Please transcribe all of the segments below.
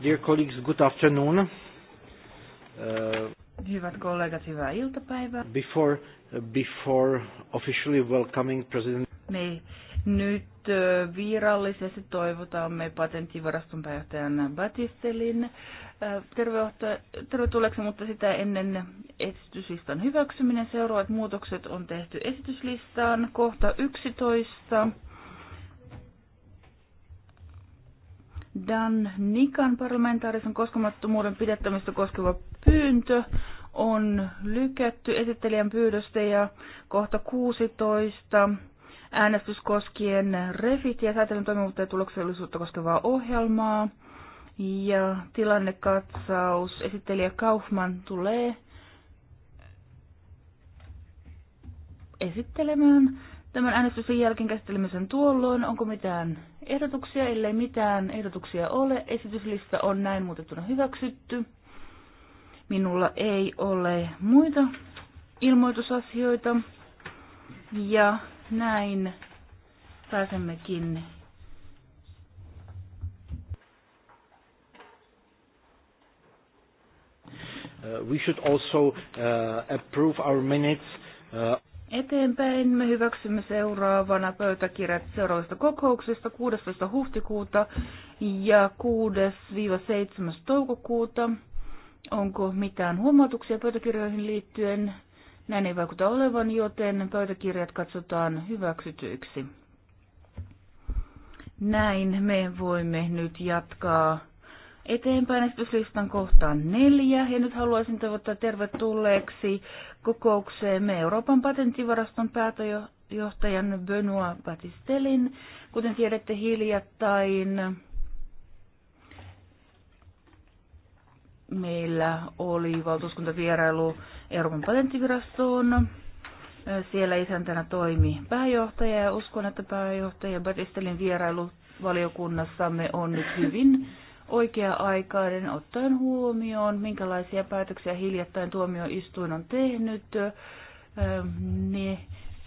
Dear colleagues, good afternoon. Uh, Hyvät kollegat, hyvää iltapäivää. Before, uh, before officially welcoming President... Me nyt uh, virallisesti toivotamme patenttivaraston pääjohtajan Batistelin tervetulleeksi, mutta sitä ennen esityslistan hyväksyminen. Seuraavat muutokset on tehty esityslistaan. Kohta 11. Dan Nikan parlamentaarisen koskemattomuuden pidettämistä koskeva pyyntö on lykätty esittelijän pyydöstä ja kohta 16 äänestys koskien refit ja säätelyn toimivuutta ja tuloksellisuutta koskevaa ohjelmaa. Ja tilannekatsaus esittelijä Kaufman tulee esittelemään Tämän äänestyksen jälkeen käsittelemme sen tuolloin. Onko mitään ehdotuksia? Ellei mitään ehdotuksia ole, esityslista on näin muutettuna hyväksytty. Minulla ei ole muita ilmoitusasioita. Ja näin pääsemmekin Uh, we should also uh, approve our minutes uh, eteenpäin. Me hyväksymme seuraavana pöytäkirjat seuraavista kokouksista 16. huhtikuuta ja 6-7. toukokuuta. Onko mitään huomautuksia pöytäkirjoihin liittyen? Näin ei vaikuta olevan, joten pöytäkirjat katsotaan hyväksytyiksi. Näin me voimme nyt jatkaa eteenpäin esityslistan kohtaan neljä. Ja nyt haluaisin toivottaa tervetulleeksi kokoukseemme Euroopan patenttivaraston päätöjohtajan Benoit Batistelin. Kuten tiedätte hiljattain, meillä oli valtuuskuntavierailu Euroopan patenttivirastoon. Siellä isäntänä toimi pääjohtaja ja uskon, että pääjohtaja Batistelin vierailu valiokunnassamme on nyt hyvin oikea-aikainen ottaen huomioon, minkälaisia päätöksiä hiljattain tuomioistuin on tehnyt. Ne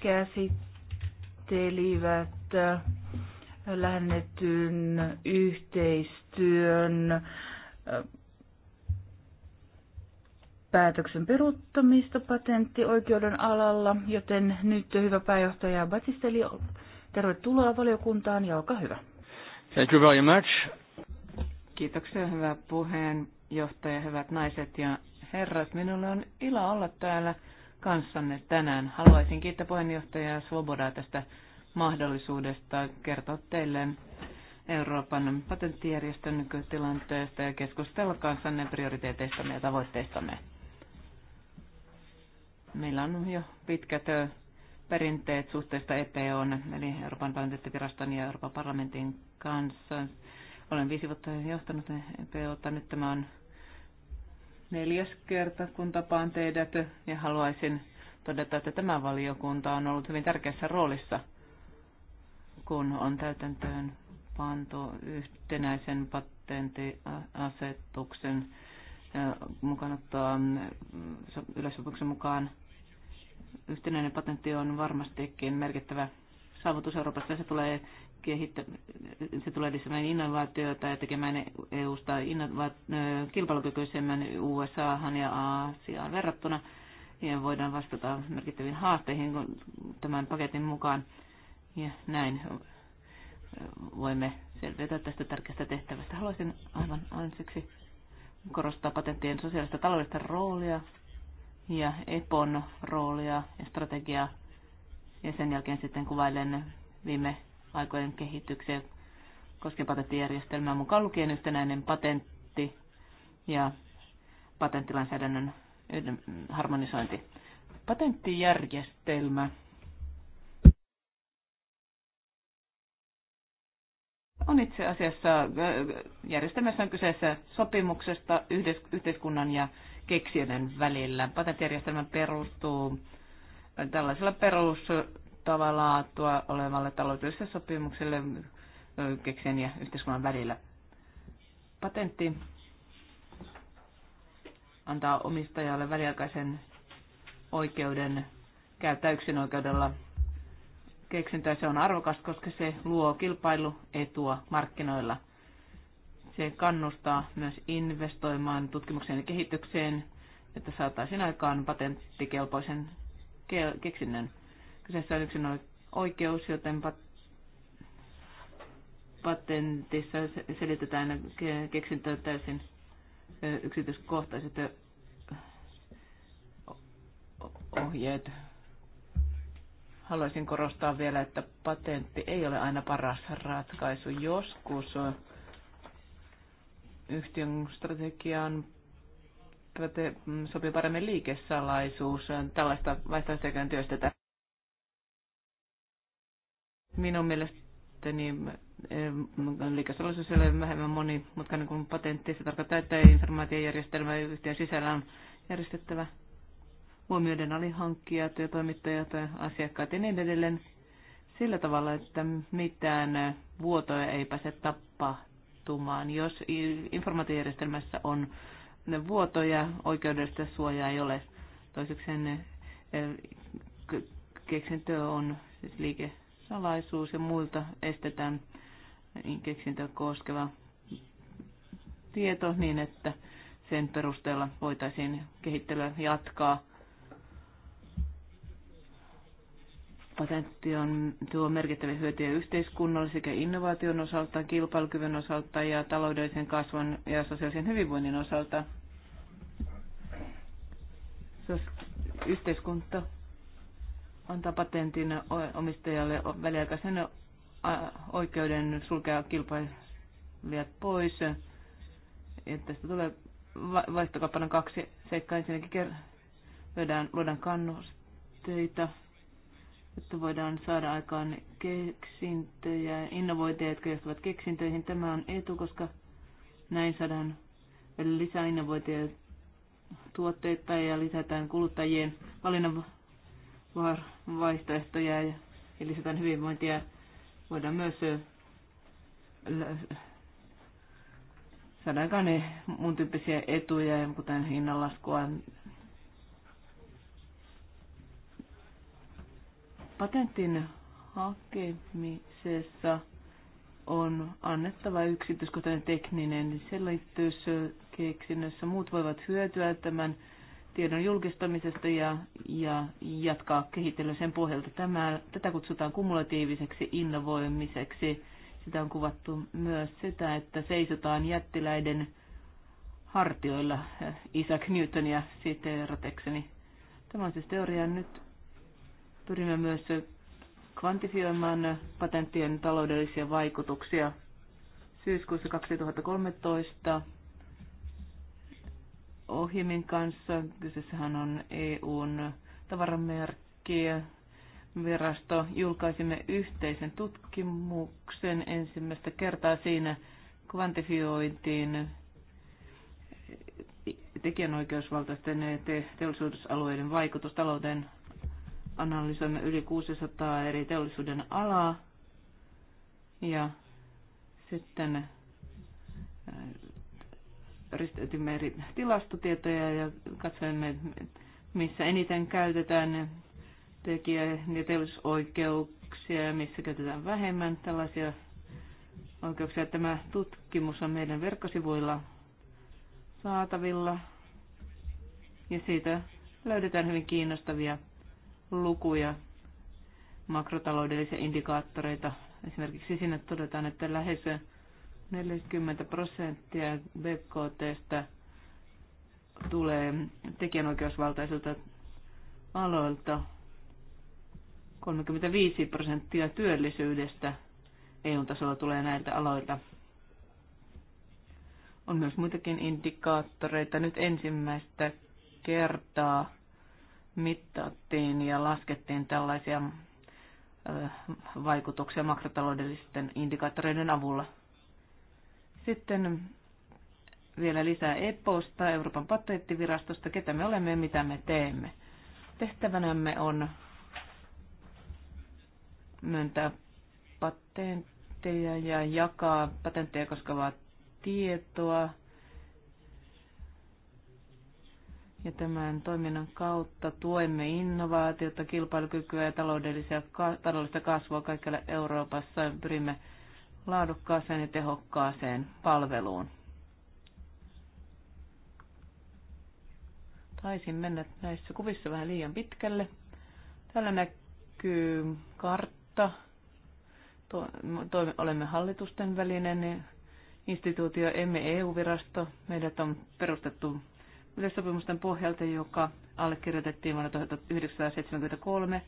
käsittelivät lähennetyn yhteistyön päätöksen peruuttamista patenttioikeuden alalla, joten nyt hyvä pääjohtaja Batisteli, tervetuloa valiokuntaan ja olkaa hyvä. Thank you very much. Kiitoksia, hyvä puheenjohtaja, hyvät naiset ja herrat. Minulle on ilo olla täällä kanssanne tänään. Haluaisin kiittää puheenjohtajaa Svobodaa tästä mahdollisuudesta kertoa teille Euroopan patenttijärjestön nykytilanteesta ja keskustella kanssanne prioriteeteistamme ja tavoitteistamme. Meillä on jo pitkät perinteet suhteesta EPOn, eli Euroopan patenttiviraston ja Euroopan parlamentin kanssa. Olen viisi vuotta johtanut niin EPOta. Nyt tämä on neljäs kerta, kun tapaan teidät ja haluaisin todeta, että tämä valiokunta on ollut hyvin tärkeässä roolissa, kun on täytäntöön pantu yhtenäisen patenttiasetuksen mukanottoa mm, yleissopimuksen mukaan. Yhtenäinen patentti on varmastikin merkittävä saavutus Euroopassa ja se tulee kehittä, se tulee lisäämään innovaatioita ja tekemään EU-sta innova- kilpailukykyisemmän USA ja Aasiaan verrattuna. Ja voidaan vastata merkittäviin haasteihin tämän paketin mukaan. Ja näin voimme selvitä tästä tärkeästä tehtävästä. Haluaisin aivan ensiksi korostaa patenttien sosiaalista taloudellista roolia ja EPON roolia ja strategiaa. Ja sen jälkeen sitten kuvailen viime aikojen kehitykseen koskien patenttijärjestelmää mukaan lukien yhtenäinen patentti ja patenttilainsäädännön harmonisointi. Patenttijärjestelmä on itse asiassa, äh, järjestelmässä on kyseessä sopimuksesta yhteiskunnan ja keksijöiden välillä. Patenttijärjestelmä perustuu tällaisella perus perustavaa laatua olevalle taloudelliselle sopimukselle keksien ja yhteiskunnan välillä. Patentti antaa omistajalle väliaikaisen oikeuden käyttää yksin oikeudella keksintöä. Se on arvokas, koska se luo kilpailuetua markkinoilla. Se kannustaa myös investoimaan tutkimukseen ja kehitykseen, että saataisiin aikaan patenttikelpoisen keksinnön. Kyseessä on yksin oikeus, joten patentissa selitetään keksintöä täysin yksityiskohtaiset ohjeet. Haluaisin korostaa vielä, että patentti ei ole aina paras ratkaisu. Joskus yhtiön strategiaan mm, sopii paremmin liikesalaisuus. Tällaista vaihtoehtoja työstetään. Minun mielestäni eh, liikesalaisuus ei ole vähemmän niin kuin patentti. Se tarkoittaa, että informaatiojärjestelmä yhtiön sisällä on järjestettävä huomioiden alihankkijat ja tai asiakkaat ja niin edelleen sillä tavalla, että mitään vuotoja ei pääse tapahtumaan. Jos informaatiojärjestelmässä on vuotoja, oikeudellista suojaa ei ole. Toisekseen eh, keksintö on siis liike salaisuus ja muilta estetään keksintöä koskeva tieto niin, että sen perusteella voitaisiin kehittelyä jatkaa. Patentti on, tuo merkittäviä hyötyjä yhteiskunnalle sekä innovaation osalta, kilpailukyvyn osalta ja taloudellisen kasvun ja sosiaalisen hyvinvoinnin osalta. Yhteiskunta antaa patentin omistajalle väliaikaisen oikeuden sulkea kilpailijat pois. Ja tästä tulee vaihtokappana kaksi seikkaa. Ensinnäkin löydään, luodaan kannusteita, että voidaan saada aikaan keksintöjä, innovointeja, jotka johtavat keksintöihin. Tämä on etu, koska näin saadaan lisää innovointeja tuotteita ja lisätään kuluttajien valinnan vaihtoehtoja ja lisätään hyvinvointia. Voidaan myös saada ne mun tyyppisiä etuja, kuten hinnanlaskua. Patentin hakemisessa on annettava yksityiskohtainen tekninen selitys keksinnössä. Muut voivat hyötyä tämän tiedon julkistamisesta ja, ja jatkaa kehittelyä sen pohjalta. Tämä, tätä kutsutaan kumulatiiviseksi innovoimiseksi. Sitä on kuvattu myös sitä, että seisotaan jättiläiden hartioilla eh, Isaac Newtonia siteeratekseni. Tämä on siis teoria. Nyt pyrimme myös kvantifioimaan patenttien taloudellisia vaikutuksia. Syyskuussa 2013 Ohimin kanssa. Kyseessähän on EUn tavaramerkki. Virasto julkaisimme yhteisen tutkimuksen ensimmäistä kertaa siinä kvantifiointiin tekijänoikeusvaltaisten te- teollisuusalueiden vaikutus talouteen. Analysoimme yli 600 eri teollisuuden alaa ja sitten risteytimme eri tilastotietoja ja katsoimme, missä eniten käytetään tekijä- ja teollisuusoikeuksia ja missä käytetään vähemmän tällaisia oikeuksia. Tämä tutkimus on meidän verkkosivuilla saatavilla ja siitä löydetään hyvin kiinnostavia lukuja, makrotaloudellisia indikaattoreita. Esimerkiksi sinne todetaan, että lähes 40 prosenttia BKTstä tulee tekijänoikeusvaltaisilta aloilta, 35 prosenttia työllisyydestä EU-tasolla tulee näiltä aloilta. On myös muitakin indikaattoreita. Nyt ensimmäistä kertaa mittattiin ja laskettiin tällaisia vaikutuksia makrotaloudellisten indikaattoreiden avulla. Sitten vielä lisää EPOsta, Euroopan patenttivirastosta, ketä me olemme ja mitä me teemme. Tehtävänämme on myöntää patentteja ja jakaa patentteja koskevaa tietoa. Ja tämän toiminnan kautta tuemme innovaatiota, kilpailukykyä ja taloudellista kasvua kaikkialla Euroopassa. Pyrimme laadukkaaseen ja tehokkaaseen palveluun. Taisin mennä näissä kuvissa vähän liian pitkälle. Täällä näkyy kartta. olemme hallitusten välinen instituutio, emme EU-virasto. Meidät on perustettu yleissopimusten pohjalta, joka allekirjoitettiin vuonna 1973.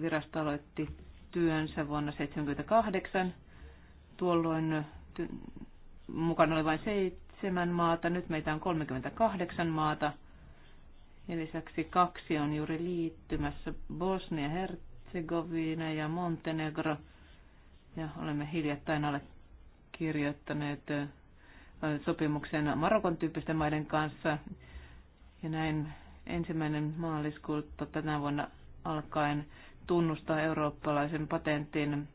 Virasto aloitti työnsä vuonna 1978. Tuolloin mukana oli vain seitsemän maata, nyt meitä on 38 maata. Ja lisäksi kaksi on juuri liittymässä Bosnia-Herzegovina ja Montenegro. Ja olemme hiljattain alle kirjoittaneet sopimuksen Marokon tyyppisten maiden kanssa. Ja näin ensimmäinen maaliskuuta tänä vuonna alkaen tunnustaa eurooppalaisen patentin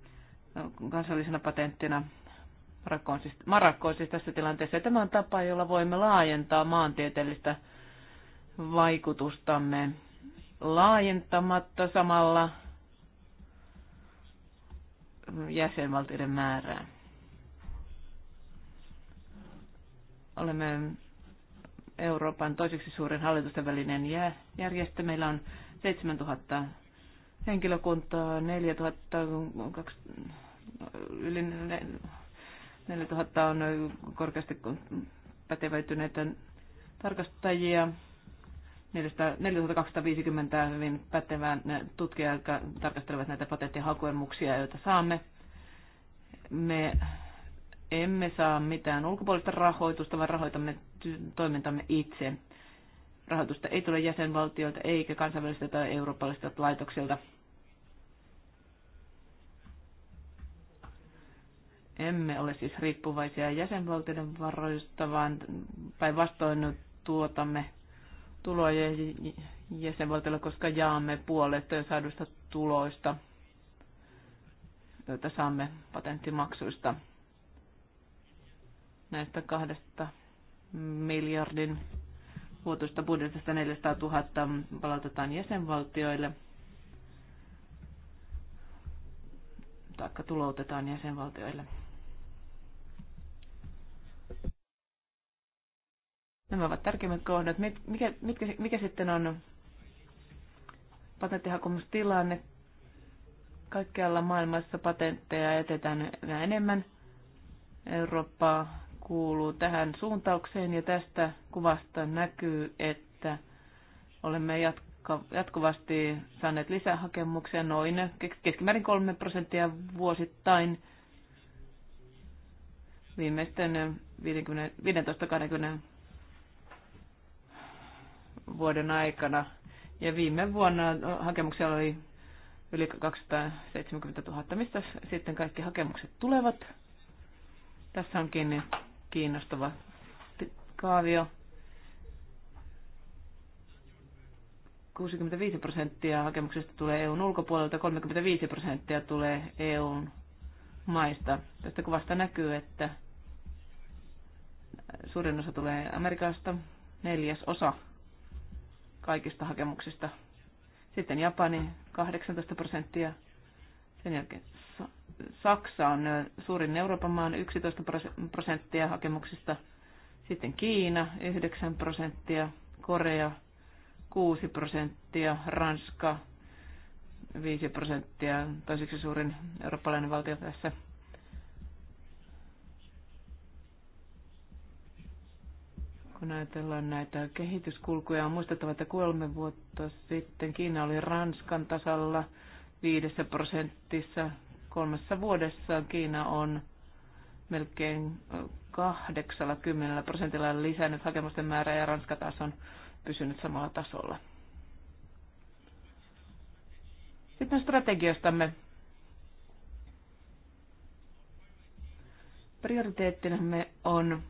kansallisena patenttina Marokkoon siis, siis tässä tilanteessa. Ja tämä on tapa, jolla voimme laajentaa maantieteellistä vaikutustamme laajentamatta samalla jäsenvaltioiden määrää. Olemme Euroopan toiseksi suurin hallitusten välinen järjestö. Meillä on 7000 henkilökuntaa 4000, yli 4000 on korkeasti pätevöityneitä tarkastajia, 4250 hyvin pätevää tutkijaa, jotka tarkastelevat näitä patenttihakuemuksia, joita saamme. Me emme saa mitään ulkopuolista rahoitusta, vaan rahoitamme toimintamme itse. Rahoitusta ei tule jäsenvaltioilta eikä kansainvälisiltä tai eurooppalaisilta laitoksilta. Emme ole siis riippuvaisia jäsenvaltioiden varoista, vaan päinvastoin tuotamme tuloja jäsenvaltioille, koska jaamme puolet saaduista tuloista, joita saamme patenttimaksuista. Näistä kahdesta miljardin vuotuista budjetista 400 000 palautetaan jäsenvaltioille, taikka tuloutetaan jäsenvaltioille. Nämä ovat tärkeimmät kohdat. Mikä, mitkä, mikä sitten on patenttihakumustilanne? Kaikkialla maailmassa patentteja jätetään enemmän. Eurooppaa kuuluu tähän suuntaukseen ja tästä kuvasta näkyy, että olemme jatkuvasti saaneet lisähakemuksia noin keskimäärin 3 prosenttia vuosittain viimeisten 15-20 vuoden aikana. Ja viime vuonna hakemuksia oli yli 270 000, mistä sitten kaikki hakemukset tulevat. Tässä onkin kiinnostava kaavio. 65 prosenttia hakemuksista tulee EUn ulkopuolelta, 35 prosenttia tulee EUn maista. Tästä kuvasta näkyy, että suurin osa tulee Amerikasta, neljäs osa kaikista hakemuksista. Sitten Japani 18 prosenttia, sen jälkeen Saksa on suurin Euroopan maan 11 prosenttia hakemuksista, sitten Kiina 9 prosenttia, Korea 6 prosenttia, Ranska 5 prosenttia, toiseksi suurin eurooppalainen valtio tässä. Kun ajatellaan näitä kehityskulkuja, on muistettava, että kolme vuotta sitten Kiina oli Ranskan tasalla viidessä prosentissa, Kolmessa vuodessa Kiina on melkein 80 prosentilla lisännyt hakemusten määrää ja Ranska taas on pysynyt samalla tasolla. Sitten strategiastamme. Prioriteettinamme on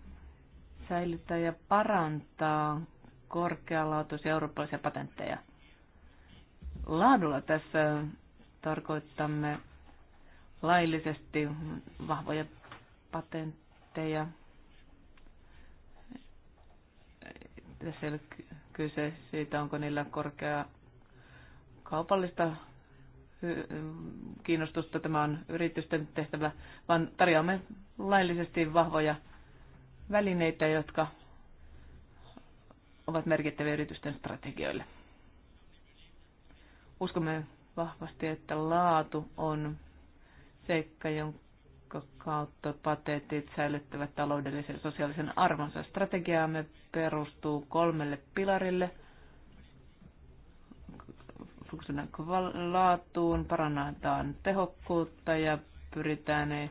säilyttää ja parantaa korkealaatuisia eurooppalaisia patentteja. Laadulla tässä tarkoittamme laillisesti vahvoja patentteja. Tässä ei ole kyse siitä, onko niillä korkea kaupallista kiinnostusta, tämä on yritysten tehtävä, vaan tarjoamme laillisesti vahvoja välineitä, jotka ovat merkittäviä yritysten strategioille. Uskomme vahvasti, että laatu on seikka, jonka kautta pateetit säilyttävät taloudellisen ja sosiaalisen arvonsa. Strategiaamme perustuu kolmelle pilarille. laatuun, parannetaan tehokkuutta ja pyritään eh,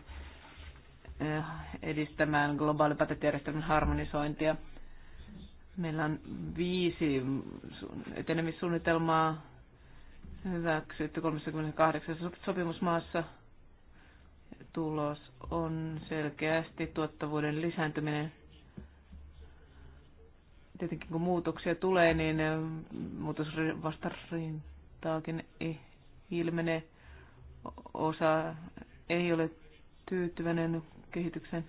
edistämään globaali patenttijärjestelmän harmonisointia. Meillä on viisi etenemissuunnitelmaa hyväksytty 38 sopimusmaassa – tulos on selkeästi tuottavuuden lisääntyminen. Tietenkin kun muutoksia tulee, niin eh, muutosvastarintaakin ilmenee. Osa ei ole tyytyväinen kehityksen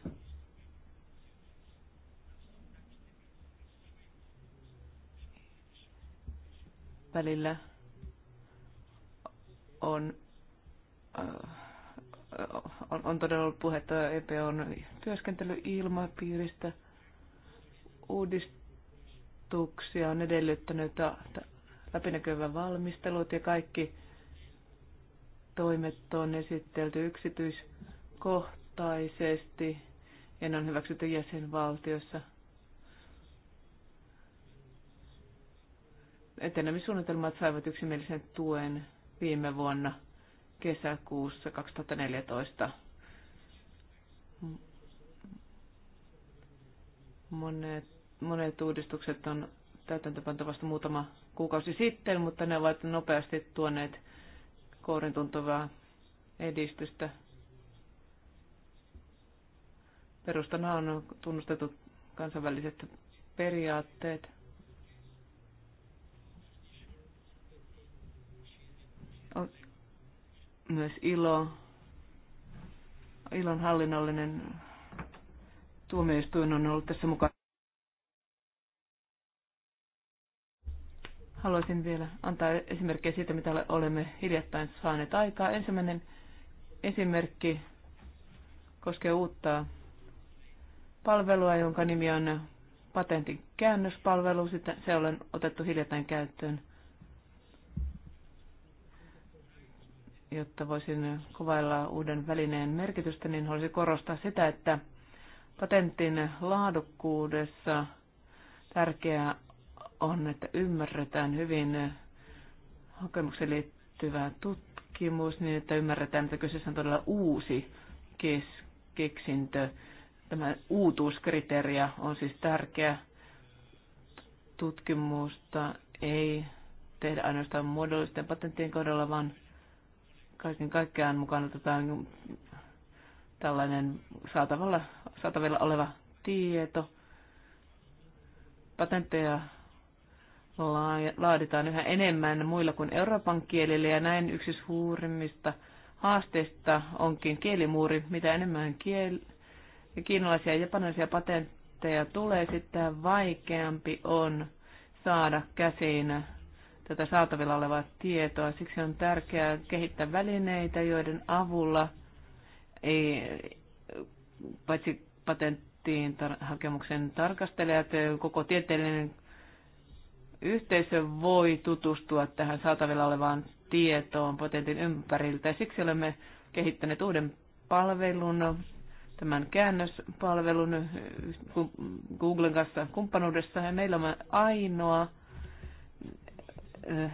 välillä on äh, on todella ollut puhetta EPOn työskentelyilmapiiristä. Uudistuksia on edellyttänyt läpinäkyvän valmistelut ja kaikki toimet on esitelty yksityiskohtaisesti ja ne on hyväksytty jäsenvaltiossa. Etenemissuunnitelmat saivat yksimielisen tuen viime vuonna – kesäkuussa 2014. Monet, monet uudistukset on täytäntöpanta vasta muutama kuukausi sitten, mutta ne ovat nopeasti tuoneet kourin tuntuvaa edistystä. Perustana on tunnustetut kansainväliset periaatteet. myös ILO, ILOn hallinnollinen tuomioistuin on ollut tässä mukana. Haluaisin vielä antaa esimerkkejä siitä, mitä olemme hiljattain saaneet aikaa. Ensimmäinen esimerkki koskee uutta palvelua, jonka nimi on patentin käännöspalvelu. Sitä, se on otettu hiljattain käyttöön. jotta voisin kuvailla uuden välineen merkitystä, niin haluaisin korostaa sitä, että patentin laadukkuudessa tärkeää on, että ymmärretään hyvin hakemukseen liittyvää tutkimus niin, että ymmärretään, että kyseessä on todella uusi kes- keksintö. Tämä uutuuskriteeriä on siis tärkeä tutkimusta ei tehdä ainoastaan muodollisten patenttien kohdalla, vaan kaiken kaikkiaan mukana tota, tällainen saatavilla, saatavilla oleva tieto. Patentteja laaditaan yhä enemmän muilla kuin Euroopan kielillä ja näin yksi suurimmista haasteista onkin kielimuuri. Mitä enemmän kiel, kiinalaisia ja japanilaisia patentteja tulee, sitä vaikeampi on saada käsiin tätä saatavilla olevaa tietoa. Siksi on tärkeää kehittää välineitä, joiden avulla ei, paitsi patenttiin tar- hakemuksen tarkastelijat, koko tieteellinen yhteisö voi tutustua tähän saatavilla olevaan tietoon patentin ympäriltä. Siksi olemme kehittäneet uuden palvelun, tämän käännöspalvelun Googlen kanssa kumppanuudessa. Ja meillä on ainoa Äh,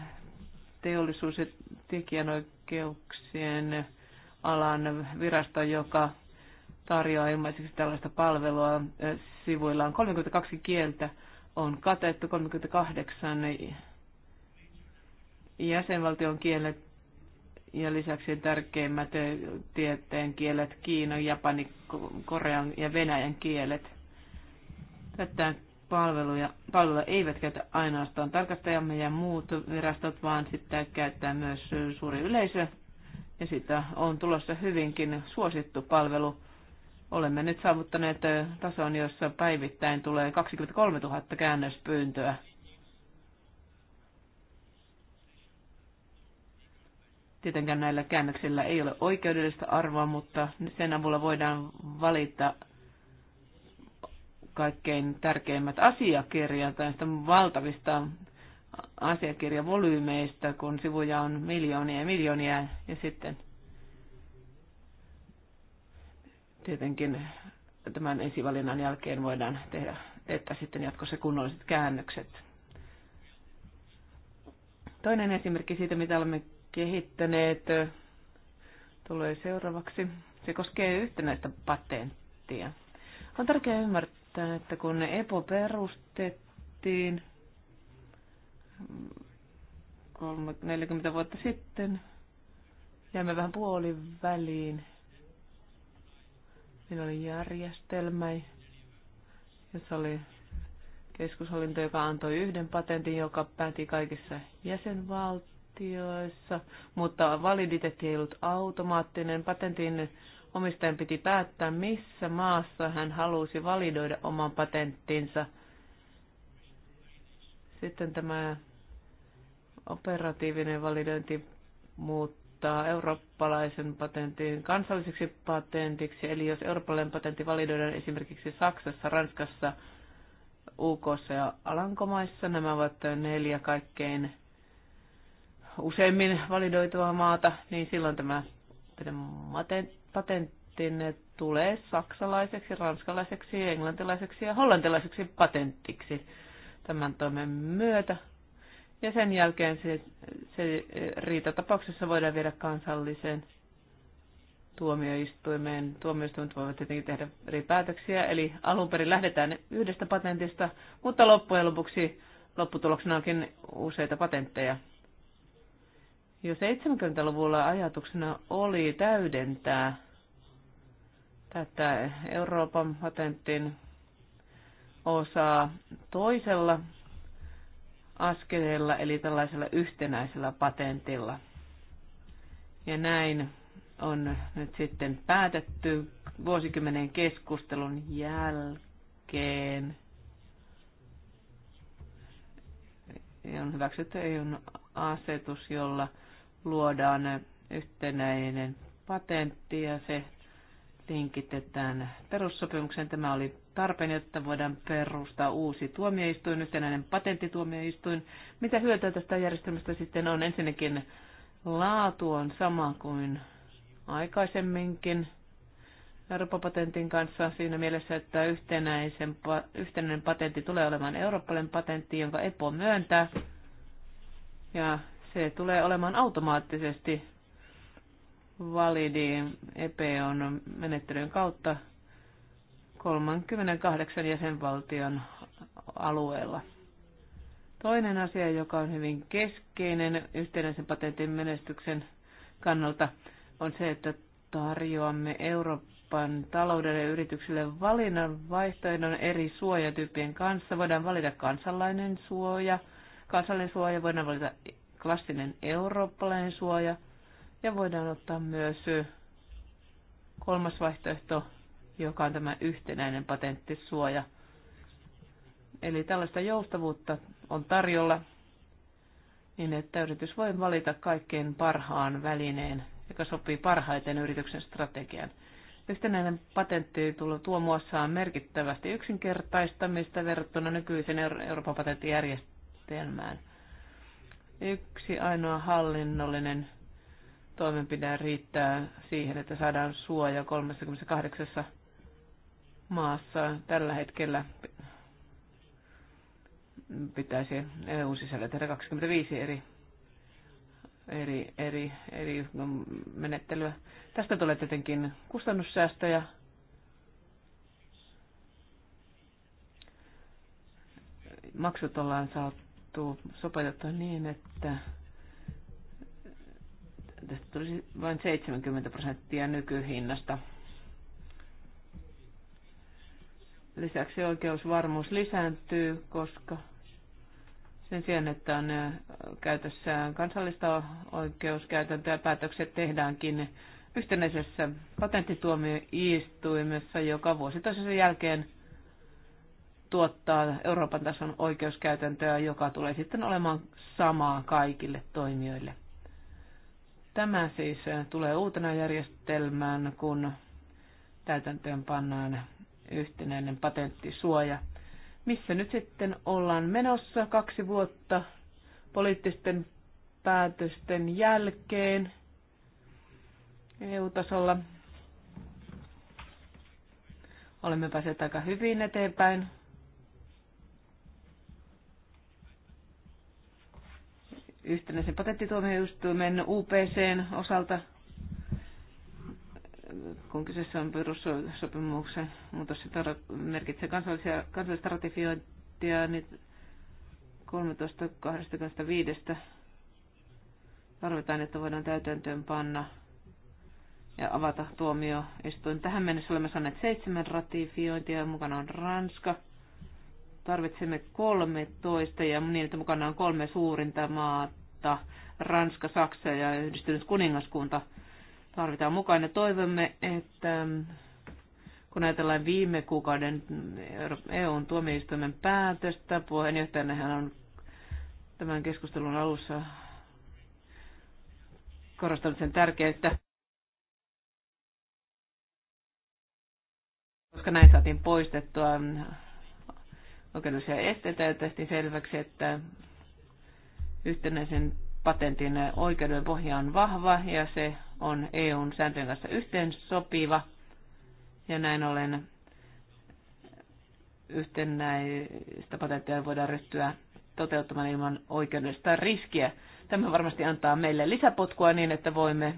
teollisuus- ja tekijänoikeuksien alan virasto, joka tarjoaa ilmaiseksi tällaista palvelua. Äh, sivuillaan 32 kieltä on katettu, 38 jäsenvaltion kielet ja lisäksi tärkeimmät äh, tieteen kielet, kiinan, Japanin, korean ja venäjän kielet. Tätä palveluja, palveluja eivät käytä ainoastaan tarkastajamme ja muut virastot, vaan sitten käyttää myös suuri yleisö. Ja sitä on tulossa hyvinkin suosittu palvelu. Olemme nyt saavuttaneet tason, jossa päivittäin tulee 23 000 käännöspyyntöä. Tietenkään näillä käännöksillä ei ole oikeudellista arvoa, mutta sen avulla voidaan valita kaikkein tärkeimmät asiakirjat näistä valtavista asiakirjavolyymeista, kun sivuja on miljoonia ja miljoonia ja sitten tietenkin tämän esivalinnan jälkeen voidaan tehdä, että sitten jatkossa kunnolliset käännökset. Toinen esimerkki siitä, mitä olemme kehittäneet, tulee seuraavaksi. Se koskee yhtenäistä patenttia. On tärkeää ymmärtää, muistan, että kun ne EPO perustettiin 40 vuotta sitten, jäimme vähän puolin väliin. Siinä oli järjestelmä, jossa oli keskushallinto, joka antoi yhden patentin, joka päätti kaikissa jäsenvaltioissa, mutta validiteetti ei ollut automaattinen. Patentin Omistajan piti päättää, missä maassa hän halusi validoida oman patenttinsa. Sitten tämä operatiivinen validointi muuttaa eurooppalaisen patentin kansalliseksi patentiksi. Eli jos eurooppalainen patentti validoidaan esimerkiksi Saksassa, Ranskassa, UK ja Alankomaissa, nämä ovat neljä kaikkein useimmin validoitua maata, niin silloin tämä patenttinne tulee saksalaiseksi, ranskalaiseksi, englantilaiseksi ja hollantilaiseksi patentiksi tämän toimen myötä. Ja sen jälkeen se, se riitatapauksessa voidaan viedä kansalliseen tuomioistuimeen. Tuomioistuimet voivat tietenkin tehdä eri päätöksiä, eli alun perin lähdetään yhdestä patentista, mutta loppujen lopuksi lopputuloksena onkin useita patentteja. Jo 70-luvulla ajatuksena oli täydentää tätä Euroopan patentin osaa toisella askeleella, eli tällaisella yhtenäisellä patentilla. Ja näin on nyt sitten päätetty vuosikymmenen keskustelun jälkeen. On hyväksytty EUn asetus, jolla luodaan yhtenäinen patentti ja se linkitetään perussopimukseen. Tämä oli tarpeen, jotta voidaan perustaa uusi tuomioistuin, yhtenäinen patenttituomioistuin. Mitä hyötyä tästä järjestelmästä sitten on? Ensinnäkin laatu on sama kuin aikaisemminkin Euroopan patentin kanssa siinä mielessä, että yhtenäisen, yhtenäinen patentti tulee olemaan eurooppalainen patentti, jonka EPO myöntää. Ja se tulee olemaan automaattisesti validi EPOn menettelyn kautta 38 jäsenvaltion alueella. Toinen asia, joka on hyvin keskeinen yhtenäisen patentin menestyksen kannalta, on se, että tarjoamme Euroopan taloudelle ja yrityksille valinnan vaihtoehdon eri suojatyyppien kanssa. Voidaan valita kansallinen suoja, kansallinen suoja, voidaan valita klassinen eurooppalainen suoja ja voidaan ottaa myös kolmas vaihtoehto, joka on tämä yhtenäinen patenttisuoja. Eli tällaista joustavuutta on tarjolla niin, että yritys voi valita kaikkein parhaan välineen, joka sopii parhaiten yrityksen strategian. Yhtenäinen patentti tuo muassaan merkittävästi yksinkertaistamista verrattuna nykyisen Euroopan patenttijärjestelmään. Yksi ainoa hallinnollinen toimenpide riittää siihen, että saadaan suoja 38 maassa tällä hetkellä pitäisi eu sisällä tehdä 25 eri, eri, eri, eri no, menettelyä. Tästä tulee tietenkin kustannussäästöjä. Maksut ollaan saatu sopeutettua niin, että tästä tulisi vain 70 prosenttia nykyhinnasta. Lisäksi oikeusvarmuus lisääntyy, koska sen sijaan, että on käytössä kansallista oikeuskäytäntöä, päätökset tehdäänkin yhtenäisessä patenttituomioistuimessa, joka vuosi toisensa jälkeen tuottaa Euroopan tason oikeuskäytäntöä, joka tulee sitten olemaan samaa kaikille toimijoille. Tämä siis äh, tulee uutena järjestelmään, kun täytäntöön pannaan yhtenäinen patenttisuoja. Missä nyt sitten ollaan menossa kaksi vuotta poliittisten päätösten jälkeen EU-tasolla? Olemme päässeet aika hyvin eteenpäin yhtenäisen patenttituomioistuimen UPCn osalta, kun kyseessä on perussopimuksen muutos, se merkitsee kansallisia, kansallista ratifiointia niin 13.25 tarvitaan, että voidaan täytäntöön panna ja avata tuomioistuin. Tähän mennessä olemme saaneet seitsemän ratifiointia ja mukana on Ranska – Tarvitsemme 13 ja niin, että mukana on kolme suurinta maata, Ranska, Saksa ja yhdistynyt kuningaskunta tarvitaan mukaan. Ja toivomme, että mm, kun ajatellaan viime kuukauden EUn tuomioistuimen päätöstä, puheenjohtajana hän on tämän keskustelun alussa korostanut sen tärkeyttä, koska näin saatiin poistettua mm, oikeudellisia esteitä ja tästä selväksi, että yhtenäisen patentin oikeuden pohja on vahva ja se on EUn sääntöjen kanssa yhteen sopiva. Ja näin ollen yhtenäistä patenttia voidaan ryhtyä toteuttamaan ilman oikeudellista riskiä. Tämä varmasti antaa meille lisäpotkua niin, että voimme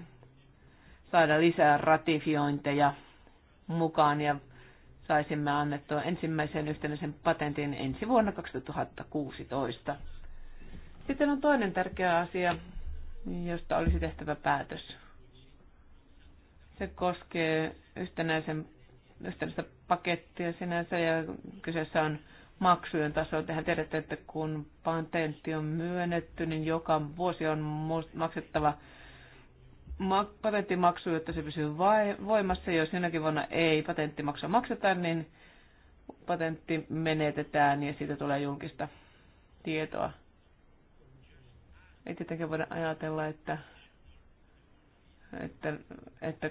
saada lisää ratifiointeja mukaan ja saisimme annettua ensimmäisen yhtenäisen patentin ensi vuonna 2016. Sitten on toinen tärkeä asia, josta olisi tehtävä päätös. Se koskee yhtenäisen, yhtenäistä pakettia sinänsä ja kyseessä on maksujen taso. Tehän tiedätte, että kun patentti on myönnetty, niin joka vuosi on maksettava patenttimaksu, jotta se pysyy vai voimassa. Jos jonakin vuonna ei patenttimaksu makseta, niin patentti menetetään ja siitä tulee julkista tietoa. Ei tietenkään voida ajatella, että, että, että,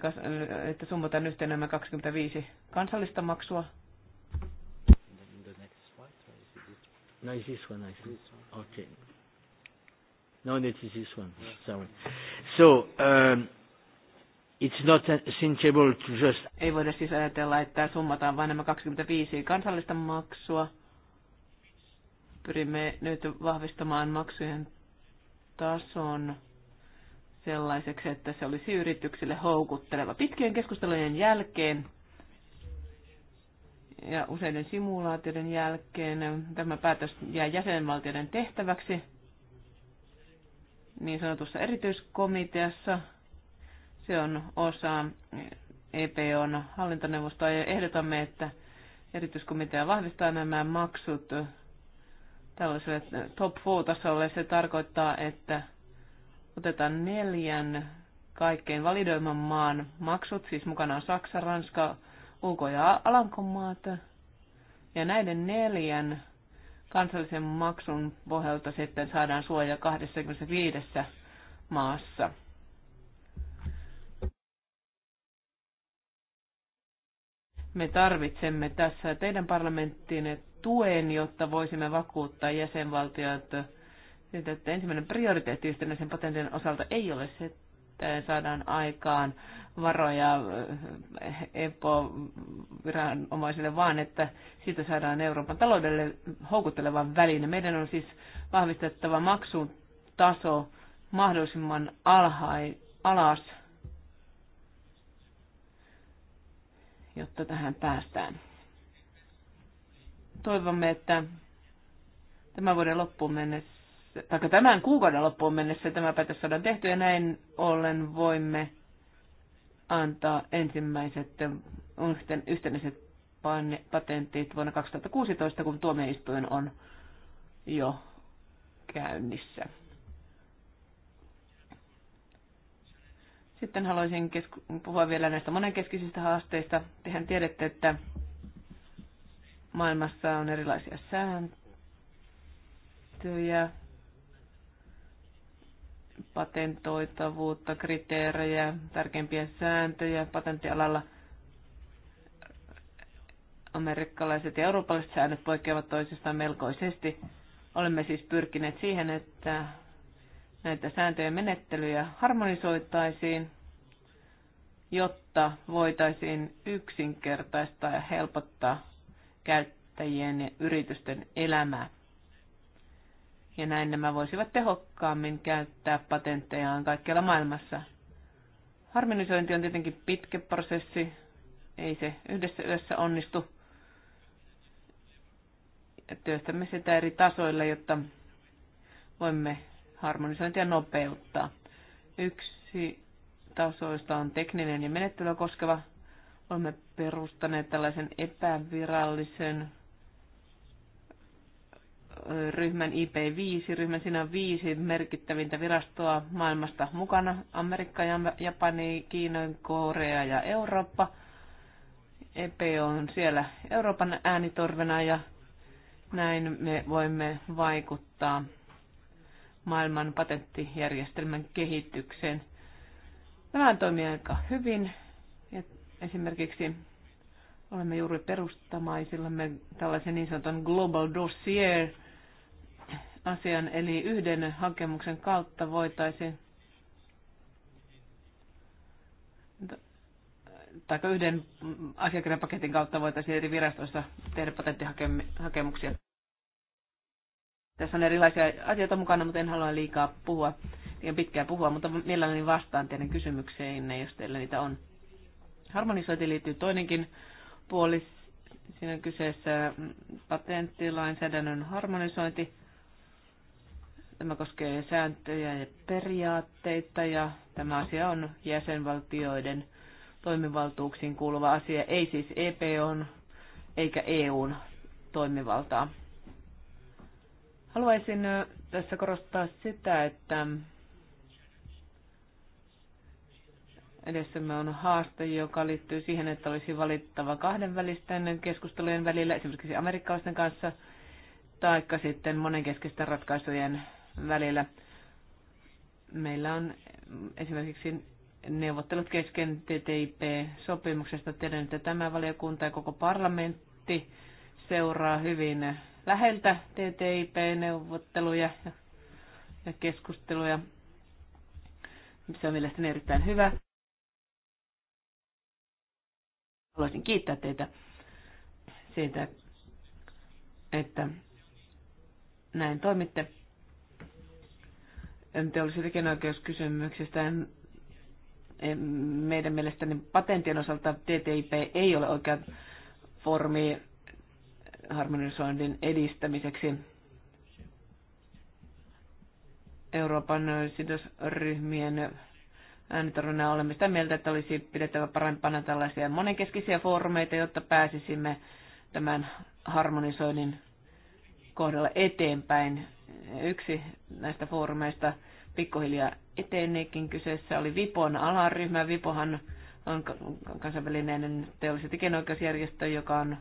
että summataan yhteen nämä 25 kansallista maksua. No, is this one, I think. Okay. No, that is this one. Sorry. So, um, it's not sensible to just... Ei voida siis ajatella, että summataan vain nämä 25 kansallista maksua. Pyrimme nyt vahvistamaan maksujen tason sellaiseksi, että se olisi yrityksille houkutteleva. Pitkien keskustelujen jälkeen ja useiden simulaatioiden jälkeen tämä päätös jää jäsenvaltioiden tehtäväksi niin sanotussa erityiskomiteassa. Se on osa EPOn hallintoneuvostoa ja ehdotamme, että erityiskomitea vahvistaa nämä maksut tällaiselle top 4-tasolle. Se tarkoittaa, että otetaan neljän kaikkein validoiman maan maksut, siis mukana on Saksa, Ranska, UK ja Alankomaat. Ja näiden neljän kansallisen maksun pohjalta sitten saadaan suoja 25 maassa. Me tarvitsemme tässä teidän parlamenttinne tuen, jotta voisimme vakuuttaa jäsenvaltiot että ensimmäinen prioriteetti yhtenäisen patentin osalta ei ole se, saadaan aikaan varoja EPO-viranomaisille, eh, e vaan että siitä saadaan Euroopan taloudelle houkutteleva väline. Meidän on siis vahvistettava maksutaso mahdollisimman alhai, alas, jotta tähän päästään. Toivomme, että tämän vuoden loppuun mennessä tai tämän kuukauden loppuun mennessä tämä päätös saadaan tehty ja näin ollen voimme antaa ensimmäiset yhten, yhtenäiset patentit vuonna 2016, kun tuomioistuin on jo käynnissä. Sitten haluaisin puhua vielä näistä monenkeskisistä haasteista. Tehän tiedätte, että maailmassa on erilaisia sääntöjä, patentoitavuutta, kriteerejä, tärkeimpiä sääntöjä patenttialalla. Amerikkalaiset ja eurooppalaiset säännöt poikkeavat toisistaan melkoisesti. Olemme siis pyrkineet siihen, että näitä sääntöjen menettelyjä harmonisoitaisiin, jotta voitaisiin yksinkertaistaa ja helpottaa käyttäjien ja yritysten elämää. Ja näin nämä voisivat tehokkaammin käyttää patenttejaan kaikkialla maailmassa. Harmonisointi on tietenkin pitkä prosessi, ei se yhdessä yössä onnistu. Ja työstämme sitä eri tasoilla, jotta voimme harmonisointia nopeuttaa. Yksi tasoista on tekninen ja menettelyä koskeva. Olemme perustaneet tällaisen epävirallisen ryhmän IP5. Ryhmän siinä on viisi merkittävintä virastoa maailmasta mukana. Amerikka, Japani, Kiina, Korea ja Eurooppa. EP on siellä Euroopan äänitorvena ja näin me voimme vaikuttaa maailman patenttijärjestelmän kehitykseen. Tämä toimii aika hyvin. Esimerkiksi olemme juuri perustamaisillamme tällaisen niin sanotun Global Dossier asian, eli yhden hakemuksen kautta voitaisiin tai yhden asiakirjapaketin kautta voitaisiin eri virastoissa tehdä patenttihakemuksia. Tässä on erilaisia asioita mukana, mutta en halua liikaa puhua, liian pitkää puhua, mutta mielelläni vastaan teidän kysymyksiinne, jos teillä niitä on. Harmonisointiin liittyy toinenkin puoli. Siinä on kyseessä patenttilainsäädännön harmonisointi. Tämä koskee sääntöjä ja periaatteita ja tämä asia on jäsenvaltioiden toimivaltuuksiin kuuluva asia, ei siis EPOn eikä EUn toimivaltaa. Haluaisin tässä korostaa sitä, että edessämme on haaste, joka liittyy siihen, että olisi valittava kahdenvälisten keskustelujen välillä, esimerkiksi amerikkalaisten kanssa, taikka sitten monenkeskisten ratkaisujen välillä. Meillä on esimerkiksi neuvottelut kesken TTIP-sopimuksesta. Tiedän, että tämä valiokunta ja koko parlamentti seuraa hyvin läheltä TTIP-neuvotteluja ja keskusteluja. Se on mielestäni erittäin hyvä. Haluaisin kiittää teitä siitä, että näin toimitte teollisuus- ja tekijänoikeuskysymyksestä. Meidän mielestäni patentien osalta TTIP ei ole oikea formi harmonisoinnin edistämiseksi. Euroopan sidosryhmien äänitorvina olemme sitä mieltä, että olisi pidettävä parempana tällaisia monenkeskisiä foorumeita, jotta pääsisimme tämän harmonisoinnin kohdalla eteenpäin yksi näistä foorumeista pikkuhiljaa eteneekin. Kyseessä oli Vipon alaryhmä. Vipohan on kansainvälinen teolliset ja joka on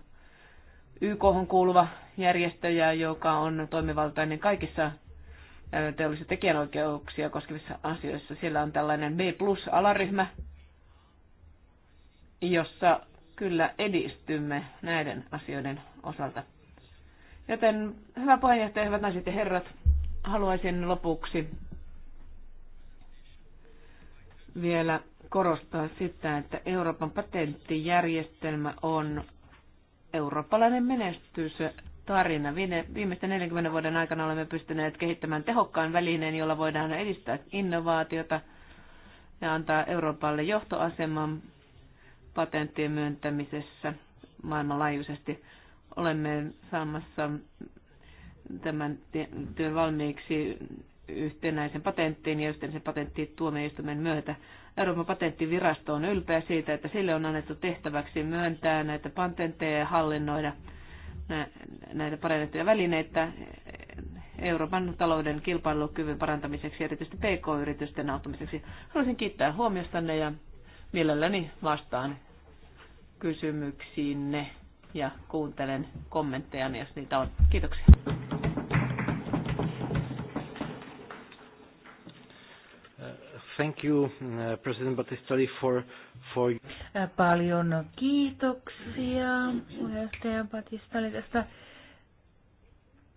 YK on kuuluva järjestö ja joka on toimivaltainen kaikissa teollis- tekijänoikeuksia koskevissa asioissa. Siellä on tällainen B-plus-alaryhmä, jossa kyllä edistymme näiden asioiden osalta. Joten hyvä puheenjohtaja, hyvät naiset ja herrat, haluaisin lopuksi vielä korostaa sitä, että Euroopan patenttijärjestelmä on eurooppalainen menestys tarina. Viimeisten 40 vuoden aikana olemme pystyneet kehittämään tehokkaan välineen, jolla voidaan edistää innovaatiota ja antaa Euroopalle johtoaseman patenttien myöntämisessä maailmanlaajuisesti olemme saamassa tämän työn valmiiksi yhtenäisen patenttiin ja yhtenäisen patenttituomioistuimen myötä. Euroopan patenttivirasto on ylpeä siitä, että sille on annettu tehtäväksi myöntää näitä patentteja ja hallinnoida näitä parannettuja välineitä Euroopan talouden kilpailukyvyn parantamiseksi, erityisesti PK-yritysten auttamiseksi. Haluaisin kiittää huomiostanne ja mielelläni vastaan kysymyksiinne ja kuuntelen kommentteja, jos niitä on. Kiitoksia. Thank you, uh, President Battistoli, for, for... Paljon kiitoksia puheenjohtaja Battistoli tästä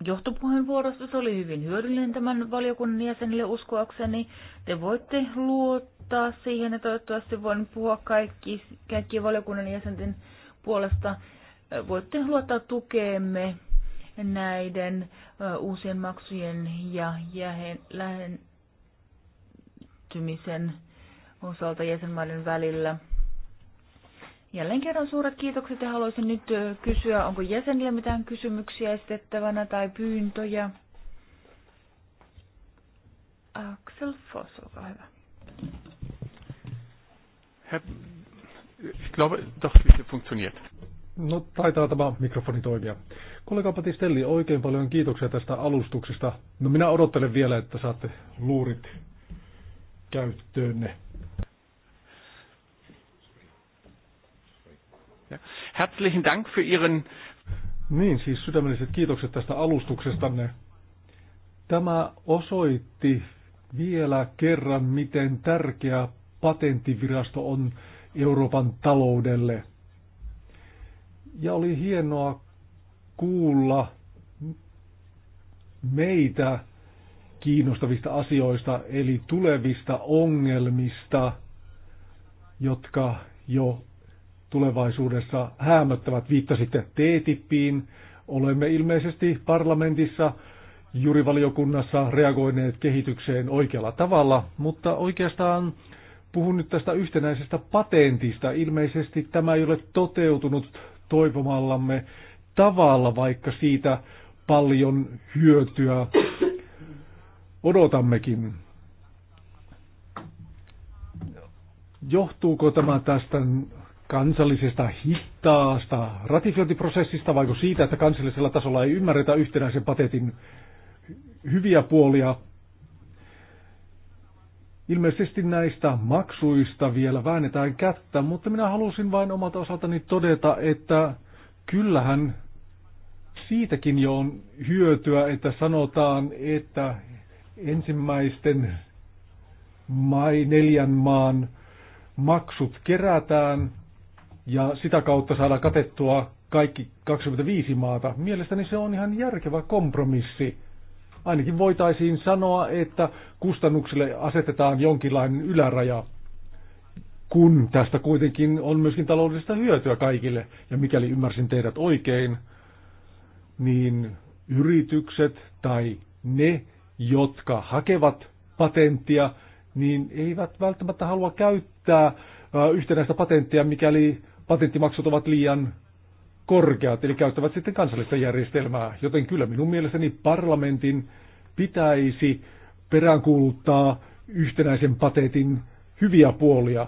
johtopuheenvuorosta. Se oli hyvin hyödyllinen tämän valiokunnan jäsenille uskoakseni. Te voitte luottaa siihen ja toivottavasti voin puhua kaikki, kaikki valiokunnan jäsenten puolesta voitte luottaa tukeemme näiden uusien maksujen ja lähentymisen osalta jäsenmaiden välillä. Jälleen kerran suuret kiitokset ja haluaisin nyt kysyä, onko jäsenille mitään kysymyksiä esitettävänä tai pyyntöjä. Axel Foss, olkaa hyvä. Herr, ich glaube, doch, wie funktioniert. No, taitaa tämä mikrofoni toimia. Kollega Patistelli, oikein paljon kiitoksia tästä alustuksesta. No, minä odottelen vielä, että saatte luurit käyttöönne. Herzlichen Dank für Ihren... Niin, siis sydämelliset kiitokset tästä alustuksestanne. Tämä osoitti vielä kerran, miten tärkeä patenttivirasto on Euroopan taloudelle – ja oli hienoa kuulla meitä kiinnostavista asioista, eli tulevista ongelmista, jotka jo tulevaisuudessa häämöttävät. Viittasitte TTIPiin. Olemme ilmeisesti parlamentissa jurivaliokunnassa reagoineet kehitykseen oikealla tavalla, mutta oikeastaan puhun nyt tästä yhtenäisestä patentista. Ilmeisesti tämä ei ole toteutunut toivomallamme tavalla, vaikka siitä paljon hyötyä odotammekin. Johtuuko tämä tästä kansallisesta hittaasta ratifiointiprosessista, vaiko siitä, että kansallisella tasolla ei ymmärretä yhtenäisen patetin hyviä puolia Ilmeisesti näistä maksuista vielä väännetään kättä, mutta minä halusin vain omalta osaltani todeta, että kyllähän siitäkin jo on hyötyä, että sanotaan, että ensimmäisten mai, neljän maan maksut kerätään ja sitä kautta saadaan katettua kaikki 25 maata. Mielestäni se on ihan järkevä kompromissi Ainakin voitaisiin sanoa, että kustannuksille asetetaan jonkinlainen yläraja, kun tästä kuitenkin on myöskin taloudellista hyötyä kaikille. Ja mikäli ymmärsin teidät oikein, niin yritykset tai ne, jotka hakevat patenttia, niin eivät välttämättä halua käyttää yhtenäistä patenttia, mikäli patenttimaksut ovat liian korkeat, eli käyttävät sitten kansallista järjestelmää. Joten kyllä minun mielestäni parlamentin pitäisi peräänkuuluttaa yhtenäisen patetin hyviä puolia.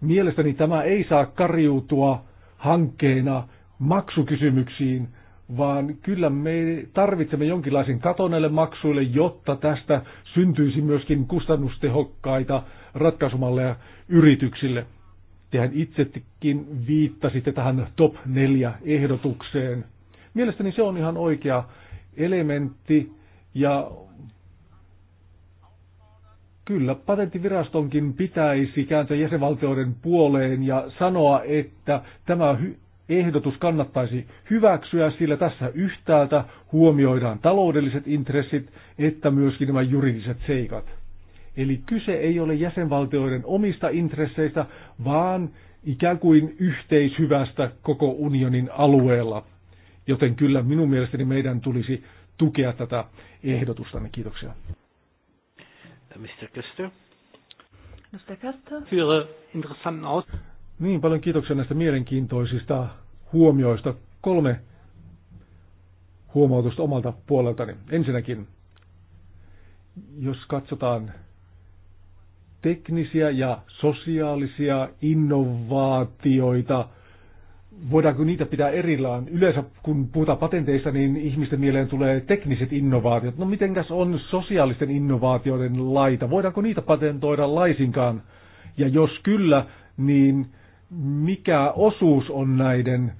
Mielestäni tämä ei saa karjuutua hankkeena maksukysymyksiin, vaan kyllä me tarvitsemme jonkinlaisen katon näille maksuille, jotta tästä syntyisi myöskin kustannustehokkaita ratkaisumalleja yrityksille. Tehän itsekin viittasitte tähän top 4 ehdotukseen. Mielestäni se on ihan oikea elementti ja kyllä patenttivirastonkin pitäisi kääntyä jäsenvaltioiden puoleen ja sanoa, että tämä ehdotus kannattaisi hyväksyä, sillä tässä yhtäältä huomioidaan taloudelliset intressit, että myöskin nämä juridiset seikat. Eli kyse ei ole jäsenvaltioiden omista intresseistä, vaan ikään kuin yhteishyvästä koko unionin alueella. Joten kyllä minun mielestäni meidän tulisi tukea tätä ehdotusta. Kiitoksia. Mr. Köster. Mr. Köster. Für interessanten aus. Niin, paljon kiitoksia näistä mielenkiintoisista huomioista. Kolme huomautusta omalta puoleltani. Ensinnäkin, jos katsotaan teknisiä ja sosiaalisia innovaatioita, voidaanko niitä pitää erillään? Yleensä kun puhutaan patenteista, niin ihmisten mieleen tulee tekniset innovaatiot. No mitenkäs on sosiaalisten innovaatioiden laita? Voidaanko niitä patentoida laisinkaan? Ja jos kyllä, niin mikä osuus on näiden,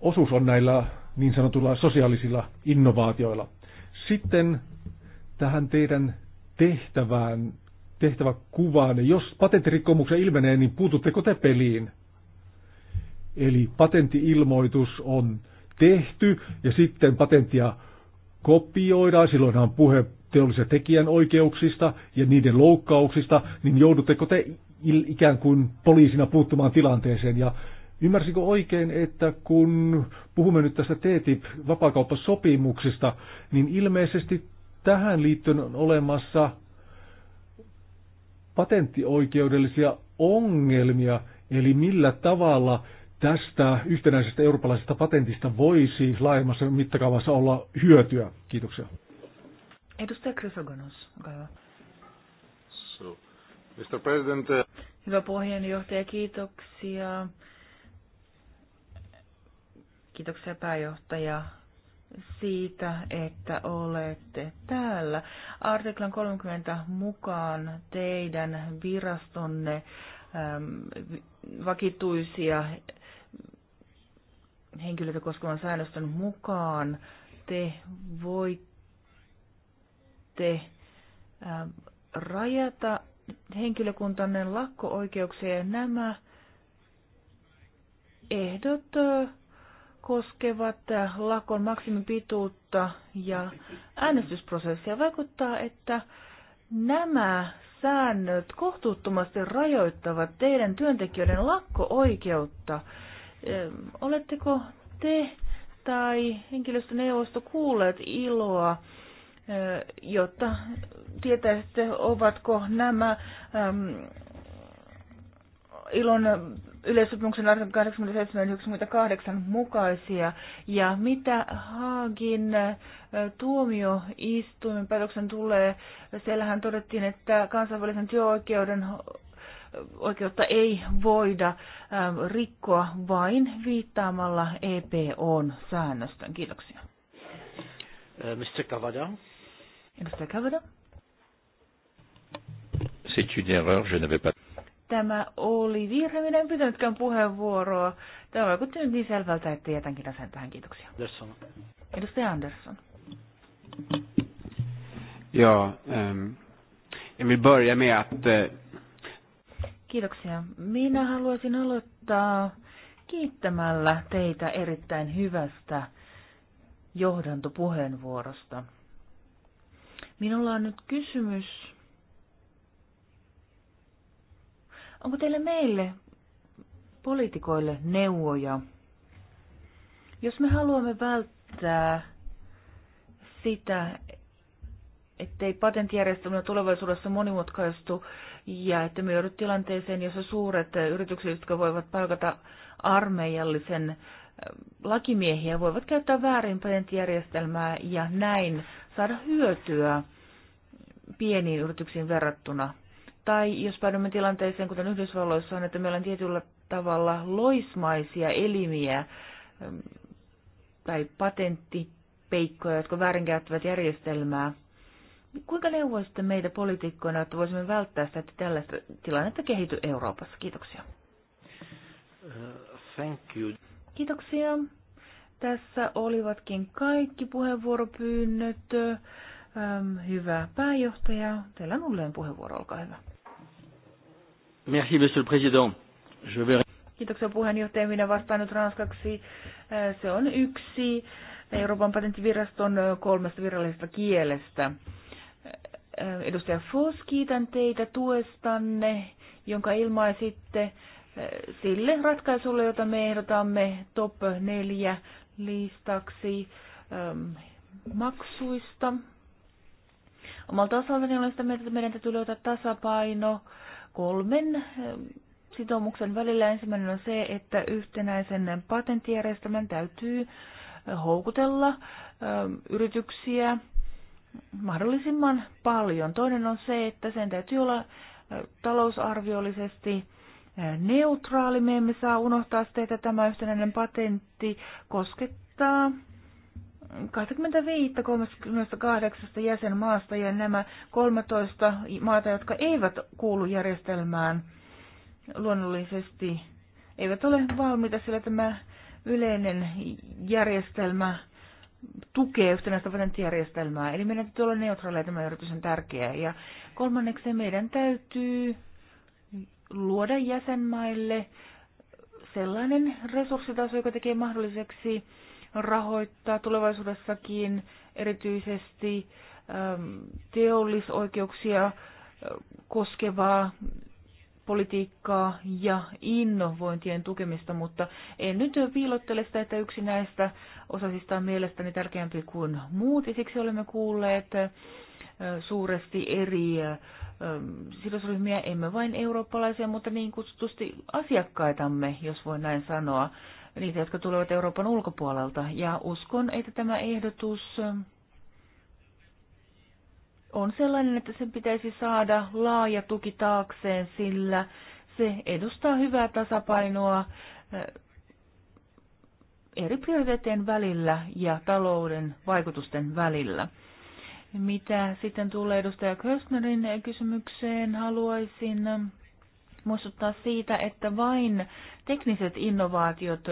osuus on näillä niin sanotuilla sosiaalisilla innovaatioilla? Sitten tähän teidän tehtävään tehtävä kuvaan. Niin jos patenttirikkomuksen ilmenee, niin puututteko te peliin? Eli patenttiilmoitus on tehty ja sitten patenttia kopioidaan. Silloinhan puhe teollisen tekijän oikeuksista ja niiden loukkauksista, niin joudutteko te ikään kuin poliisina puuttumaan tilanteeseen ja Ymmärsikö oikein, että kun puhumme nyt tästä TTIP-vapaakauppasopimuksista, niin ilmeisesti tähän liittyen on olemassa patenttioikeudellisia ongelmia, eli millä tavalla tästä yhtenäisestä eurooppalaisesta patentista voisi laajemmassa mittakaavassa olla hyötyä. Kiitoksia. Edustaja Krysogonos, so, Mr. President. Eh, hyvä puheenjohtaja, kiitoksia. Kiitoksia pääjohtaja siitä, että olette täällä. Artiklan 30 mukaan teidän virastonne äm, vakituisia henkilöitä koskevan säännöstön mukaan te voitte äm, rajata henkilökuntanne lakko-oikeuksia ja nämä ehdot äh, koskevat äh, lakon maksimipituutta ja äänestysprosessia. Vaikuttaa, että nämä säännöt kohtuuttomasti rajoittavat teidän työntekijöiden lakko-oikeutta. Äh, oletteko te tai henkilöstöneuvosto kuulleet iloa, äh, jotta tietäisitte, ovatko nämä ilon yleissopimuksen artikla 87 mukaisia. Ja mitä Haagin tuomioistuimen päätöksen tulee, siellähän todettiin, että kansainvälisen työoikeuden oikeutta ei voida rikkoa vain viittaamalla EPOn säännöstön. Kiitoksia. Mr. Kavada. Edustaja Kavada. C'est une erreur, je n'avais pas tämä oli virhe. Minä en pitänytkään puheenvuoroa. Tämä vaikutti nyt niin selvältä, että jätänkin asian tähän. Kiitoksia. Andersson. Edustaja Andersson. Ja, ähm, jag vill börja med att... Äh... Kiitoksia. Minä haluaisin aloittaa kiittämällä teitä erittäin hyvästä johdantopuheenvuorosta. Minulla on nyt kysymys Onko teille meille, poliitikoille, neuvoja? Jos me haluamme välttää sitä, ettei patenttijärjestelmä tulevaisuudessa monimutkaistu ja että me joudut tilanteeseen, jossa suuret yritykset, jotka voivat palkata armeijallisen äh, lakimiehiä, voivat käyttää väärin patenttijärjestelmää ja näin saada hyötyä pieniin yrityksiin verrattuna. Tai jos päädymme tilanteeseen, kuten Yhdysvalloissa on, että meillä on tietyllä tavalla loismaisia elimiä tai patenttipeikkoja, jotka väärinkäyttävät järjestelmää, kuinka neuvoisitte meitä poliitikkoina, että voisimme välttää sitä, että tällaista tilannetta kehity Euroopassa? Kiitoksia. Uh, thank you. Kiitoksia. Tässä olivatkin kaikki puheenvuoropyynnöt. hyvä pääjohtaja, teillä on puheenvuoro, olkaa hyvä. Merci, monsieur le président. Je vais... Kiitoksia puheenjohtaja. Minä vastaan nyt ranskaksi. Äh, se on yksi Euroopan patenttiviraston äh, kolmesta virallisesta kielestä. Äh, edustaja Foss, kiitän teitä tuestanne, jonka ilmaisitte sille ratkaisulle, jota me ehdotamme top 4 listaksi ähm, maksuista. Omalta osaltani olen sitä mieltä, että meidän täytyy löytää tasapaino kolmen ähm, sitoumuksen välillä. Ensimmäinen on se, että yhtenäisen patenttijärjestelmän täytyy äh, houkutella ähm, yrityksiä mahdollisimman paljon. Toinen on se, että sen täytyy olla äh, talousarviollisesti äh, neutraali. Me emme saa unohtaa sitä, että tämä yhtenäinen patentti koskettaa 25 38 jäsenmaasta ja nämä 13 maata, jotka eivät kuulu järjestelmään, luonnollisesti eivät ole valmiita, sillä tämä yleinen järjestelmä tukee yhtenäistä patenttijärjestelmää. Eli meidän täytyy olla neutraaleja, tämä yritys on tärkeä. Ja kolmanneksi meidän täytyy luoda jäsenmaille sellainen resurssitaso, joka tekee mahdolliseksi rahoittaa tulevaisuudessakin erityisesti ähm, teollisoikeuksia äh, koskevaa politiikkaa ja innovointien tukemista, mutta en nyt piilottele sitä, että yksi näistä osasista on mielestäni tärkeämpi kuin muut, ja siksi olemme kuulleet äh, suuresti eri äh, sidosryhmiä, emme vain eurooppalaisia, mutta niin kutsutusti asiakkaitamme, jos voi näin sanoa niitä, jotka tulevat Euroopan ulkopuolelta. Ja uskon, että tämä ehdotus on sellainen, että sen pitäisi saada laaja tuki taakseen, sillä se edustaa hyvää tasapainoa eh, eri prioriteettien välillä ja talouden vaikutusten välillä. Mitä sitten tulee edustaja Köstnerin kysymykseen, haluaisin muistuttaa siitä, että vain tekniset innovaatiot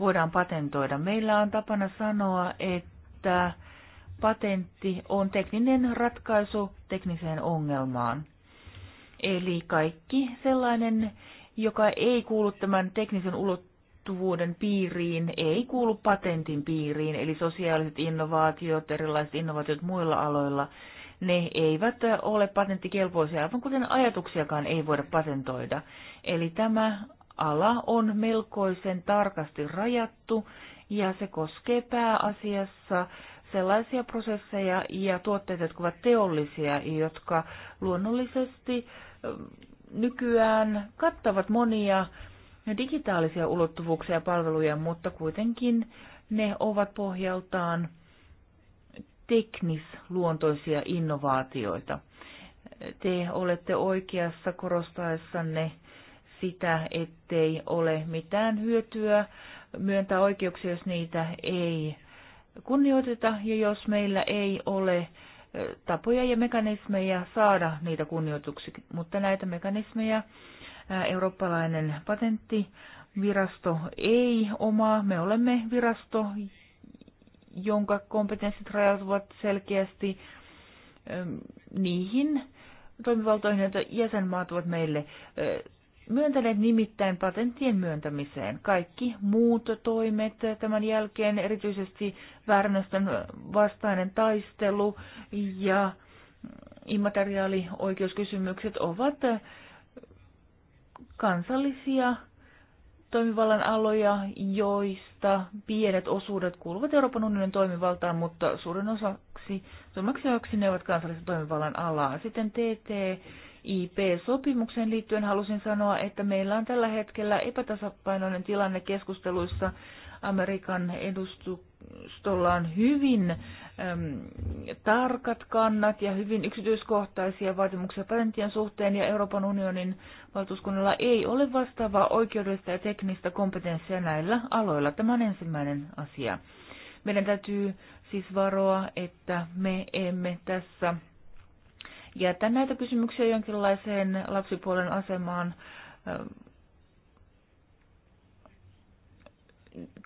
voidaan patentoida. Meillä on tapana sanoa, että patentti on tekninen ratkaisu tekniseen ongelmaan. Eli kaikki sellainen, joka ei kuulu tämän teknisen ulottuvuuden piiriin, ei kuulu patentin piiriin, eli sosiaaliset innovaatiot, erilaiset innovaatiot muilla aloilla – ne eivät ole patenttikelpoisia, aivan kuten ajatuksiakaan ei voida patentoida. Eli tämä ala on melkoisen tarkasti rajattu ja se koskee pääasiassa sellaisia prosesseja ja tuotteita, jotka ovat teollisia, jotka luonnollisesti nykyään kattavat monia digitaalisia ulottuvuuksia ja palveluja, mutta kuitenkin ne ovat pohjaltaan teknisluontoisia innovaatioita. Te olette oikeassa korostaessanne sitä, ettei ole mitään hyötyä myöntää oikeuksia, jos niitä ei kunnioiteta ja jos meillä ei ole tapoja ja mekanismeja saada niitä kunnioituksi, mutta näitä mekanismeja eurooppalainen patenttivirasto ei omaa. Me olemme virasto, jonka kompetenssit rajautuvat selkeästi ähm, niihin toimivaltoihin, joita jäsenmaat ovat meille äh, myöntäneet nimittäin patenttien myöntämiseen. Kaikki muut toimet tämän jälkeen, erityisesti väärännösten vastainen taistelu ja immateriaalioikeuskysymykset ovat kansallisia toimivallan aloja, joista pienet osuudet kuuluvat Euroopan unionin toimivaltaan, mutta suurin osaksi, suomaksi ajaksi ne ovat kansallisen toimivallan alaa. Sitten TTIP-sopimukseen liittyen halusin sanoa, että meillä on tällä hetkellä epätasapainoinen tilanne keskusteluissa Amerikan edustustolla on hyvin äm, tarkat kannat ja hyvin yksityiskohtaisia vaatimuksia patenttien suhteen ja Euroopan unionin valtuuskunnalla ei ole vastaavaa oikeudellista ja teknistä kompetenssia näillä aloilla. Tämä on ensimmäinen asia. Meidän täytyy siis varoa, että me emme tässä jätä näitä kysymyksiä jonkinlaiseen lapsipuolen asemaan ähm,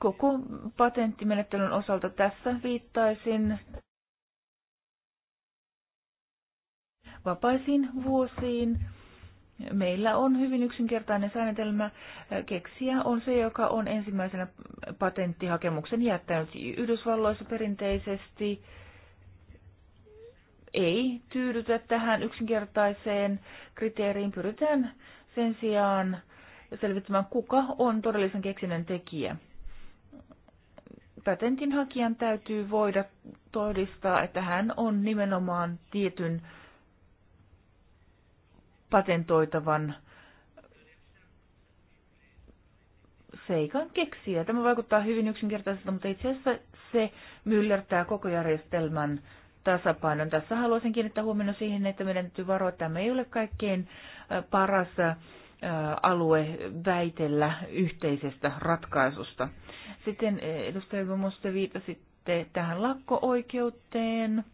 koko patenttimenettelyn osalta tässä viittaisin vapaisiin vuosiin Meillä on hyvin yksinkertainen säännetelmä. keksiä, on se, joka on ensimmäisenä patenttihakemuksen jättänyt Yhdysvalloissa perinteisesti. Ei tyydytä tähän yksinkertaiseen kriteeriin. Pyritään sen sijaan selvittämään, kuka on todellisen keksinnön tekijä. Patentinhakijan täytyy voida todistaa, että hän on nimenomaan tietyn patentoitavan seikan keksiä. Tämä vaikuttaa hyvin yksinkertaiselta, mutta itse asiassa se myllertää koko järjestelmän tasapainon. Tässä haluaisin kiinnittää huomioon siihen, että meidän täytyy varoa, että tämä ei ole kaikkein paras alue väitellä yhteisestä ratkaisusta. Sitten edustaja Gomus, te tähän lakko-oikeuteen.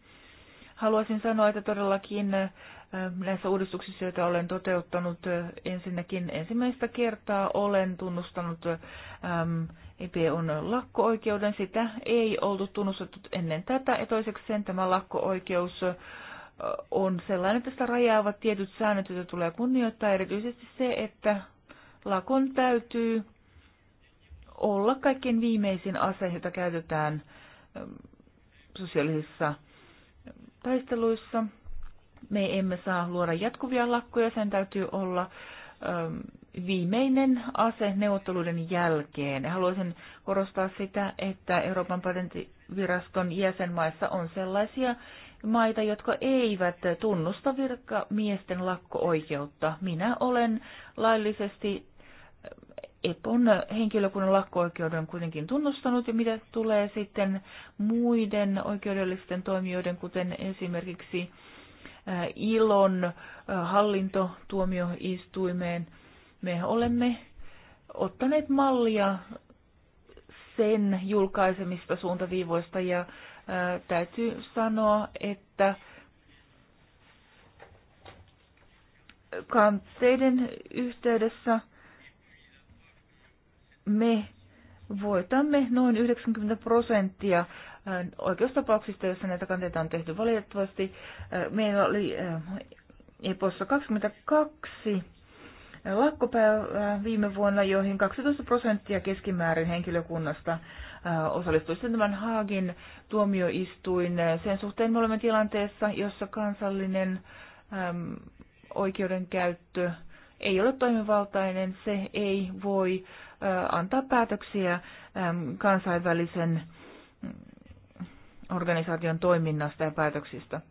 Haluaisin sanoa, että todellakin näissä uudistuksissa, joita olen toteuttanut, ensinnäkin ensimmäistä kertaa olen tunnustanut EPUn lakko-oikeuden. Sitä ei oltu tunnustettu ennen tätä ja toiseksi sen tämä lakko-oikeus on sellainen, että sitä rajaavat tietyt säännöt, joita tulee kunnioittaa, erityisesti se, että lakon täytyy olla kaikkein viimeisin ase, jota käytetään sosiaalisissa taisteluissa me emme saa luoda jatkuvia lakkoja, sen täytyy olla ähm, viimeinen ase neuvotteluiden jälkeen. Haluaisin korostaa sitä, että Euroopan patenttiviraston jäsenmaissa on sellaisia maita, jotka eivät tunnusta virkamiesten lakko-oikeutta. Minä olen laillisesti äh, EPON henkilökunnan lakko-oikeuden kuitenkin tunnustanut ja mitä tulee sitten muiden oikeudellisten toimijoiden, kuten esimerkiksi ilon hallintotuomioistuimeen. Me olemme ottaneet mallia sen julkaisemista suuntaviivoista ja täytyy sanoa, että kanteiden yhteydessä me voitamme noin 90 prosenttia Äh, oikeustapauksista, joissa näitä kanteita on tehty valitettavasti. Äh, meillä oli äh, EPOssa 22 lakkopäivää viime vuonna, joihin 12 prosenttia keskimäärin henkilökunnasta osallistui sitten tämän Haagin tuomioistuin. Sen suhteen me olemme tilanteessa, jossa kansallinen oikeudenkäyttö ei ole toimivaltainen, se ei voi antaa päätöksiä kansainvälisen organisaation toiminnasta ja päätöksistä.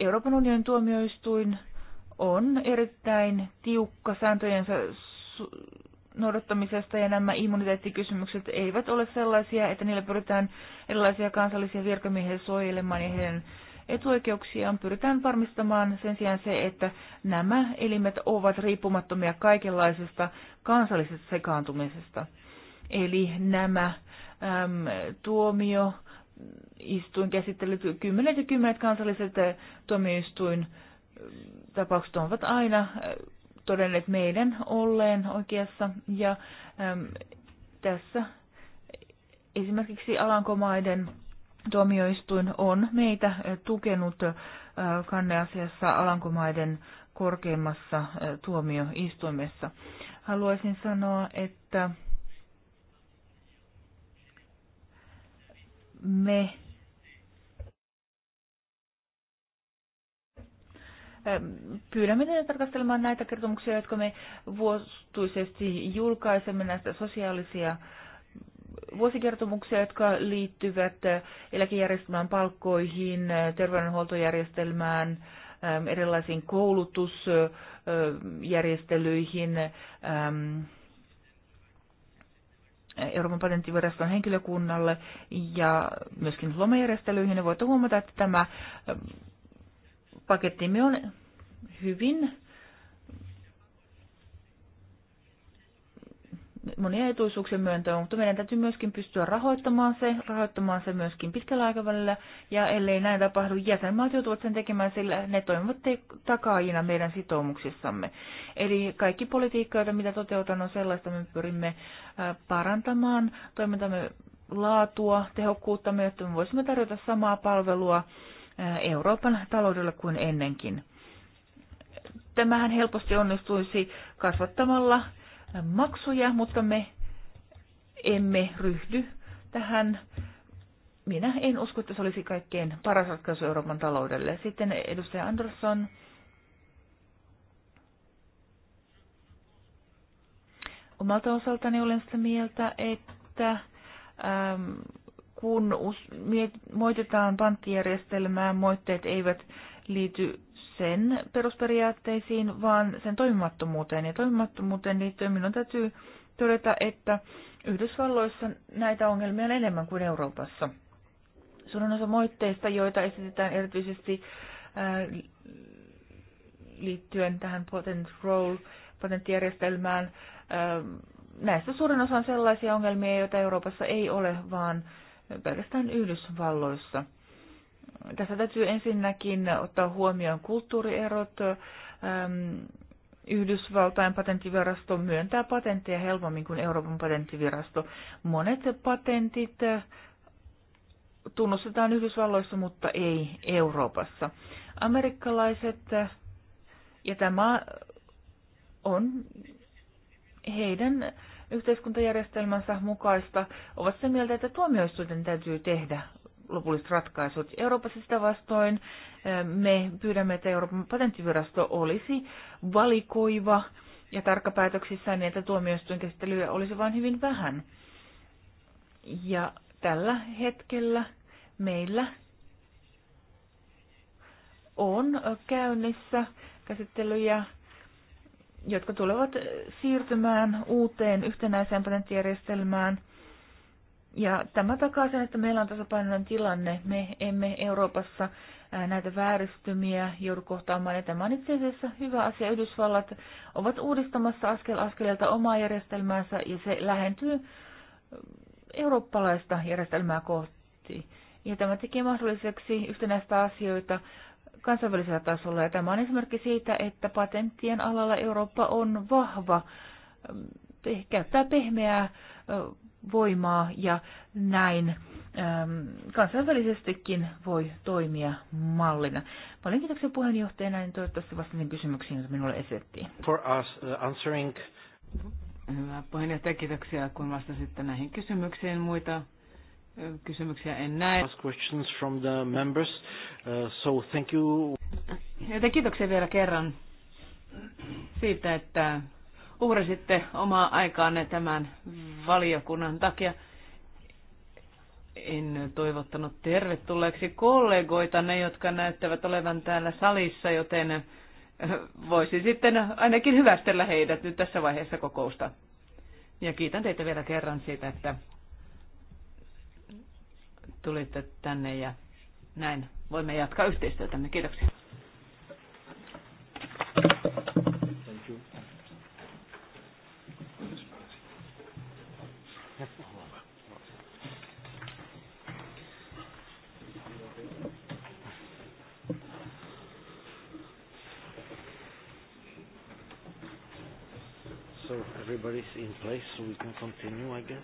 Euroopan unionin tuomioistuin on erittäin tiukka sääntöjensä noudattamisesta ja nämä immuniteettikysymykset eivät ole sellaisia, että niillä pyritään erilaisia kansallisia virkamiehiä suojelemaan ja heidän etuoikeuksiaan pyritään varmistamaan sen sijaan se, että nämä elimet ovat riippumattomia kaikenlaisesta kansallisesta sekaantumisesta. Eli nämä äm, tuomio, istuin käsittelyt, kymmenet ja kymmenet kansalliset äh, tuomioistuin äh, tapaukset ovat aina äh, todenneet meidän olleen oikeassa. Ja äm, tässä esimerkiksi Alankomaiden tuomioistuin on meitä tukenut kanneasiassa Alankomaiden korkeimmassa tuomioistuimessa. Haluaisin sanoa, että me pyydämme teitä tarkastelemaan näitä kertomuksia, jotka me vuotuisesti julkaisemme näistä sosiaalisia vuosikertomuksia, jotka liittyvät eläkejärjestelmään, palkkoihin, terveydenhuoltojärjestelmään, erilaisiin koulutusjärjestelyihin, Euroopan patenttiviraston henkilökunnalle ja myöskin lomajärjestelyihin, niin voitte huomata, että tämä pakettimme on hyvin monia etuisuuksien myöntöä, mutta meidän täytyy myöskin pystyä rahoittamaan se, rahoittamaan se myöskin pitkällä aikavälillä, ja ellei näin tapahdu, jäsenmaat joutuvat sen tekemään, sillä ne toimivat te- takaajina meidän sitoumuksissamme. Eli kaikki politiikka, mitä toteutan, on sellaista, me pyrimme parantamaan toimintamme laatua, tehokkuutta, jotta me voisimme tarjota samaa palvelua Euroopan taloudelle kuin ennenkin. Tämähän helposti onnistuisi kasvattamalla maksuja, mutta me emme ryhdy tähän. Minä en usko, että se olisi kaikkein paras ratkaisu Euroopan taloudelle. Sitten edustaja Andersson. Omalta osaltani olen sitä mieltä, että äm, kun us, miet, moitetaan panttijärjestelmää, moitteet eivät liity sen perusperiaatteisiin, vaan sen toimimattomuuteen. Ja toimimattomuuteen liittyen minun täytyy todeta, että Yhdysvalloissa näitä ongelmia on enemmän kuin Euroopassa. Suurin osa moitteista, joita esitetään erityisesti äh, liittyen tähän patent role patenttijärjestelmään, äh, näistä suurin osa on sellaisia ongelmia, joita Euroopassa ei ole, vaan pelkästään Yhdysvalloissa – tässä täytyy ensinnäkin ottaa huomioon kulttuurierot. Ähm, Yhdysvaltain patenttivirasto myöntää patentteja helpommin kuin Euroopan patenttivirasto. Monet patentit äh, tunnustetaan Yhdysvalloissa, mutta ei Euroopassa. Amerikkalaiset, äh, ja tämä on heidän yhteiskuntajärjestelmänsä mukaista ovat sitä mieltä, että tuomioistuinten täytyy tehdä lopulliset ratkaisut. Euroopassa sitä vastoin me pyydämme, että Euroopan patenttivirasto olisi valikoiva ja tarkkapäätöksissään, niin että tuomioistuin käsittelyä olisi vain hyvin vähän. Ja tällä hetkellä meillä on käynnissä käsittelyjä, jotka tulevat siirtymään uuteen yhtenäiseen patenttijärjestelmään. Ja tämä takaa sen, että meillä on tasapainoinen tilanne. Me emme Euroopassa näitä vääristymiä joudu kohtaamaan. Ja tämä on itse asiassa hyvä asia. Yhdysvallat ovat uudistamassa askel askeleelta omaa järjestelmäänsä ja se lähentyy eurooppalaista järjestelmää kohti. Ja tämä tekee mahdolliseksi yhtenäistä asioita kansainvälisellä tasolla. Ja tämä on esimerkki siitä, että patenttien alalla Eurooppa on vahva, käyttää pehmeää voimaa ja näin ähm, kansainvälisestikin voi toimia mallina. Paljon kiitoksia puheenjohtaja näin toivottavasti vastasin kysymyksiin, joita minulle esitettiin. For us uh, answering. Hyvä puheenjohtaja, kiitoksia kun vastasitte näihin kysymyksiin. Muita kysymyksiä en näe. Ask questions from the members, uh, so thank you. Joten kiitoksia vielä kerran siitä, että uhrasitte omaa aikaanne tämän valiokunnan takia. En toivottanut tervetulleeksi kollegoita ne jotka näyttävät olevan täällä salissa, joten äh, voisi sitten ainakin hyvästellä heidät nyt tässä vaiheessa kokousta. Ja kiitän teitä vielä kerran siitä, että tulitte tänne ja näin voimme jatkaa yhteistyötämme. Kiitoksia. everybody's in place, so we can continue, I guess.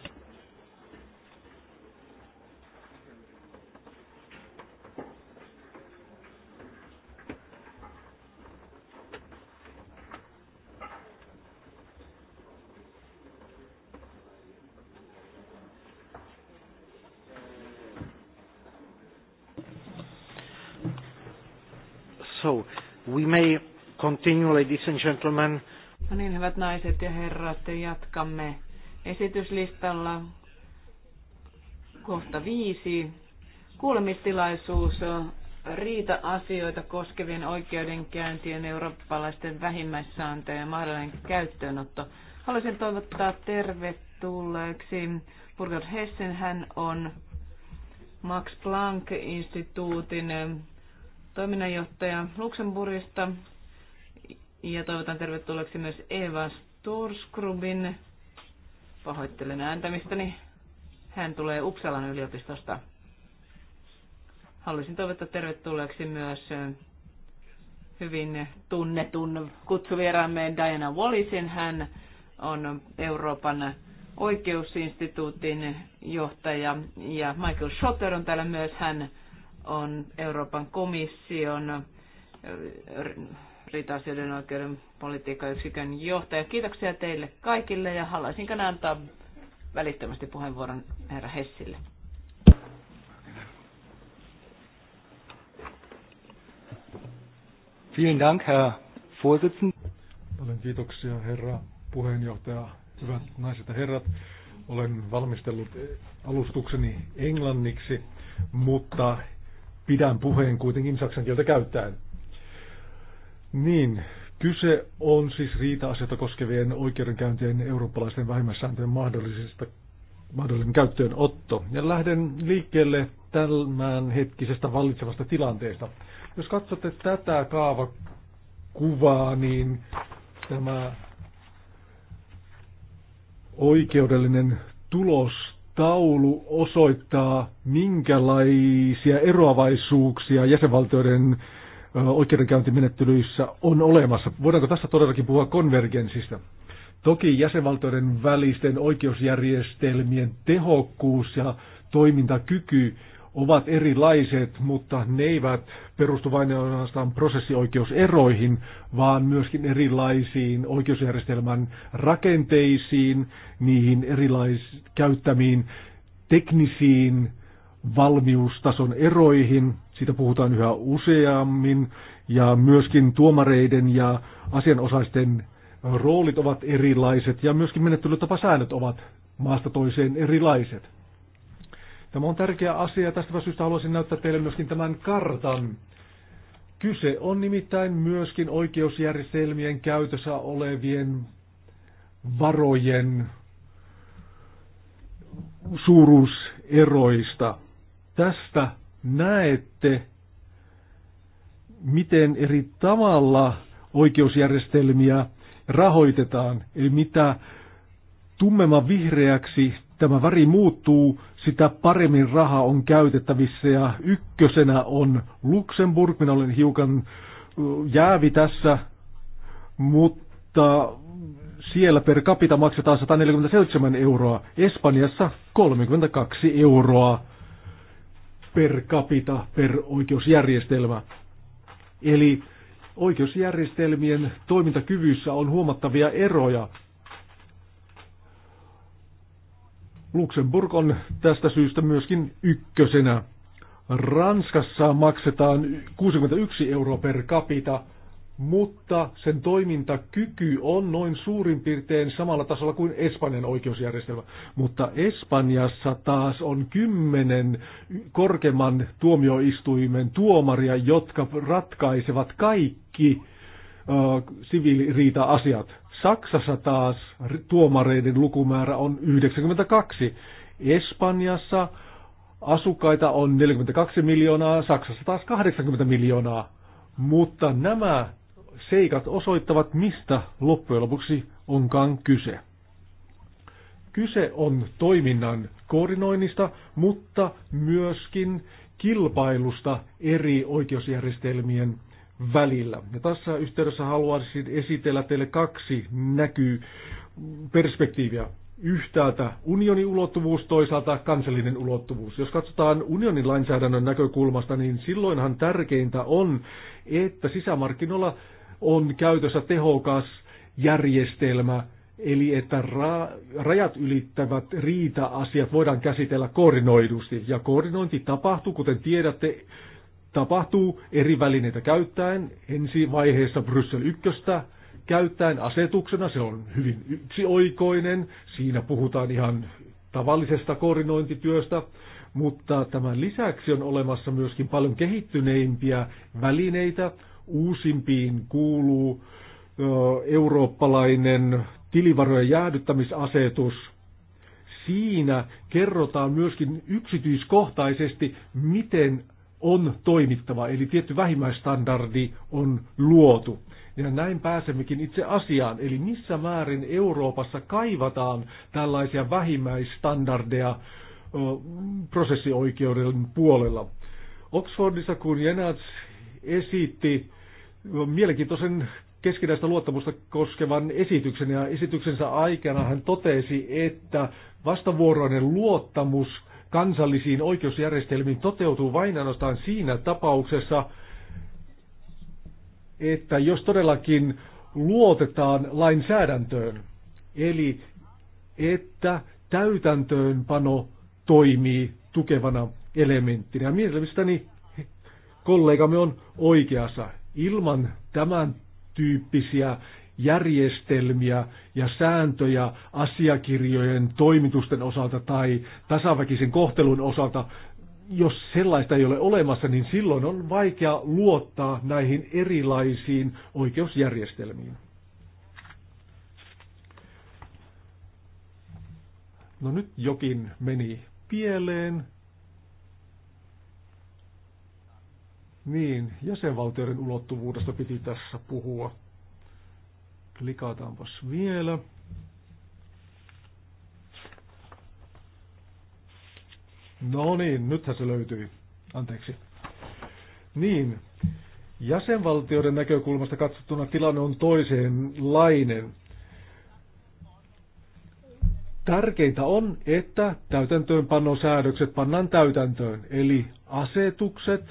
So, we may continue, ladies and gentlemen, No niin, hyvät naiset ja herrat, jatkamme esityslistalla kohta viisi. Kuulemistilaisuus riita-asioita koskevien oikeudenkäyntien eurooppalaisten vähimmäissääntöjen ja mahdollinen käyttöönotto. Haluaisin toivottaa tervetulleeksi Burgard Hessen. Hän on Max Planck-instituutin toiminnanjohtaja Luxemburgista. Ja toivotan tervetulleeksi myös Eva Storskrubin. Pahoittelen ääntämistäni. Hän tulee Uppsalan yliopistosta. Haluaisin toivottaa tervetulleeksi myös hyvin tunnetun kutsuvieraamme Diana Wallisin. Hän on Euroopan oikeusinstituutin johtaja ja Michael Schotter on täällä myös. Hän on Euroopan komission riita-asioiden oikeuden politiikkayksikön johtaja. Kiitoksia teille kaikille ja haluaisin antaa välittömästi puheenvuoron herra Hessille. Vielen Dank, Herr vorsitzen. Paljon kiitoksia, herra puheenjohtaja. Hyvät naiset ja herrat, olen valmistellut alustukseni englanniksi, mutta pidän puheen kuitenkin saksan kieltä käyttäen. Niin, kyse on siis riita-asioita koskevien oikeudenkäyntien eurooppalaisten vähimmäissääntöjen mahdollisista mahdollinen käyttöönotto. Ja lähden liikkeelle tämän hetkisestä vallitsevasta tilanteesta. Jos katsotte tätä kaavakuvaa, niin tämä oikeudellinen tulostaulu osoittaa, minkälaisia eroavaisuuksia jäsenvaltioiden oikeudenkäyntimenettelyissä on olemassa. Voidaanko tässä todellakin puhua konvergenssista? Toki jäsenvaltioiden välisten oikeusjärjestelmien tehokkuus ja toimintakyky ovat erilaiset, mutta ne eivät perustu vain ainoastaan prosessioikeuseroihin, vaan myöskin erilaisiin oikeusjärjestelmän rakenteisiin, niihin erilais käyttämiin teknisiin valmiustason eroihin siitä puhutaan yhä useammin ja myöskin tuomareiden ja asianosaisten roolit ovat erilaiset ja myöskin menettelytapasäännöt ovat maasta toiseen erilaiset. Tämä on tärkeä asia ja tästä syystä haluaisin näyttää teille myöskin tämän kartan. Kyse on nimittäin myöskin oikeusjärjestelmien käytössä olevien varojen suuruuseroista. Tästä näette, miten eri tavalla oikeusjärjestelmiä rahoitetaan, eli mitä tummemman vihreäksi tämä väri muuttuu, sitä paremmin raha on käytettävissä ja ykkösenä on Luxemburg. Minä olen hiukan jäävi tässä, mutta siellä per capita maksetaan 147 euroa, Espanjassa 32 euroa per capita per oikeusjärjestelmä. Eli oikeusjärjestelmien toimintakyvyssä on huomattavia eroja. Luxemburg on tästä syystä myöskin ykkösenä. Ranskassa maksetaan 61 euroa per capita – mutta sen toimintakyky on noin suurin piirtein samalla tasolla kuin Espanjan oikeusjärjestelmä. Mutta Espanjassa taas on kymmenen korkeimman tuomioistuimen tuomaria, jotka ratkaisevat kaikki äh, siviiliriita-asiat. Saksassa taas tuomareiden lukumäärä on 92. Espanjassa asukkaita on 42 miljoonaa, Saksassa taas 80 miljoonaa. Mutta nämä seikat osoittavat, mistä loppujen lopuksi onkaan kyse. Kyse on toiminnan koordinoinnista, mutta myöskin kilpailusta eri oikeusjärjestelmien välillä. Ja tässä yhteydessä haluaisin esitellä teille kaksi näkyy perspektiiviä. Yhtäältä unionin ulottuvuus, toisaalta kansallinen ulottuvuus. Jos katsotaan unionin lainsäädännön näkökulmasta, niin silloinhan tärkeintä on, että sisämarkkinoilla on käytössä tehokas järjestelmä, eli että ra- rajat ylittävät riita-asiat voidaan käsitellä koordinoidusti. Ja koordinointi tapahtuu, kuten tiedätte, tapahtuu eri välineitä käyttäen. Ensi vaiheessa Bryssel 1 käyttäen asetuksena, se on hyvin yksioikoinen, siinä puhutaan ihan tavallisesta koordinointityöstä, mutta tämän lisäksi on olemassa myöskin paljon kehittyneimpiä välineitä, Uusimpiin kuuluu eurooppalainen tilivarojen jäädyttämisasetus. Siinä kerrotaan myöskin yksityiskohtaisesti, miten on toimittava, eli tietty vähimmäistandardi on luotu. Ja näin pääsemmekin itse asiaan, eli missä määrin Euroopassa kaivataan tällaisia vähimmäistandardeja prosessioikeuden puolella. Oxfordissa kun Jenats esitti mielenkiintoisen keskinäistä luottamusta koskevan esityksen ja esityksensä aikana hän totesi, että vastavuoroinen luottamus kansallisiin oikeusjärjestelmiin toteutuu vain ainoastaan siinä tapauksessa, että jos todellakin luotetaan lainsäädäntöön, eli että täytäntöönpano toimii tukevana elementtinä. Mielestäni kollegamme on oikeassa. Ilman tämän tyyppisiä järjestelmiä ja sääntöjä asiakirjojen toimitusten osalta tai tasaväkisen kohtelun osalta, jos sellaista ei ole olemassa, niin silloin on vaikea luottaa näihin erilaisiin oikeusjärjestelmiin. No nyt jokin meni pieleen. Niin, jäsenvaltioiden ulottuvuudesta piti tässä puhua. Klikataanpas vielä. No niin, nythän se löytyi. Anteeksi. Niin, jäsenvaltioiden näkökulmasta katsottuna tilanne on toisenlainen. Tärkeintä on, että täytäntöönpanosäädökset pannaan täytäntöön, eli asetukset,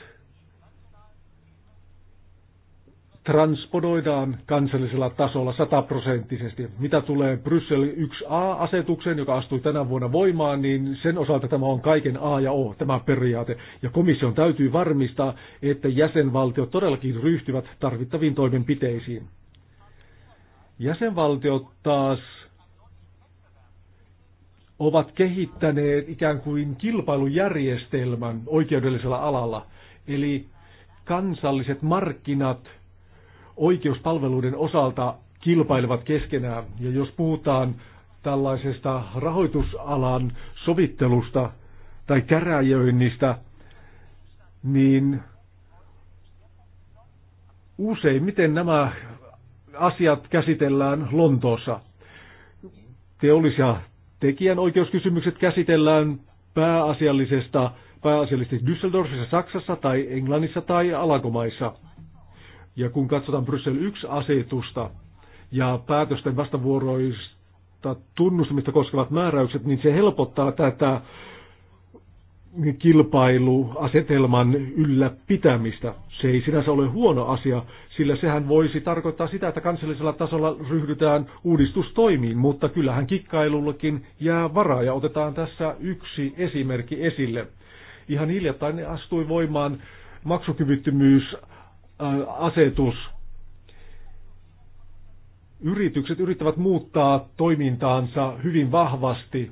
transponoidaan kansallisella tasolla sataprosenttisesti. Mitä tulee Bryssel 1a-asetukseen, joka astui tänä vuonna voimaan, niin sen osalta tämä on kaiken A ja O, tämä periaate. Ja komission täytyy varmistaa, että jäsenvaltiot todellakin ryhtyvät tarvittaviin toimenpiteisiin. Jäsenvaltiot taas ovat kehittäneet ikään kuin kilpailujärjestelmän oikeudellisella alalla. Eli kansalliset markkinat oikeuspalveluiden osalta kilpailevat keskenään. Ja jos puhutaan tällaisesta rahoitusalan sovittelusta tai käräjöinnistä, niin usein miten nämä asiat käsitellään Lontoossa. Teollisia tekijänoikeuskysymykset käsitellään pääasiallisesta, pääasiallisesti Düsseldorfissa, Saksassa tai Englannissa tai Alakomaissa – ja kun katsotaan Bryssel 1-asetusta ja päätösten vastavuoroista tunnustamista koskevat määräykset, niin se helpottaa tätä kilpailuasetelman ylläpitämistä. Se ei sinänsä ole huono asia, sillä sehän voisi tarkoittaa sitä, että kansallisella tasolla ryhdytään uudistustoimiin, mutta kyllähän kikkailullakin jää varaa ja otetaan tässä yksi esimerkki esille. Ihan hiljattain astui voimaan maksukyvyttömyys Äh, asetus. Yritykset yrittävät muuttaa toimintaansa hyvin vahvasti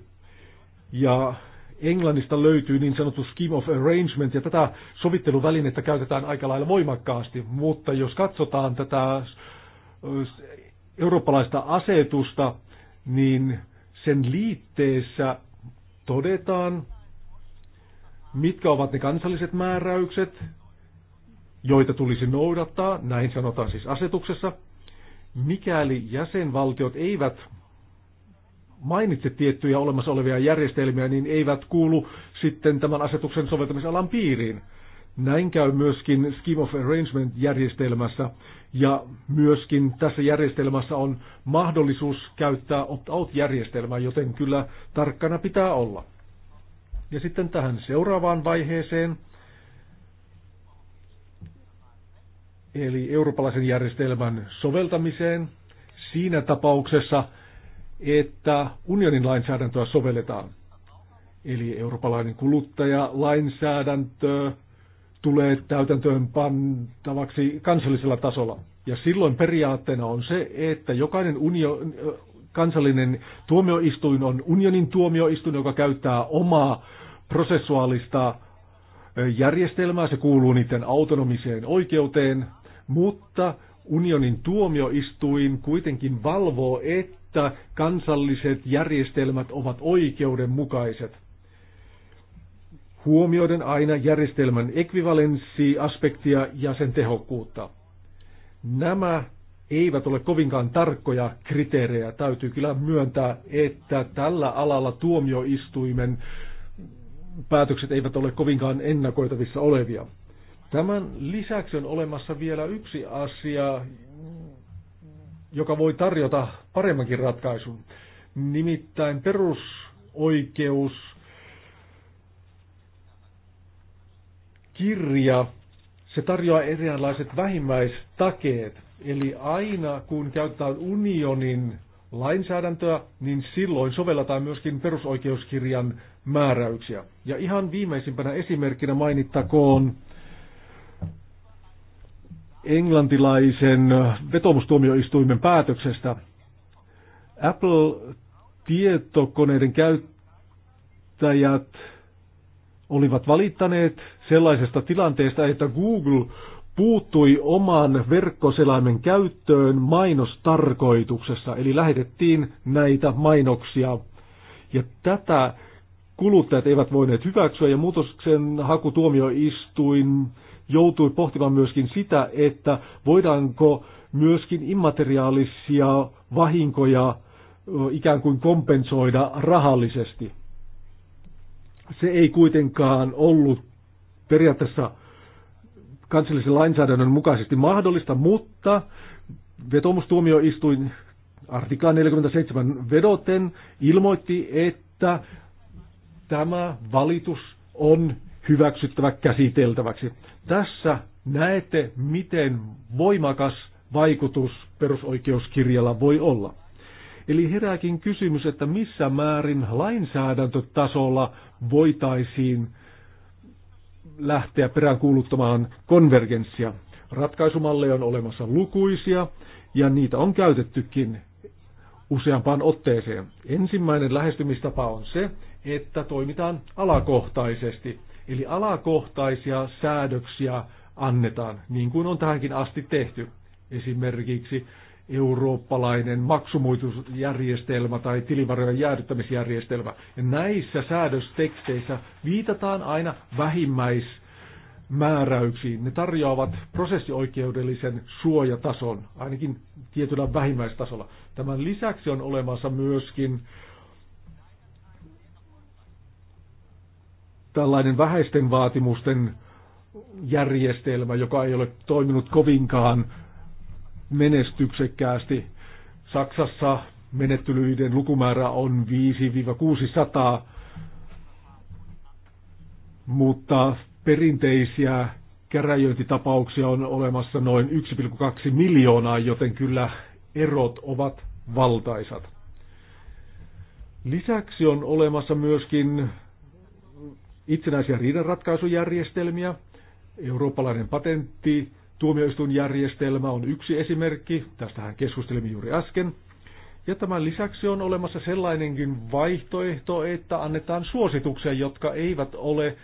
ja Englannista löytyy niin sanottu Scheme of Arrangement, ja tätä sovitteluvälinettä käytetään aika lailla voimakkaasti, mutta jos katsotaan tätä äh, eurooppalaista asetusta, niin sen liitteessä todetaan, mitkä ovat ne kansalliset määräykset, joita tulisi noudattaa, näin sanotaan siis asetuksessa, mikäli jäsenvaltiot eivät mainitse tiettyjä olemassa olevia järjestelmiä, niin eivät kuulu sitten tämän asetuksen soveltamisalan piiriin. Näin käy myöskin Scheme of Arrangement-järjestelmässä, ja myöskin tässä järjestelmässä on mahdollisuus käyttää opt-out-järjestelmää, joten kyllä tarkkana pitää olla. Ja sitten tähän seuraavaan vaiheeseen – eli eurooppalaisen järjestelmän soveltamiseen siinä tapauksessa, että unionin lainsäädäntöä sovelletaan. Eli eurooppalainen kuluttajalainsäädäntö tulee täytäntöön pantavaksi kansallisella tasolla. Ja silloin periaatteena on se, että jokainen unio, kansallinen tuomioistuin on unionin tuomioistuin, joka käyttää omaa prosessuaalista järjestelmää. Se kuuluu niiden autonomiseen oikeuteen, mutta unionin tuomioistuin kuitenkin valvoo, että kansalliset järjestelmät ovat oikeudenmukaiset. Huomioiden aina järjestelmän ekvivalenssiaspektia ja sen tehokkuutta. Nämä eivät ole kovinkaan tarkkoja kriteerejä. Täytyy kyllä myöntää, että tällä alalla tuomioistuimen päätökset eivät ole kovinkaan ennakoitavissa olevia. Tämän lisäksi on olemassa vielä yksi asia, joka voi tarjota paremmankin ratkaisun. Nimittäin perusoikeus kirja, se tarjoaa erilaiset vähimmäistakeet. Eli aina kun käytetään unionin lainsäädäntöä, niin silloin sovelletaan myöskin perusoikeuskirjan määräyksiä. Ja ihan viimeisimpänä esimerkkinä mainittakoon englantilaisen vetomustuomioistuimen päätöksestä. Apple-tietokoneiden käyttäjät olivat valittaneet sellaisesta tilanteesta, että Google puuttui oman verkkoselaimen käyttöön mainostarkoituksessa, eli lähetettiin näitä mainoksia. Ja tätä kuluttajat eivät voineet hyväksyä, ja muutoksen hakutuomioistuin joutui pohtimaan myöskin sitä, että voidaanko myöskin immateriaalisia vahinkoja ikään kuin kompensoida rahallisesti. Se ei kuitenkaan ollut periaatteessa kansallisen lainsäädännön mukaisesti mahdollista, mutta vetomustuomioistuin artikla 47 vedoten ilmoitti, että tämä valitus on hyväksyttävä käsiteltäväksi. Tässä näette, miten voimakas vaikutus perusoikeuskirjalla voi olla. Eli herääkin kysymys, että missä määrin lainsäädäntötasolla voitaisiin lähteä peräänkuuluttamaan konvergenssia. Ratkaisumalleja on olemassa lukuisia ja niitä on käytettykin useampaan otteeseen. Ensimmäinen lähestymistapa on se, että toimitaan alakohtaisesti – Eli alakohtaisia säädöksiä annetaan, niin kuin on tähänkin asti tehty. Esimerkiksi eurooppalainen maksumuitusjärjestelmä tai tilivarojen jäädyttämisjärjestelmä. Ja näissä säädösteksteissä viitataan aina vähimmäismääräyksiin. Ne tarjoavat prosessioikeudellisen suojatason, ainakin tietyllä vähimmäistasolla. Tämän lisäksi on olemassa myöskin tällainen vähäisten vaatimusten järjestelmä, joka ei ole toiminut kovinkaan menestyksekkäästi. Saksassa menettelyiden lukumäärä on 5-600, mutta perinteisiä käräjöintitapauksia on olemassa noin 1,2 miljoonaa, joten kyllä erot ovat valtaisat. Lisäksi on olemassa myöskin itsenäisiä riidanratkaisujärjestelmiä. Eurooppalainen patentti, tuomioistuinjärjestelmä on yksi esimerkki, tästähän keskustelimme juuri äsken. Ja tämän lisäksi on olemassa sellainenkin vaihtoehto, että annetaan suosituksia, jotka eivät ole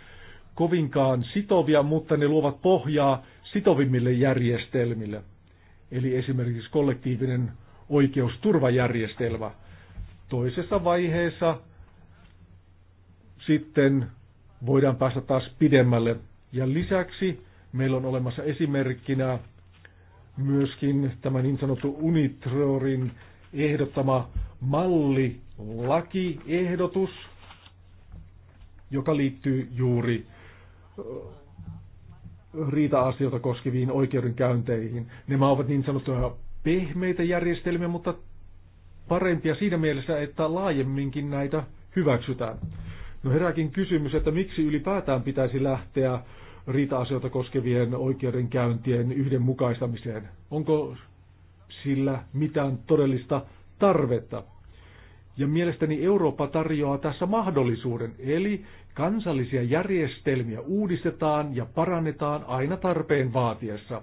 kovinkaan sitovia, mutta ne luovat pohjaa sitovimmille järjestelmille. Eli esimerkiksi kollektiivinen oikeusturvajärjestelmä. Toisessa vaiheessa sitten voidaan päästä taas pidemmälle. Ja lisäksi meillä on olemassa esimerkkinä myöskin tämä niin sanottu Unitrorin ehdottama mallilakiehdotus, joka liittyy juuri riita-asioita koskeviin oikeudenkäynteihin. Nämä ovat niin sanottuja pehmeitä järjestelmiä, mutta parempia siinä mielessä, että laajemminkin näitä hyväksytään. No herääkin kysymys, että miksi ylipäätään pitäisi lähteä riita-asioita koskevien oikeudenkäyntien yhdenmukaistamiseen? Onko sillä mitään todellista tarvetta? Ja mielestäni Eurooppa tarjoaa tässä mahdollisuuden, eli kansallisia järjestelmiä uudistetaan ja parannetaan aina tarpeen vaatiessa.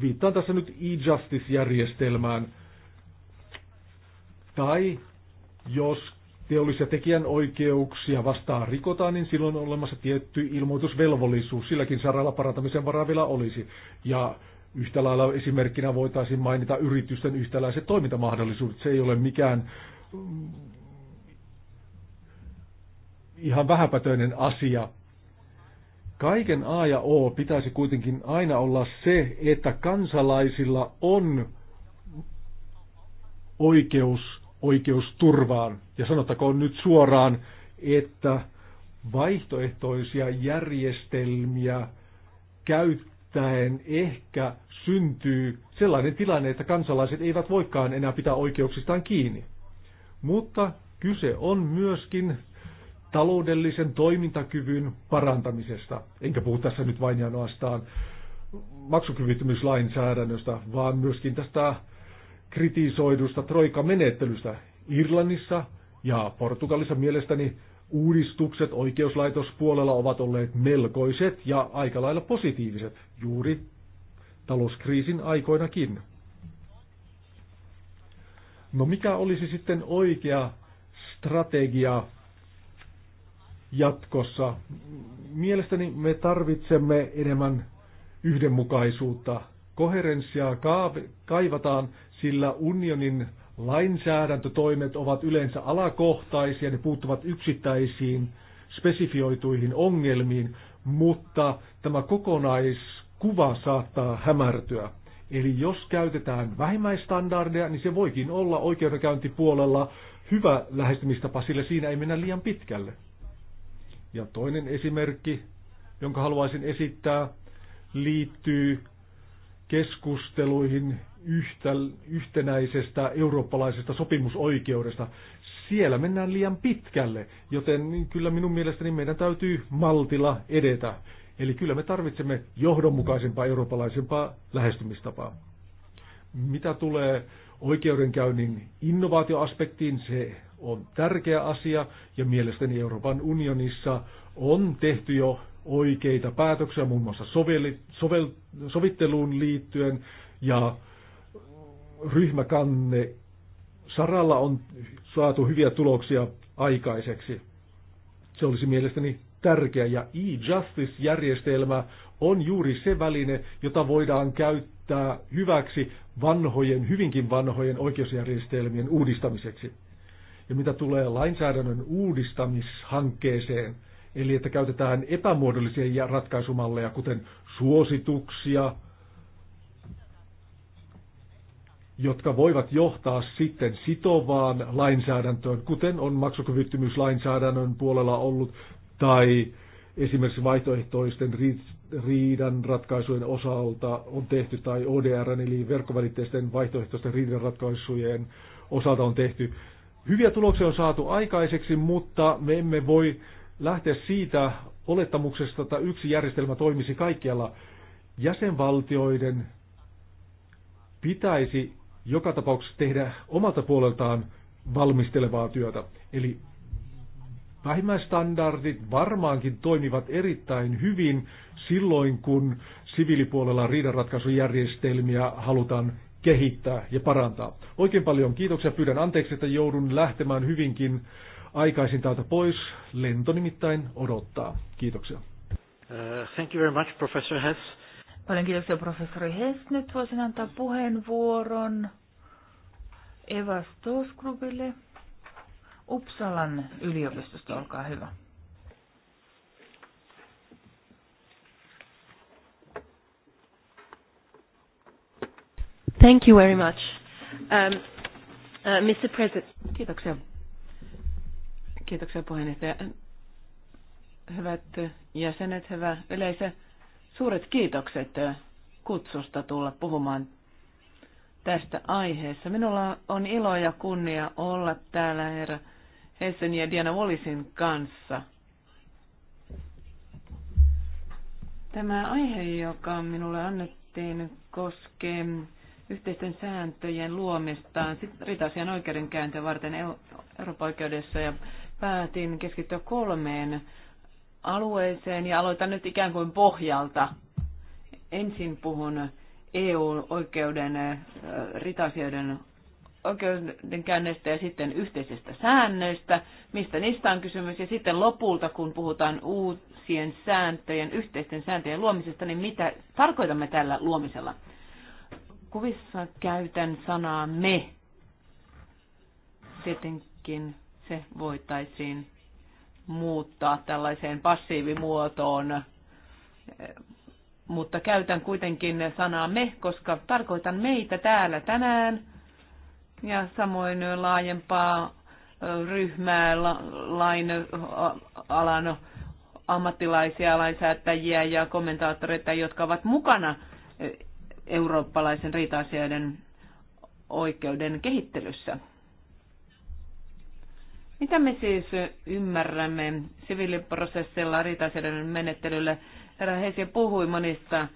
Viittaan tässä nyt e-justice-järjestelmään. Tai jos teollisia tekijänoikeuksia vastaan rikotaan, niin silloin on olemassa tietty ilmoitusvelvollisuus. Silläkin saralla parantamisen varaa vielä olisi. Ja yhtä lailla esimerkkinä voitaisiin mainita yritysten yhtäläiset toimintamahdollisuudet. Se ei ole mikään mm, ihan vähäpätöinen asia. Kaiken A ja O pitäisi kuitenkin aina olla se, että kansalaisilla on oikeus oikeusturvaan. Ja sanottakoon nyt suoraan, että vaihtoehtoisia järjestelmiä käyttäen ehkä syntyy sellainen tilanne, että kansalaiset eivät voikaan enää pitää oikeuksistaan kiinni. Mutta kyse on myöskin taloudellisen toimintakyvyn parantamisesta. Enkä puhu tässä nyt vain ja ainoastaan maksukyvyttömyyslainsäädännöstä, vaan myöskin tästä kritisoidusta Troika-menettelystä Irlannissa ja Portugalissa mielestäni uudistukset oikeuslaitospuolella ovat olleet melkoiset ja aika lailla positiiviset juuri talouskriisin aikoinakin. No mikä olisi sitten oikea strategia jatkossa? Mielestäni me tarvitsemme enemmän yhdenmukaisuutta. Koherenssia kaivataan sillä unionin lainsäädäntötoimet ovat yleensä alakohtaisia, ne puuttuvat yksittäisiin spesifioituihin ongelmiin, mutta tämä kokonaiskuva saattaa hämärtyä. Eli jos käytetään vähimmäistandardeja, niin se voikin olla oikeudenkäyntipuolella hyvä lähestymistapa, sillä siinä ei mennä liian pitkälle. Ja toinen esimerkki, jonka haluaisin esittää, liittyy keskusteluihin, yhtä, yhtenäisestä eurooppalaisesta sopimusoikeudesta. Siellä mennään liian pitkälle, joten niin kyllä minun mielestäni meidän täytyy maltilla edetä. Eli kyllä me tarvitsemme johdonmukaisempaa eurooppalaisempaa lähestymistapaa. Mitä tulee oikeudenkäynnin innovaatioaspektiin, se on tärkeä asia ja mielestäni Euroopan unionissa on tehty jo oikeita päätöksiä muun muassa sovel, sovel, sovitteluun liittyen ja ryhmäkanne saralla on saatu hyviä tuloksia aikaiseksi. Se olisi mielestäni tärkeä ja e-justice-järjestelmä on juuri se väline, jota voidaan käyttää hyväksi vanhojen, hyvinkin vanhojen oikeusjärjestelmien uudistamiseksi. Ja mitä tulee lainsäädännön uudistamishankkeeseen, eli että käytetään epämuodollisia ratkaisumalleja, kuten suosituksia, jotka voivat johtaa sitten sitovaan lainsäädäntöön, kuten on maksukyvyttömyyslainsäädännön puolella ollut, tai esimerkiksi vaihtoehtoisten riidan ratkaisujen osalta on tehty, tai ODR, eli verkkovälitteisten vaihtoehtoisten riidan ratkaisujen osalta on tehty. Hyviä tuloksia on saatu aikaiseksi, mutta me emme voi lähteä siitä olettamuksesta, että yksi järjestelmä toimisi kaikkialla. Jäsenvaltioiden pitäisi joka tapauksessa tehdä omalta puoleltaan valmistelevaa työtä. Eli vähimmäistandardit varmaankin toimivat erittäin hyvin silloin, kun siviilipuolella riidanratkaisujärjestelmiä halutaan kehittää ja parantaa. Oikein paljon kiitoksia. Pyydän anteeksi, että joudun lähtemään hyvinkin aikaisin täältä pois. Lento nimittäin odottaa. Kiitoksia. Uh, thank you very much, Professor Hess. Paljon kiitoksia professori Hess. Nyt voisin antaa puheenvuoron Eva Stoskrubille Uppsalan yliopistosta. Olkaa hyvä. Thank you very much. Um, uh, Mr. President. Kiitoksia. Kiitoksia puheenjohtaja. Hyvät jäsenet, hyvä yleisö. Suuret kiitokset äh, kutsusta tulla puhumaan tästä aiheesta. Minulla on ilo ja kunnia olla täällä herra Hessen ja Diana Wallisin kanssa. Tämä aihe, joka minulle annettiin, koskee yhteisten sääntöjen luomista ritasian oikeudenkäyntiä varten Euroopan oikeudessa ja päätin keskittyä kolmeen alueeseen ja aloitan nyt ikään kuin pohjalta. Ensin puhun EU-oikeuden ritasioiden oikeudenkäynnistä ja sitten yhteisistä säännöistä, mistä niistä on kysymys, ja sitten lopulta, kun puhutaan uusien sääntöjen, yhteisten sääntöjen luomisesta, niin mitä tarkoitamme tällä luomisella? Kuvissa käytän sanaa me. Tietenkin se voitaisiin muuttaa tällaiseen passiivimuotoon, mutta käytän kuitenkin sanaa me, koska tarkoitan meitä täällä tänään ja samoin laajempaa ryhmää, lain alan ammattilaisia, lainsäättäjiä ja kommentaattoreita, jotka ovat mukana eurooppalaisen riita-asioiden oikeuden kehittelyssä. Mitä me siis ymmärrämme siviiliprosessilla, riitaisiden menettelyllä? Herra Heisi puhui monista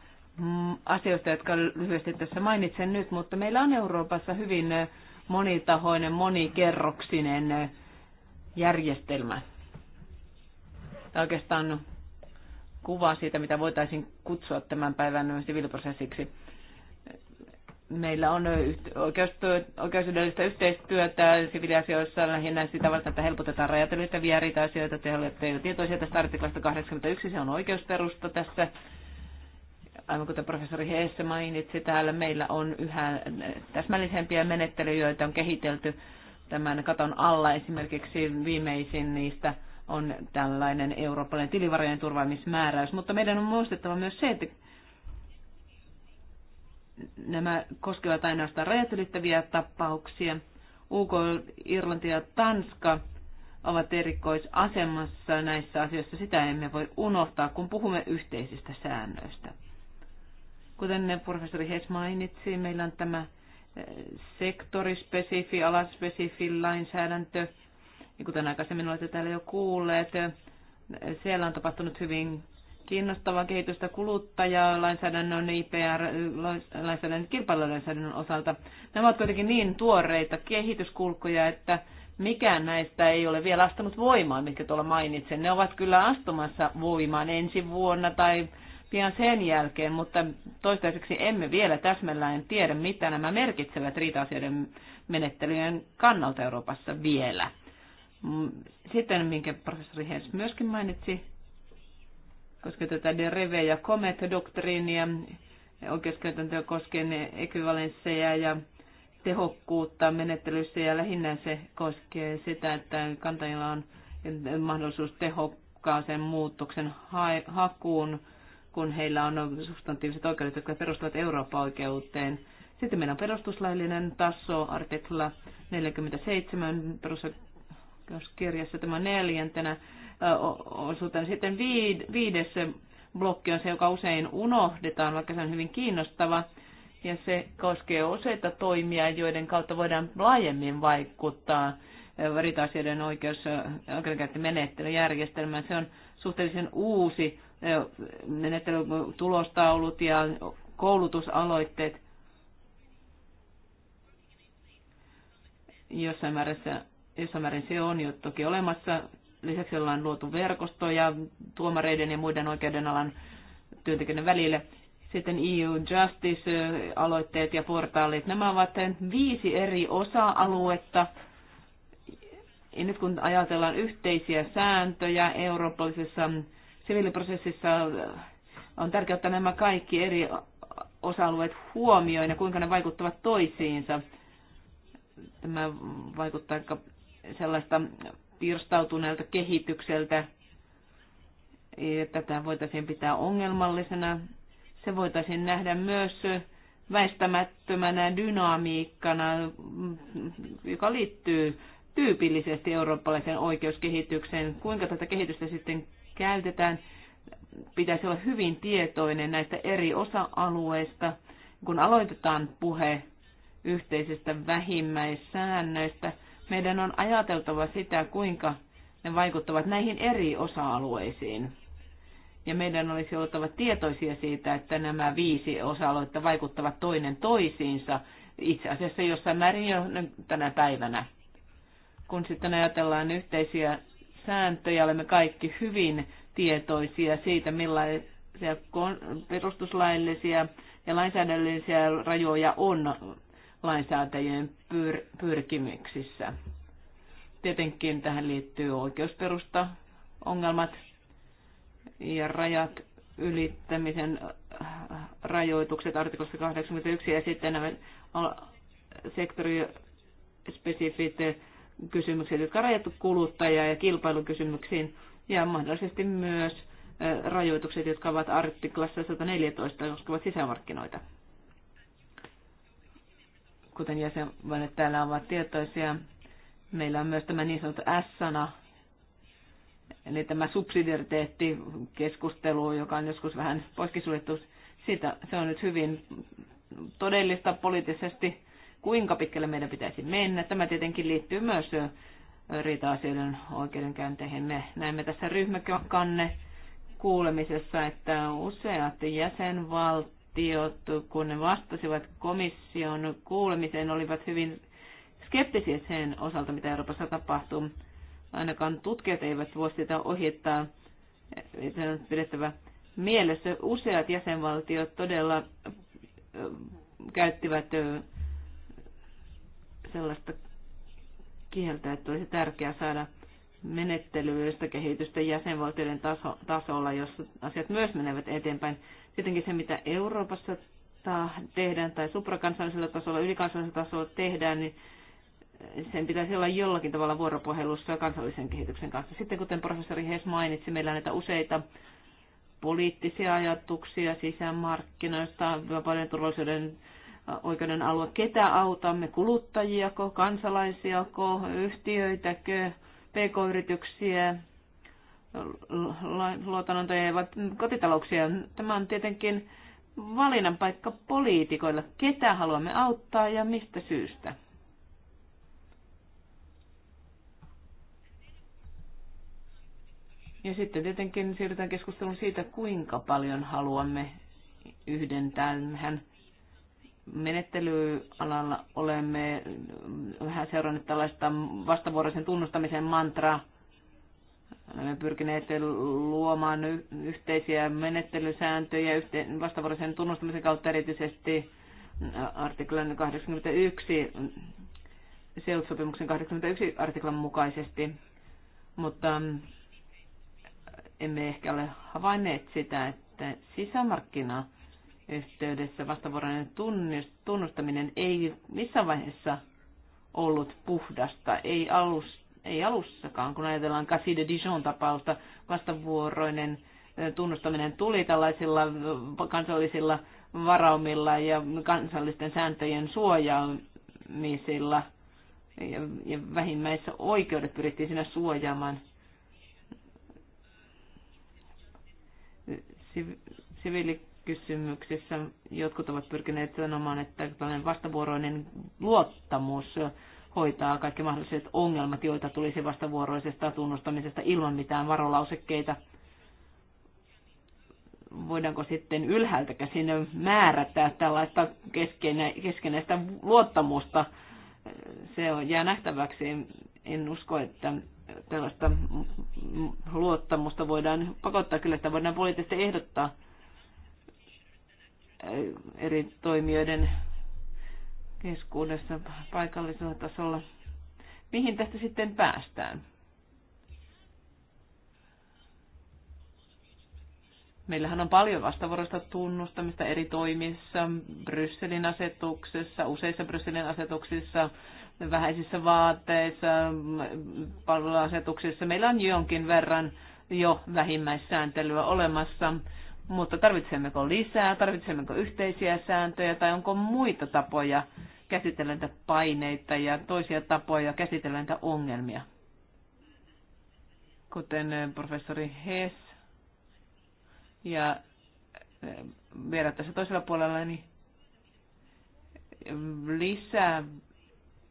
mm, asioista, jotka lyhyesti tässä mainitsen nyt, mutta meillä on Euroopassa hyvin monitahoinen, monikerroksinen järjestelmä. Tämä oikeastaan kuvaa siitä, mitä voitaisiin kutsua tämän päivän siviiliprosessiksi meillä on oikeusydellistä yhteistyötä siviiliasioissa lähinnä sitä varten, että helpotetaan rajatelmista vieriitä asioita Te olette jo tietoisia tästä artiklasta 81, se on oikeusperusta tässä. Aivan kuten professori Heesse mainitsi, täällä meillä on yhä täsmällisempiä menettelyjä, joita on kehitelty tämän katon alla. Esimerkiksi viimeisin niistä on tällainen eurooppalainen tilivarojen turvaamismääräys. Mutta meidän on muistettava myös se, että Nämä koskevat ainoastaan rajat ylittäviä tapauksia. UK, Irlanti ja Tanska ovat erikoisasemassa näissä asioissa. Sitä emme voi unohtaa, kun puhumme yhteisistä säännöistä. Kuten professori Hess mainitsi, meillä on tämä eh, sektorispesifi, alaspesifi lainsäädäntö. Ja kuten aikaisemmin olette täällä jo kuulleet, eh, siellä on tapahtunut hyvin kiinnostavaa kehitystä kuluttajalainsäädännön, IPR-lainsäädännön, kilpailulainsäädännön osalta. Nämä ovat kuitenkin niin tuoreita kehityskulkuja, että mikään näistä ei ole vielä astunut voimaan, mitkä tuolla mainitsen. Ne ovat kyllä astumassa voimaan ensi vuonna tai pian sen jälkeen, mutta toistaiseksi emme vielä täsmällään tiedä, mitä nämä merkitsevät riita-asioiden menettelyjen kannalta Euroopassa vielä. Mm, sitten, minkä professori Hens myöskin mainitsi, koska tätä De Reve ja komet doktriinia oikeuskäytäntöä koskien ekvivalensseja ja tehokkuutta menettelyssä ja lähinnä se koskee sitä, että kantajilla on mahdollisuus tehokkaaseen muutoksen ha- hakuun, kun heillä on substantiiviset oikeudet, jotka perustuvat Eurooppa-oikeuteen. Sitten meillä on perustuslaillinen taso, artikla 47 kirjassa tämä neljäntenä osuuteen. Sitten viides blokki on se, joka usein unohdetaan, vaikka se on hyvin kiinnostava. Ja se koskee useita toimia, joiden kautta voidaan laajemmin vaikuttaa riita-asioiden oikeus, oikeudenkäyttömenettelyjärjestelmään. Se on suhteellisen uusi menettely, tulostaulut ja koulutusaloitteet. jossain määrin se on jo toki olemassa Lisäksi ollaan luotu verkostoja tuomareiden ja muiden oikeudenalan työntekijöiden välille. Sitten EU Justice-aloitteet ja portaalit. Nämä ovat viisi eri osa-aluetta. Ja nyt kun ajatellaan yhteisiä sääntöjä eurooppalaisessa siviiliprosessissa, on tärkeää ottaa nämä kaikki eri osa-alueet huomioon ja kuinka ne vaikuttavat toisiinsa. Tämä vaikuttaa sellaista pirstautuneelta kehitykseltä. Tätä voitaisiin pitää ongelmallisena. Se voitaisiin nähdä myös väistämättömänä dynamiikkana, joka liittyy tyypillisesti eurooppalaisen oikeuskehitykseen. Kuinka tätä kehitystä sitten käytetään, pitäisi olla hyvin tietoinen näistä eri osa-alueista. Kun aloitetaan puhe yhteisistä vähimmäissäännöistä, meidän on ajateltava sitä, kuinka ne vaikuttavat näihin eri osa-alueisiin. Ja meidän olisi oltava tietoisia siitä, että nämä viisi osa-aluetta vaikuttavat toinen toisiinsa, itse asiassa jossain määrin jo tänä päivänä. Kun sitten ajatellaan yhteisiä sääntöjä, olemme kaikki hyvin tietoisia siitä, millaisia perustuslaillisia ja lainsäädännöllisiä rajoja on lainsäätäjien pyr- pyrkimyksissä. Tietenkin tähän liittyy oikeusperusta ongelmat ja rajat ylittämisen äh, rajoitukset artikossa 81 ja sitten nämä sektorispesifit kysymykset, jotka on rajattu kuluttaja- ja kilpailukysymyksiin ja mahdollisesti myös äh, rajoitukset, jotka ovat artiklassa 114, ovat sisämarkkinoita kuten jäsenvaltiot täällä ovat tietoisia, meillä on myös tämä niin sanottu S-sana, eli tämä subsidiariteettikeskustelu, joka on joskus vähän poikkisuljettu. Siitä se on nyt hyvin todellista poliittisesti, kuinka pitkälle meidän pitäisi mennä. Tämä tietenkin liittyy myös riita-asioiden oikeudenkäynteihin. Me näemme tässä ryhmäkanne kuulemisessa, että useat jäsenvaltiot valtiot, kun ne vastasivat komission kuulemiseen, olivat hyvin skeptisiä sen osalta, mitä Euroopassa tapahtuu. Ainakaan tutkijat eivät voi sitä ohittaa. Se on pidettävä mielessä. Useat jäsenvaltiot todella käyttivät sellaista kieltä, että olisi tärkeää saada menettelyistä kehitystä jäsenvaltioiden taso, tasolla, jossa asiat myös menevät eteenpäin. Tietenkin se, mitä Euroopassa tehdään tai suprakansallisella tasolla, ylikansallisella tasolla tehdään, niin sen pitäisi olla jollakin tavalla vuoropuhelussa kansallisen kehityksen kanssa. Sitten kuten professori Hess mainitsi, meillä on näitä useita poliittisia ajatuksia sisämarkkinoista, vapauden turvallisuuden oikeuden alue. Ketä autamme? Kuluttajiako, kansalaisiako, yhtiöitäkö, pk-yrityksiä, luotonantajia ja kotitalouksia. Tämä on tietenkin valinnan paikka poliitikoilla, ketä haluamme auttaa ja mistä syystä. Ja sitten tietenkin siirrytään keskusteluun siitä, kuinka paljon haluamme yhden tähän menettelyalalla olemme vähän seuranneet tällaista vastavuoroisen tunnustamisen mantraa – me pyrkineet luomaan yhteisiä menettelysääntöjä vastavuoroisen tunnustamisen kautta erityisesti artiklan 81, seutsopimuksen 81 artiklan mukaisesti, mutta emme ehkä ole havainneet sitä, että sisämarkkina yhteydessä vastavuoroinen tunnustaminen ei missään vaiheessa ollut puhdasta, ei alusta ei alussakaan, kun ajatellaan Cassis de Dijon tapausta, vastavuoroinen tunnustaminen tuli tällaisilla kansallisilla varaumilla ja kansallisten sääntöjen suojaamisilla ja vähimmäissä oikeudet pyrittiin siinä suojaamaan. Siviilikysymyksissä jotkut ovat pyrkineet sanomaan, että tällainen vastavuoroinen luottamus hoitaa kaikki mahdolliset ongelmat, joita tulisi vastavuoroisesta tunnustamisesta ilman mitään varolausekkeita. Voidaanko sitten ylhäältä käsin määrätä tällaista keskenäistä luottamusta? Se on, jää nähtäväksi. En usko, että tällaista luottamusta voidaan pakottaa. Kyllä sitä voidaan poliittisesti ehdottaa eri toimijoiden keskuudessa paikallisella tasolla. Mihin tästä sitten päästään? Meillähän on paljon vastavuoroista tunnustamista eri toimissa, Brysselin asetuksessa, useissa Brysselin asetuksissa, vähäisissä vaatteissa, palveluasetuksissa. Meillä on jonkin verran jo vähimmäissääntelyä olemassa. Mutta tarvitsemmeko lisää, tarvitsemmeko yhteisiä sääntöjä tai onko muita tapoja käsitellä niitä paineita ja toisia tapoja käsitellä niitä ongelmia? Kuten eh, professori Hess ja eh, vielä tässä toisella puolella, niin eh, lisää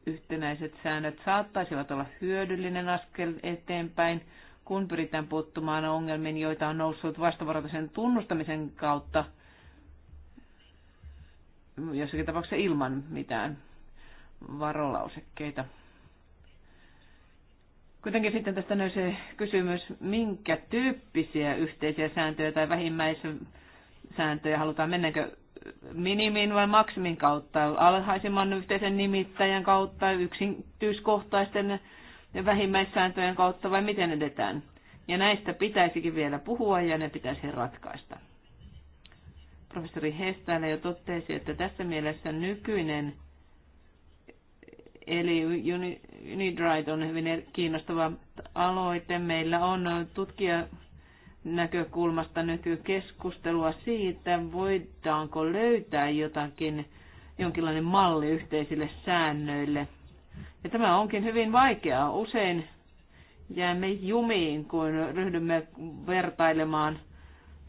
yhtenäiset säännöt saattaisivat olla hyödyllinen askel eteenpäin, kun pyritään puuttumaan ongelmiin, joita on noussut vastavuoroisen tunnustamisen kautta, jossakin tapauksessa ilman mitään varolausekkeita. Kuitenkin sitten tästä se kysymys, minkä tyyppisiä yhteisiä sääntöjä tai vähimmäissääntöjä halutaan, mennäkö minimin vai maksimin kautta, alhaisimman yhteisen nimittäjän kautta, yksityiskohtaisten ja vähimmäissääntöjen kautta vai miten edetään. Ja näistä pitäisikin vielä puhua ja ne pitäisi ratkaista. Professori Hestälä jo totesi, että tässä mielessä nykyinen eli Unidride on hyvin er-, kiinnostava aloite. Meillä on tutkija näkökulmasta nykykeskustelua siitä, voidaanko löytää jotakin, jonkinlainen malli yhteisille säännöille ja tämä onkin hyvin vaikeaa. Usein jäämme jumiin, kun ryhdymme vertailemaan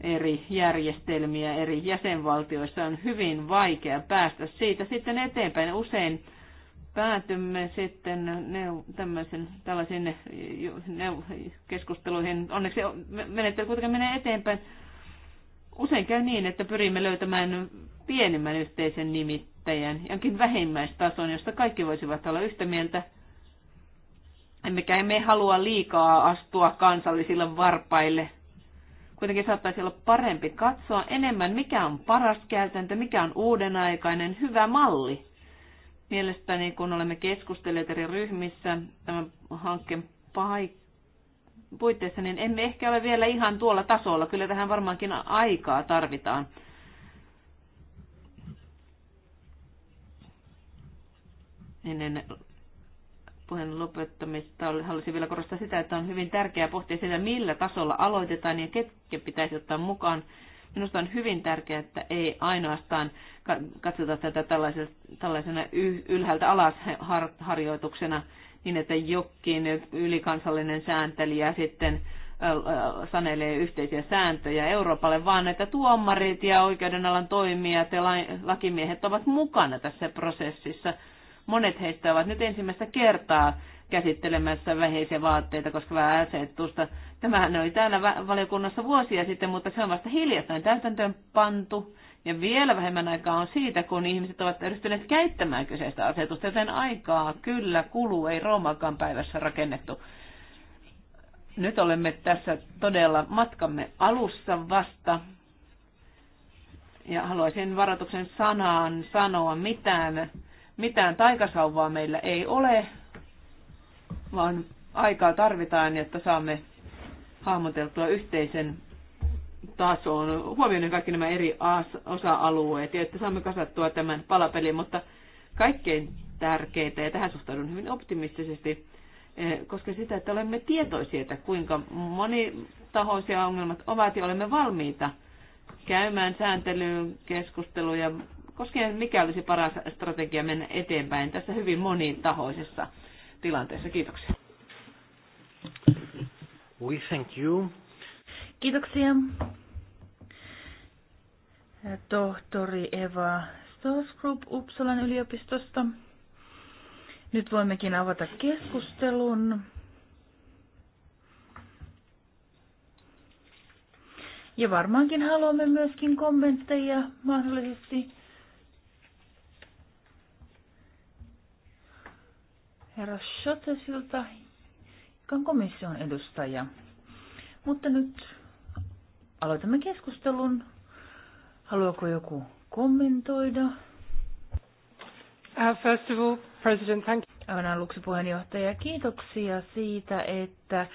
eri järjestelmiä eri jäsenvaltioissa. On hyvin vaikea päästä siitä sitten eteenpäin. Usein päätymme sitten tämmöisen, tällaisiin keskusteluihin. Onneksi menettely kuitenkin menee eteenpäin. Usein käy niin, että pyrimme löytämään pienimmän yhteisen nimittäin yrittäjän, jonkin vähimmäistason, josta kaikki voisivat olla yhtä mieltä. Emmekä me halua liikaa astua kansallisille varpaille. Kuitenkin saattaisi olla parempi katsoa enemmän, mikä on paras käytäntö, mikä on uudenaikainen hyvä malli. Mielestäni, kun olemme keskustelleet eri ryhmissä tämän hankkeen paikka, puitteissa, niin emme ehkä ole vielä ihan tuolla tasolla. Kyllä tähän varmaankin aikaa tarvitaan. ennen puheen lopettamista haluaisin vielä korostaa sitä, että on hyvin tärkeää pohtia sitä, millä tasolla aloitetaan ja ketkä pitäisi ottaa mukaan. Minusta on hyvin tärkeää, että ei ainoastaan katsota tätä tällaisena ylhäältä alas harjoituksena niin, että jokin ylikansallinen sääntelijä sitten sanelee yhteisiä sääntöjä Euroopalle, vaan että tuomarit ja oikeudenalan toimijat ja lakimiehet ovat mukana tässä prosessissa – Monet heistä ovat nyt ensimmäistä kertaa käsittelemässä vähäisiä vaatteita koska vähän asetusta. Tämähän oli täällä valiokunnassa vuosia sitten, mutta se on vasta hiljattain täytäntöön pantu. Ja vielä vähemmän aikaa on siitä, kun ihmiset ovat ryhtyneet käyttämään kyseistä asetusta, joten aikaa kyllä kuluu, ei Roomakaan päivässä rakennettu. Nyt olemme tässä todella matkamme alussa vasta. Ja haluaisin varoituksen sanaan sanoa mitään mitään taikasauvaa meillä ei ole, vaan aikaa tarvitaan, jotta saamme hahmoteltua yhteisen tasoon, huomioiden kaikki nämä eri osa-alueet, ja että saamme kasattua tämän palapelin, mutta kaikkein tärkeintä, ja tähän suhtaudun hyvin optimistisesti, eh, koska sitä, että olemme tietoisia, että kuinka monitahoisia ongelmat ovat, ja olemme valmiita käymään keskusteluja koskien mikä olisi paras strategia mennä eteenpäin tässä hyvin monitahoisessa tilanteessa. Kiitoksia. We thank you. Kiitoksia. Tohtori Eva Group Uppsalan yliopistosta. Nyt voimmekin avata keskustelun. Ja varmaankin haluamme myöskin kommentteja mahdollisesti herra Schottesilta, joka on komission edustaja. Mutta nyt aloitamme keskustelun. Haluaako joku kommentoida? Uh, first of all, President, thank you. Aivan aluksi puheenjohtaja, kiitoksia siitä, että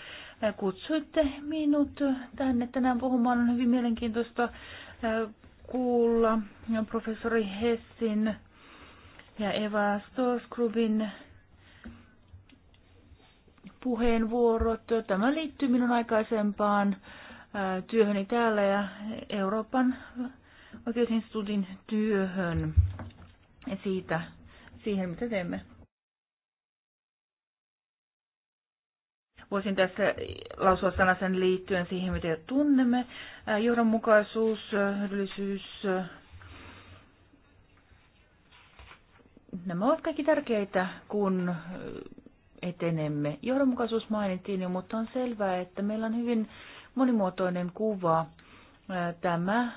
kutsuitte minut tänne tänään puhumaan. On hyvin mielenkiintoista uh, kuulla professori Hessin ja Eva Storskrubin puheenvuorot. Tämä liittyy minun aikaisempaan työhöni täällä ja Euroopan oikeusinstituutin työhön ja siitä, siihen, mitä teemme. Voisin tässä lausua sen liittyen siihen, mitä tunnemme. Johdonmukaisuus, hyödyllisyys, nämä ovat kaikki tärkeitä, kun etenemme. Johdonmukaisuus mainittiin jo, mutta on selvää, että meillä on hyvin monimuotoinen kuva. Tämä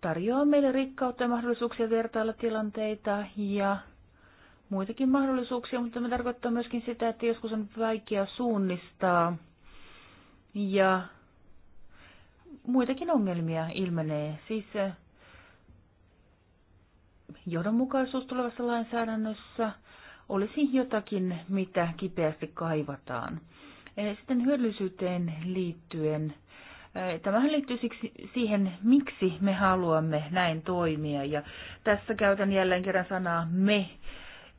tarjoaa meille rikkautta ja mahdollisuuksia vertailla tilanteita ja muitakin mahdollisuuksia, mutta me tarkoittaa myöskin sitä, että joskus on vaikea suunnistaa ja muitakin ongelmia ilmenee. Siis johdonmukaisuus tulevassa lainsäädännössä olisi jotakin, mitä kipeästi kaivataan. E, sitten hyödyllisyyteen liittyen, e, tämähän liittyy siksi siihen, miksi me haluamme näin toimia. Ja tässä käytän jälleen kerran sanaa me.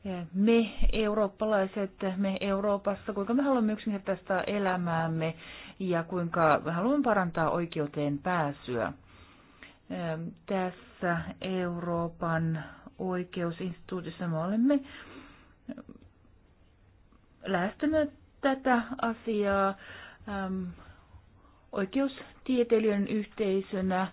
E, me eurooppalaiset, me Euroopassa, kuinka me haluamme yksinkertaistaa elämäämme ja kuinka me haluamme parantaa oikeuteen pääsyä. Tässä Euroopan oikeusinstituutissa me olemme lähestynyt tätä asiaa äm, oikeustieteilijöiden yhteisönä.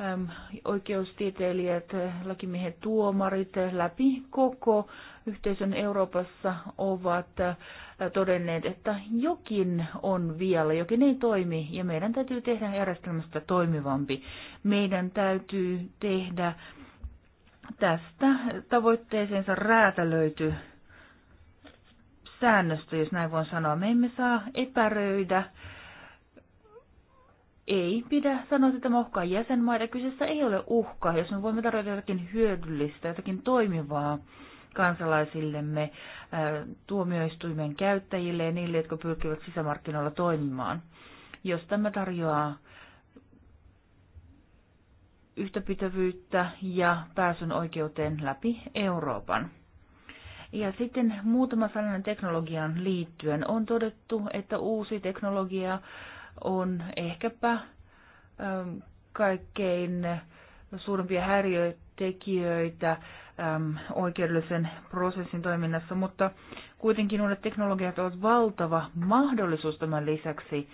Äm, oikeustieteilijät, lakimiehet, tuomarit läpi koko yhteisön Euroopassa ovat äh, todenneet, että jokin on vielä, jokin ei toimi ja meidän täytyy tehdä järjestelmästä toimivampi. Meidän täytyy tehdä tästä tavoitteeseensa räätälöity säännöstä, jos näin voin sanoa. Me emme saa epäröidä. Ei pidä sanoa, sitä mohkaa uhkaa Kyseessä ei ole uhka, jos me voimme tarjota jotakin hyödyllistä, jotakin toimivaa kansalaisillemme, äh, tuomioistuimen käyttäjille ja niille, jotka pyrkivät sisämarkkinoilla toimimaan. Jos tämä tarjoaa yhtäpitävyyttä ja pääsyn oikeuteen läpi Euroopan. Ja sitten muutama sananen teknologian liittyen. On todettu, että uusi teknologia on ehkäpä ähm, kaikkein suurimpia häiriötekijöitä ähm, oikeudellisen prosessin toiminnassa, mutta kuitenkin uudet teknologiat ovat valtava mahdollisuus tämän lisäksi.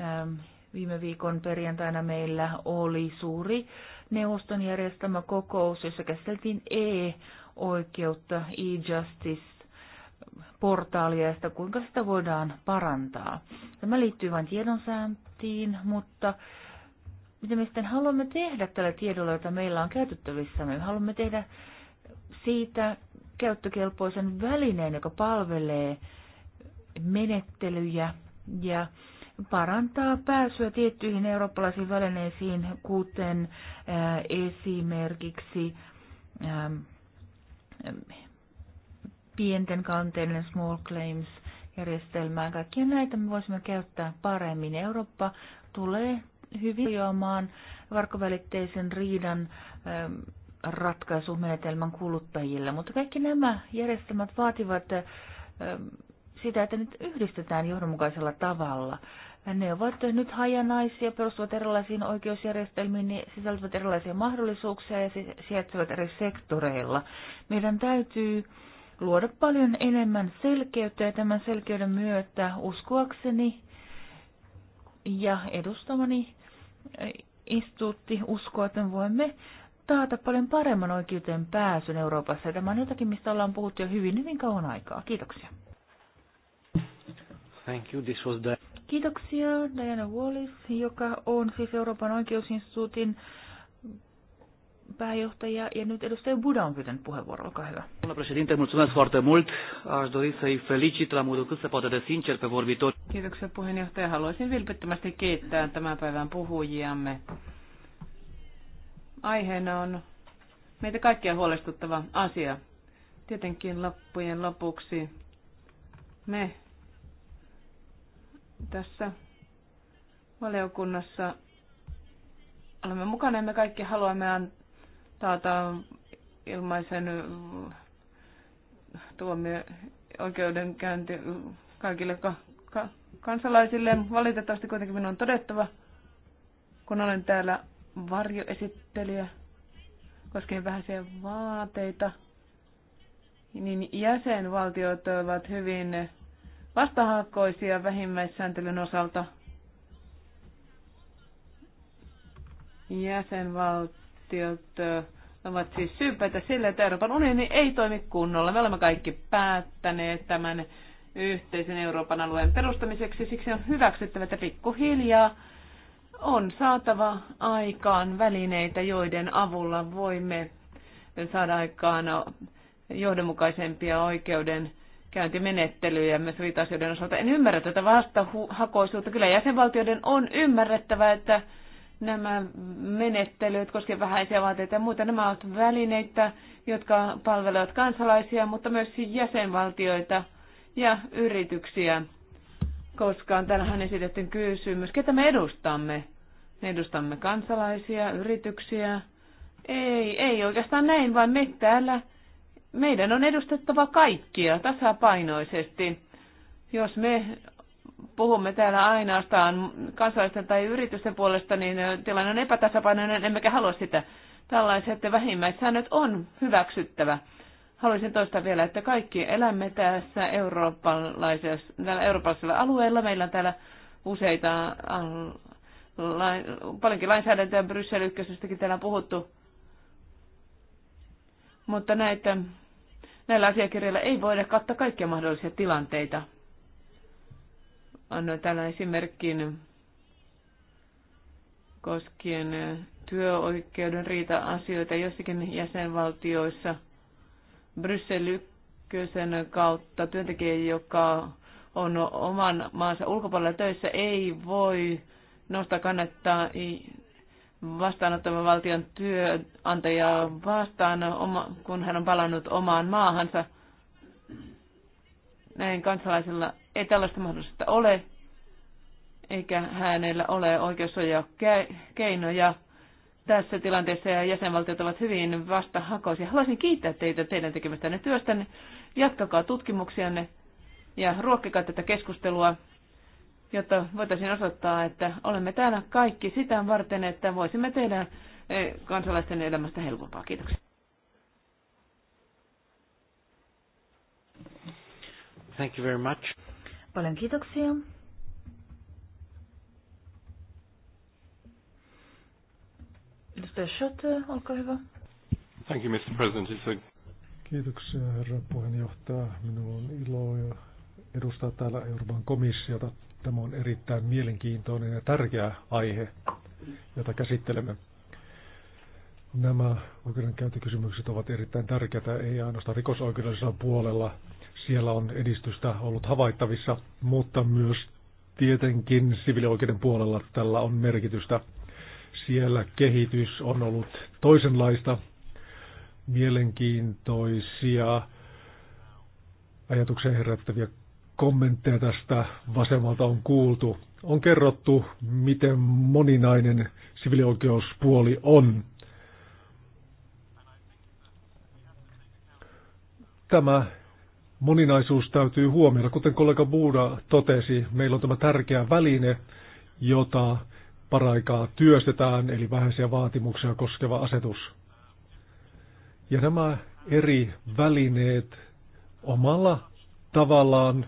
Ähm, viime viikon perjantaina meillä oli suuri neuvoston järjestämä kokous, jossa käsiteltiin e oikeutta, e-justice-portaalia ja sitä, kuinka sitä voidaan parantaa. Tämä liittyy vain tiedonsääntiin, mutta mitä me sitten haluamme tehdä tällä tiedolla, jota meillä on käytettävissä? Me haluamme tehdä siitä käyttökelpoisen välineen, joka palvelee menettelyjä ja parantaa pääsyä tiettyihin eurooppalaisiin välineisiin, kuten esimerkiksi pienten kanteiden small claims järjestelmää. Kaikkia näitä me voisimme käyttää paremmin. Eurooppa tulee hyvin tarjoamaan varkovälitteisen riidan ähm, ratkaisumenetelmän kuluttajille, mutta kaikki nämä järjestelmät vaativat ähm, sitä, että nyt yhdistetään johdonmukaisella tavalla. Ne ovat nyt hajanaisia, perustuvat erilaisiin oikeusjärjestelmiin, niin sisältävät erilaisia mahdollisuuksia ja sijaitsevat eri sektoreilla. Meidän täytyy luoda paljon enemmän selkeyttä ja tämän selkeyden myötä uskoakseni ja edustamani eh, instituutti uskoo, että me voimme taata paljon paremman oikeuteen pääsyn Euroopassa. tämä on jotakin, mistä ollaan puhuttu jo hyvin, hyvin kauan aikaa. Kiitoksia. Thank you. This was the... Kiitoksia Diana Wallis, joka on siis Euroopan oikeusinstituutin pääjohtaja. Ja nyt edustaja Buda on pyytänyt puheenvuoron, olkaa hyvä. Doamna președinte, mulțumesc foarte mult. Aș dori să-i felicit la modul cât se poate de sincer pe Kiitoksia puheenjohtaja. Haluaisin vilpittömästi kiittää tämän päivän puhujiamme. Aiheena on meitä kaikkia huolestuttava asia. Tietenkin loppujen lopuksi me tässä valiokunnassa olemme mukana ja me kaikki haluamme taata ilmaisen tuomio oikeudenkäynti kaikille ka- ka- kansalaisille. Valitettavasti kuitenkin minun on todettava, kun olen täällä varjoesittelijä koskien vähäisiä vaateita, niin jäsenvaltiot ovat hyvin vastahakoisia vähimmäissääntelyn osalta. Jäsenvaltiot ovat siis syypäitä sille, että Euroopan unioni ei toimi kunnolla. Me olemme kaikki päättäneet tämän yhteisen Euroopan alueen perustamiseksi. Siksi on hyväksyttävä, että pikkuhiljaa on saatava aikaan välineitä, joiden avulla voimme saada aikaan johdonmukaisempia oikeuden käyntimenettelyjä myös riita-asioiden osalta. En ymmärrä tätä vastahakoisuutta. Kyllä jäsenvaltioiden on ymmärrettävä, että nämä menettelyt koskevat vähäisiä vaateita ja muuta. Nämä ovat välineitä, jotka palvelevat kansalaisia, mutta myös jäsenvaltioita ja yrityksiä. Koska täällähän esitetty kysymys, ketä me edustamme? Me edustamme kansalaisia, yrityksiä. Ei, ei oikeastaan näin, vaan me täällä meidän on edustettava kaikkia tasapainoisesti. Jos me puhumme täällä ainoastaan kansalaisten tai yritysten puolesta, niin tilanne on epätasapainoinen, emmekä halua sitä. Tällaiset vähimmäissäännöt on hyväksyttävä. Haluaisin toistaa vielä, että kaikki elämme tässä eurooppalaisella, eurooppalaisella alueella. Meillä on täällä useita äh, paljonkin lainsäädäntöä Bryssel ykkösestäkin täällä on puhuttu. Mutta näitä näillä asiakirjoilla ei voida kattaa kaikkia mahdollisia tilanteita. Annoin täällä esimerkkin koskien työoikeuden riita-asioita jossakin jäsenvaltioissa. Bryssel ykkösen kautta työntekijä, joka on oman maansa ulkopuolella töissä, ei voi nostaa kannattaa vastaanottavan valtion työnantajaa vastaan, kun hän on palannut omaan maahansa. Näin kansalaisella ei tällaista mahdollisuutta ole, eikä hänellä ole oikeussuojaa keinoja tässä tilanteessa ja jäsenvaltiot ovat hyvin vastahakoisia. Haluaisin kiittää teitä teidän tekemästänne työstänne. Jatkakaa tutkimuksianne ja ruokkikaa tätä keskustelua jotta voitaisiin osoittaa, että olemme täällä kaikki sitä varten, että voisimme tehdä eh, kansalaisten elämästä helpompaa. Kiitoksia. Thank you very much. Paljon kiitoksia. Edustaja Schotte, olkaa hyvä. Thank you, Mr. President. It's a... Kiitoksia, herra puheenjohtaja. Minulla on ilo ja edustaa täällä Euroopan komissiota. Tämä on erittäin mielenkiintoinen ja tärkeä aihe, jota käsittelemme. Nämä oikeudenkäyntikysymykset ovat erittäin tärkeitä, ei ainoastaan rikosoikeudellisella puolella. Siellä on edistystä ollut havaittavissa, mutta myös tietenkin sivilioikeuden puolella tällä on merkitystä. Siellä kehitys on ollut toisenlaista, mielenkiintoisia ajatuksia herättäviä kommentteja tästä vasemmalta on kuultu. On kerrottu, miten moninainen sivilioikeuspuoli on. Tämä moninaisuus täytyy huomioida. Kuten kollega Buuda totesi, meillä on tämä tärkeä väline, jota paraikaa työstetään, eli vähäisiä vaatimuksia koskeva asetus. Ja nämä eri välineet omalla tavallaan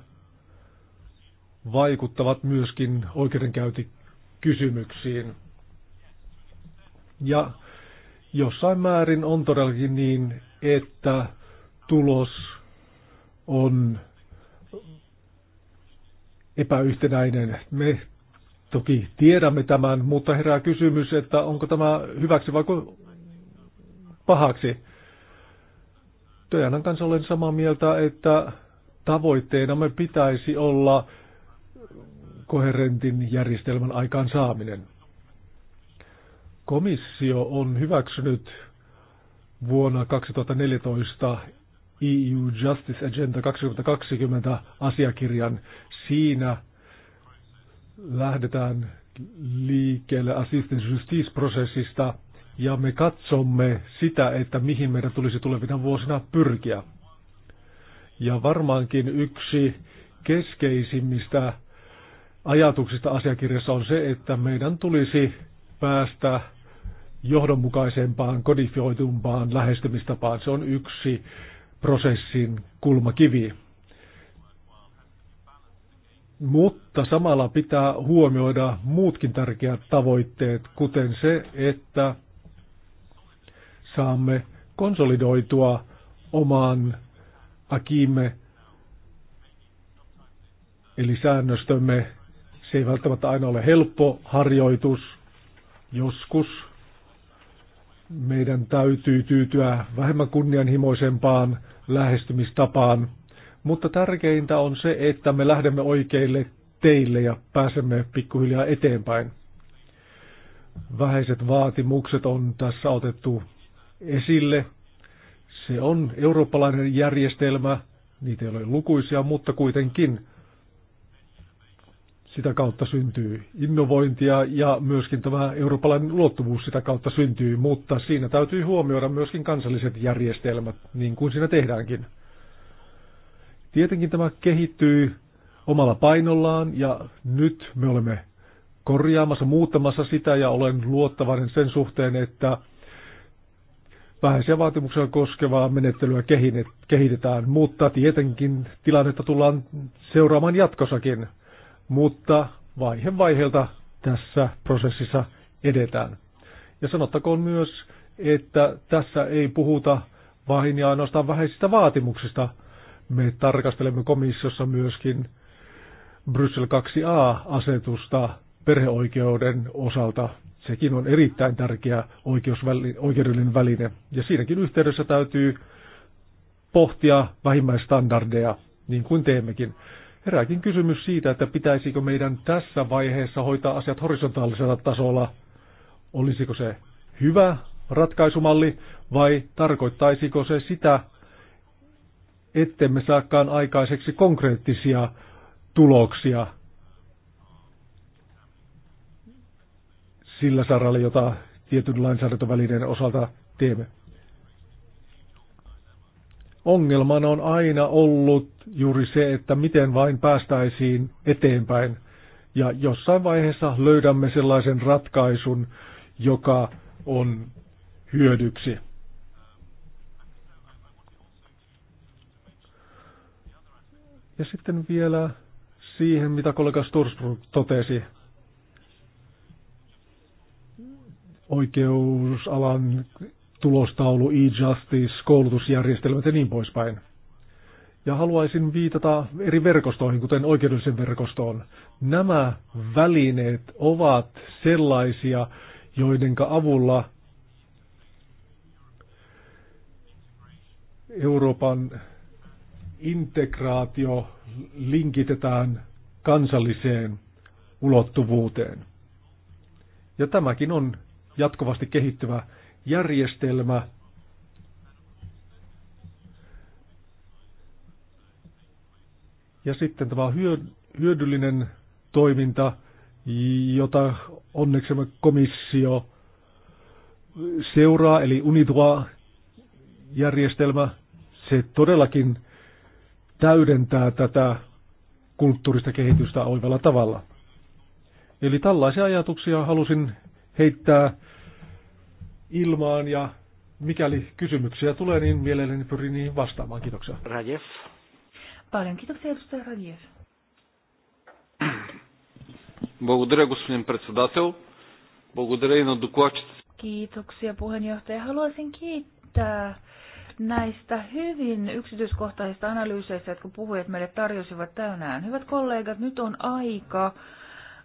vaikuttavat myöskin oikeudenkäyntikysymyksiin. Ja jossain määrin on todellakin niin, että tulos on epäyhtenäinen. Me toki tiedämme tämän, mutta herää kysymys, että onko tämä hyväksi vai pahaksi. Töjänän kanssa olen samaa mieltä, että tavoitteenamme pitäisi olla koherentin järjestelmän aikaan saaminen. Komissio on hyväksynyt vuonna 2014 EU Justice Agenda 2020 asiakirjan. Siinä lähdetään liikkeelle assistance justice-prosessista ja me katsomme sitä, että mihin meidän tulisi tulevina vuosina pyrkiä. Ja varmaankin yksi keskeisimmistä ajatuksista asiakirjassa on se, että meidän tulisi päästä johdonmukaisempaan, kodifioitumpaan lähestymistapaan. Se on yksi prosessin kulmakivi. Mutta samalla pitää huomioida muutkin tärkeät tavoitteet, kuten se, että saamme konsolidoitua oman akiimme, eli säännöstömme se ei välttämättä aina ole helppo harjoitus. Joskus meidän täytyy tyytyä vähemmän kunnianhimoisempaan lähestymistapaan, mutta tärkeintä on se, että me lähdemme oikeille teille ja pääsemme pikkuhiljaa eteenpäin. Vähäiset vaatimukset on tässä otettu esille. Se on eurooppalainen järjestelmä, niitä ei ole lukuisia, mutta kuitenkin sitä kautta syntyy innovointia ja myöskin tämä eurooppalainen ulottuvuus sitä kautta syntyy, mutta siinä täytyy huomioida myöskin kansalliset järjestelmät, niin kuin siinä tehdäänkin. Tietenkin tämä kehittyy omalla painollaan ja nyt me olemme korjaamassa, muuttamassa sitä ja olen luottavainen sen suhteen, että vähäisiä vaatimuksia koskevaa menettelyä kehitetään, mutta tietenkin tilannetta tullaan seuraamaan jatkossakin – mutta vaihe vaiheelta tässä prosessissa edetään. Ja sanottakoon myös, että tässä ei puhuta vain ja ainoastaan vähäisistä vaatimuksista. Me tarkastelemme komissiossa myöskin Bryssel 2a-asetusta perheoikeuden osalta. Sekin on erittäin tärkeä oikeudellinen väline. Ja siinäkin yhteydessä täytyy pohtia vähimmäistandardeja, niin kuin teemmekin. Herääkin kysymys siitä, että pitäisikö meidän tässä vaiheessa hoitaa asiat horisontaalisella tasolla. Olisiko se hyvä ratkaisumalli vai tarkoittaisiko se sitä, ettemme saakaan aikaiseksi konkreettisia tuloksia sillä saralla, jota tietyn lainsäädäntövälineen osalta teemme ongelmana on aina ollut juuri se, että miten vain päästäisiin eteenpäin. Ja jossain vaiheessa löydämme sellaisen ratkaisun, joka on hyödyksi. Ja sitten vielä siihen, mitä kollega Sturzbrug totesi. Oikeusalan tulostaulu, e-justice, koulutusjärjestelmät ja niin poispäin. Ja haluaisin viitata eri verkostoihin, kuten oikeudellisen verkostoon. Nämä välineet ovat sellaisia, joiden avulla Euroopan integraatio linkitetään kansalliseen ulottuvuuteen. Ja tämäkin on jatkuvasti kehittyvä järjestelmä, ja sitten tämä hyödyllinen toiminta, jota onneksi komissio seuraa, eli UNITUA-järjestelmä, se todellakin täydentää tätä kulttuurista kehitystä oivalla tavalla. Eli tällaisia ajatuksia halusin heittää ilmaan ja mikäli kysymyksiä tulee, niin mielelläni pyrin niihin vastaamaan. Kiitoksia. Rajev. Paljon kiitoksia, edustaja Rajev. Благодаря, господин председател. Благодаря и на докладчиците. Kiitoksia puheenjohtaja. Haluaisin kiittää näistä hyvin yksityiskohtaisista analyyseistä, jotka puhujat meille tarjosivat tänään. Hyvät kollegat, nyt on aika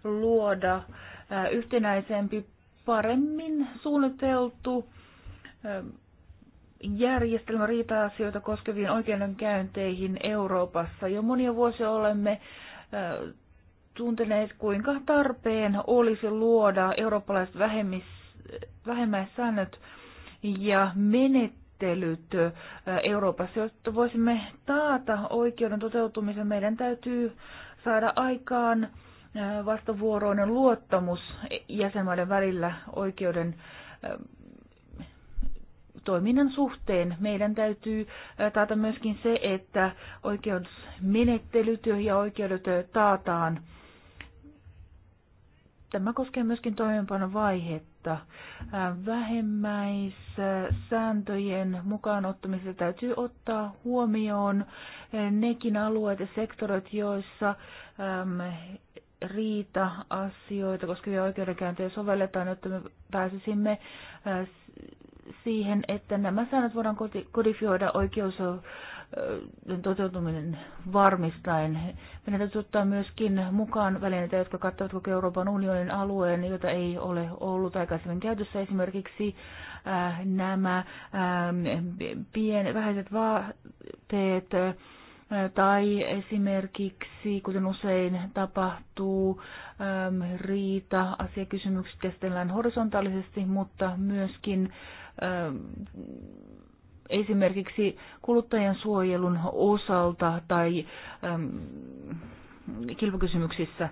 luoda yhtenäisempi paremmin suunniteltu ähm, järjestelmä riita-asioita koskeviin oikeudenkäynteihin Euroopassa. Jo monia vuosia olemme äh, tunteneet, kuinka tarpeen olisi luoda eurooppalaiset vähemmäissäännöt ja menettelyt äh, Euroopassa, jotta voisimme taata oikeuden toteutumisen. Meidän täytyy saada aikaan vastavuoroinen luottamus jäsenmaiden välillä oikeuden toiminnan suhteen. Meidän täytyy taata myöskin se, että oikeusmenettelyt ja oikeudet taataan. Tämä koskee myöskin toimeenpanovaihetta. Vähemmäissääntöjen mukaan ottamisessa täytyy ottaa huomioon nekin alueet ja sektorit, joissa riita-asioita vielä oikeudenkäyntejä sovelletaan, jotta me pääsisimme äh, siihen, että nämä säännöt voidaan kodifioida oikeus äh, toteutuminen varmistaen. Meidän täytyy ottaa myöskin mukaan välineitä, jotka kattavat koko Euroopan unionin alueen, jota ei ole ollut aikaisemmin käytössä. Esimerkiksi äh, nämä ähm, pien, vähäiset vaateet, tai esimerkiksi, kuten usein tapahtuu, ähm, riita, asiakysymykset käsitellään horisontaalisesti, mutta myöskin ähm, esimerkiksi kuluttajan suojelun osalta tai ähm, kilpakysymyksissä.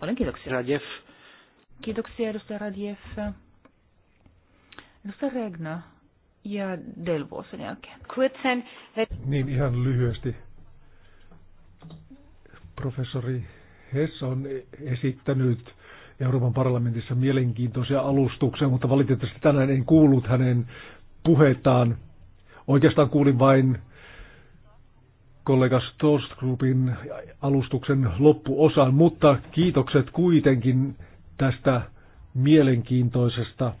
Paljon kiitoksia. Radjef. Kiitoksia edustaja Radjef. Edustaja Regna ja Delvo sen jälkeen. Niin ihan lyhyesti Professori Hess on esittänyt Euroopan parlamentissa mielenkiintoisia alustuksia, mutta valitettavasti tänään en kuullut hänen puhetaan. Oikeastaan kuulin vain kollega Stost Groupin alustuksen loppuosan, mutta kiitokset kuitenkin tästä mielenkiintoisesta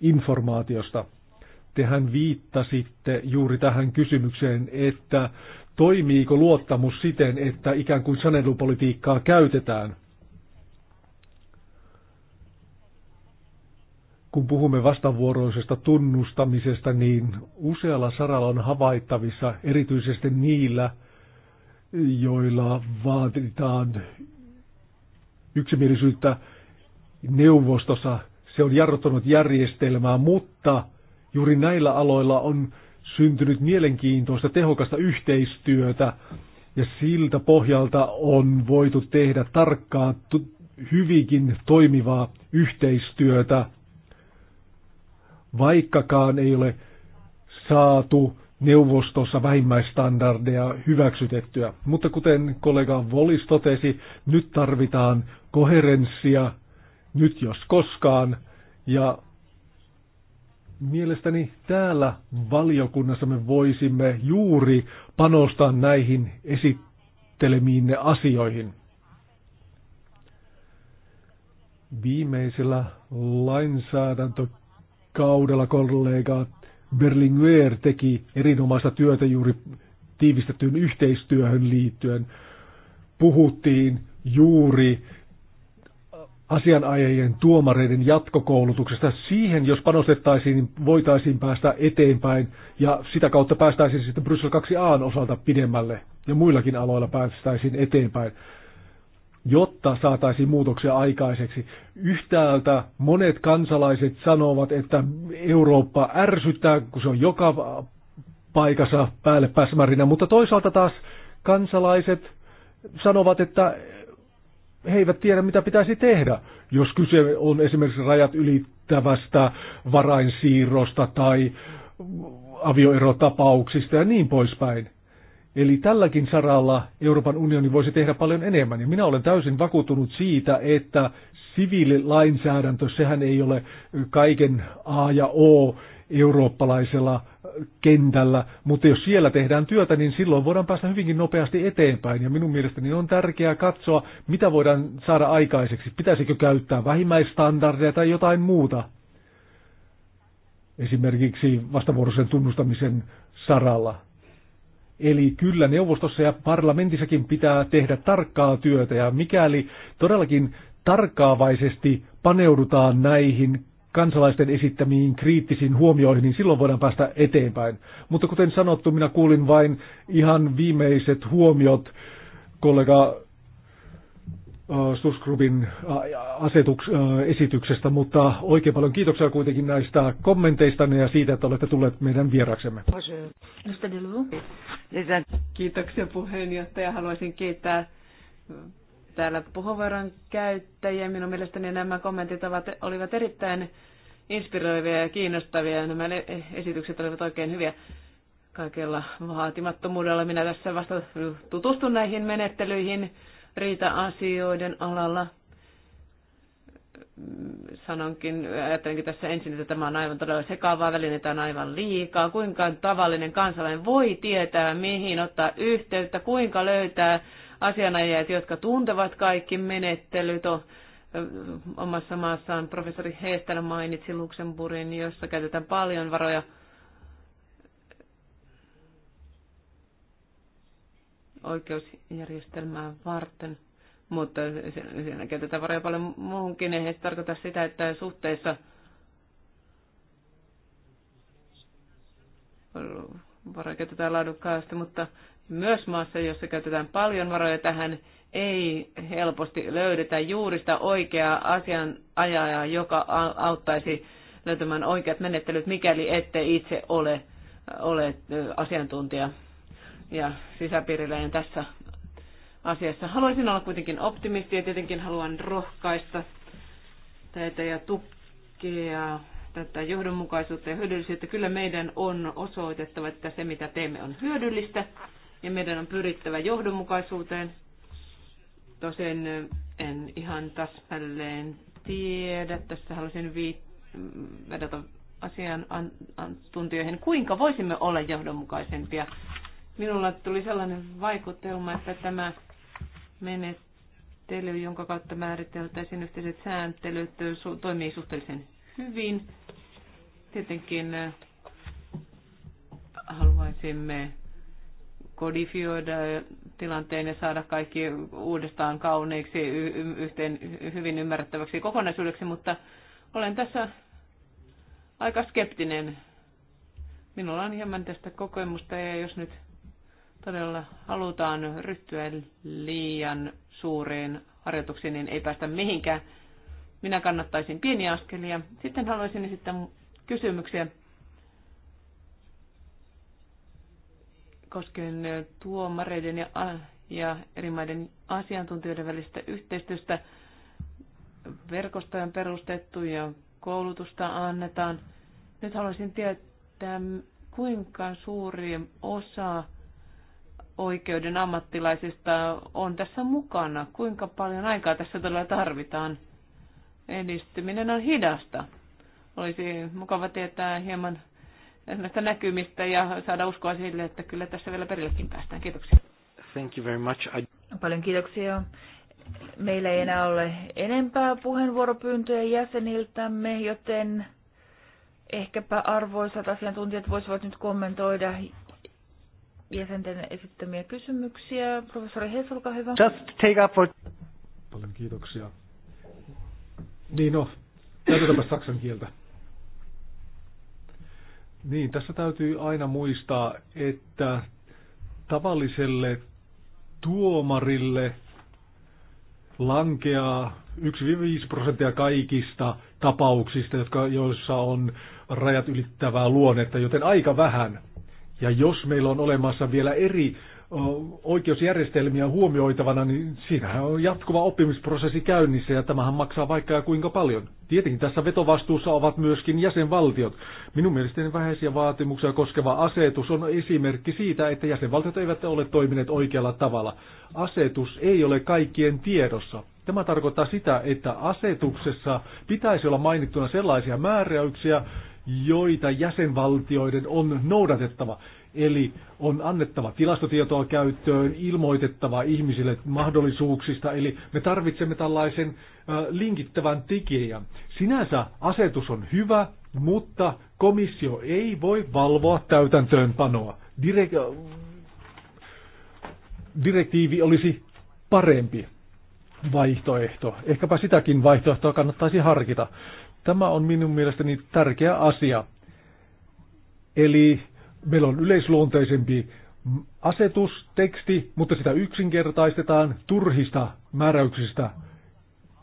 informaatiosta. Tehän viittasitte juuri tähän kysymykseen, että Toimiiko luottamus siten, että ikään kuin sanelupolitiikkaa käytetään? kun puhumme vastavuoroisesta tunnustamisesta, niin usealla saralla on havaittavissa, erityisesti niillä, joilla vaaditaan yksimielisyyttä neuvostossa. Se on jarruttanut järjestelmää, mutta juuri näillä aloilla on syntynyt mielenkiintoista, tehokasta yhteistyötä ja siltä pohjalta on voitu tehdä tarkkaa, hyvinkin toimivaa yhteistyötä, vaikkakaan ei ole saatu neuvostossa vähimmäistandardeja hyväksytettyä. Mutta kuten kollega Volis totesi, nyt tarvitaan koherenssia, nyt jos koskaan, ja Mielestäni täällä valiokunnassa me voisimme juuri panostaa näihin esittelemiinne asioihin. Viimeisellä lainsäädäntökaudella kollega Berlinguer teki erinomaista työtä juuri tiivistettyyn yhteistyöhön liittyen. Puhuttiin juuri asianajajien tuomareiden jatkokoulutuksesta. Siihen, jos panostettaisiin, niin voitaisiin päästä eteenpäin ja sitä kautta päästäisiin sitten Bryssel 2a osalta pidemmälle ja muillakin aloilla päästäisiin eteenpäin, jotta saataisiin muutoksia aikaiseksi. Yhtäältä monet kansalaiset sanovat, että Eurooppa ärsyttää, kun se on joka paikassa päälle pääsmärinä, mutta toisaalta taas kansalaiset sanovat, että he eivät tiedä, mitä pitäisi tehdä, jos kyse on esimerkiksi rajat ylittävästä varainsiirrosta tai avioerotapauksista ja niin poispäin. Eli tälläkin saralla Euroopan unioni voisi tehdä paljon enemmän. Ja minä olen täysin vakuuttunut siitä, että siviililainsäädäntö, sehän ei ole kaiken A ja O, eurooppalaisella kentällä, mutta jos siellä tehdään työtä, niin silloin voidaan päästä hyvinkin nopeasti eteenpäin. Ja minun mielestäni on tärkeää katsoa, mitä voidaan saada aikaiseksi. Pitäisikö käyttää vähimmäistandardeja tai jotain muuta? Esimerkiksi vastavuoroisen tunnustamisen saralla. Eli kyllä neuvostossa ja parlamentissakin pitää tehdä tarkkaa työtä ja mikäli todellakin tarkkaavaisesti paneudutaan näihin kansalaisten esittämiin kriittisiin huomioihin, niin silloin voidaan päästä eteenpäin. Mutta kuten sanottu, minä kuulin vain ihan viimeiset huomiot kollega äh, Susgrubin äh, asetuks, äh, esityksestä, mutta oikein paljon kiitoksia kuitenkin näistä kommenteista ja siitä, että olette tulleet meidän vieraksemme. Kiitoksia puheenjohtaja. Haluaisin kiittää täällä puheenvuoron käyttäjiä. Minun mielestäni nämä kommentit ovat, olivat erittäin inspiroivia ja kiinnostavia. Nämä esitykset olivat oikein hyviä kaikella vaatimattomuudella. Minä tässä vasta tutustun näihin menettelyihin riita-asioiden alalla. Sanonkin, ajattelenkin tässä ensin, että tämä on aivan todella sekavaa, välineitä on aivan liikaa. Kuinka tavallinen kansalainen voi tietää, mihin ottaa yhteyttä, kuinka löytää asianajajat, jotka tuntevat kaikki menettelyt omassa maassaan. Professori Heestelä mainitsi Luxemburgin, jossa käytetään paljon varoja oikeusjärjestelmää varten, mutta siinä käytetään varoja paljon muuhunkin. Ei se tarkoita sitä, että suhteessa varoja käytetään laadukkaasti, mutta myös maassa, jossa käytetään paljon varoja tähän, ei helposti löydetä juuri sitä oikeaa asianajajaa, joka auttaisi löytämään oikeat menettelyt, mikäli ette itse ole, ole asiantuntija ja sisäpiiriläinen tässä asiassa. Haluaisin olla kuitenkin optimisti ja tietenkin haluan rohkaista teitä ja tukea tätä johdonmukaisuutta ja hyödyllisyyttä. Kyllä meidän on osoitettava, että se mitä teemme on hyödyllistä ja meidän on pyrittävä johdonmukaisuuteen. Tosin en ihan täsmälleen tiedä, tässä haluaisin viit- vedota tuntijoihin, kuinka voisimme olla johdonmukaisempia. Minulla tuli sellainen vaikutelma, että tämä menettely, jonka kautta määriteltäisiin yhteiset sääntelyt, toimii suhteellisen hyvin. Tietenkin haluaisimme kodifioida tilanteen ja saada kaikki uudestaan kauneiksi, yhteen hyvin ymmärrettäväksi kokonaisuudeksi, mutta olen tässä aika skeptinen. Minulla on hieman tästä kokemusta ja jos nyt todella halutaan ryhtyä liian suureen harjoituksiin, niin ei päästä mihinkään. Minä kannattaisin pieniä askelia. Sitten haluaisin esittää kysymyksiä koskien tuomareiden ja, ja eri maiden asiantuntijoiden välistä yhteistyöstä. Verkostoja on perustettu ja koulutusta annetaan. Nyt haluaisin tietää, kuinka suuri osa oikeuden ammattilaisista on tässä mukana? Kuinka paljon aikaa tässä todella tarvitaan? Edistyminen on hidasta. Olisi mukava tietää hieman näistä näkymistä ja saada uskoa sille, että kyllä tässä vielä perillekin päästään. Kiitoksia. Thank you very much. I... Paljon kiitoksia. Meillä ei enää ole enempää puheenvuoropyyntöjä jäseniltämme, joten ehkäpä arvoisat asiantuntijat voisivat nyt kommentoida jäsenten esittämiä kysymyksiä. Professori Hess, olkaa hyvä. Just take up for... Paljon kiitoksia. Niin no, käytetäänpä saksan kieltä. Niin, tässä täytyy aina muistaa, että tavalliselle tuomarille lankeaa 1-5 prosenttia kaikista tapauksista, jotka, joissa on rajat ylittävää luonnetta, joten aika vähän. Ja jos meillä on olemassa vielä eri oikeusjärjestelmiä huomioitavana, niin siinähän on jatkuva oppimisprosessi käynnissä ja tämähän maksaa vaikka ja kuinka paljon. Tietenkin tässä vetovastuussa ovat myöskin jäsenvaltiot. Minun mielestäni vähäisiä vaatimuksia koskeva asetus on esimerkki siitä, että jäsenvaltiot eivät ole toimineet oikealla tavalla. Asetus ei ole kaikkien tiedossa. Tämä tarkoittaa sitä, että asetuksessa pitäisi olla mainittuna sellaisia määräyksiä, joita jäsenvaltioiden on noudatettava. Eli on annettava tilastotietoa käyttöön, ilmoitettava ihmisille mahdollisuuksista, eli me tarvitsemme tällaisen linkittävän tekijän. Sinänsä asetus on hyvä, mutta komissio ei voi valvoa täytäntöönpanoa. Direk- direktiivi olisi parempi vaihtoehto. Ehkäpä sitäkin vaihtoehtoa kannattaisi harkita. Tämä on minun mielestäni tärkeä asia. Eli Meillä on yleisluonteisempi asetus teksti, mutta sitä yksinkertaistetaan turhista määräyksistä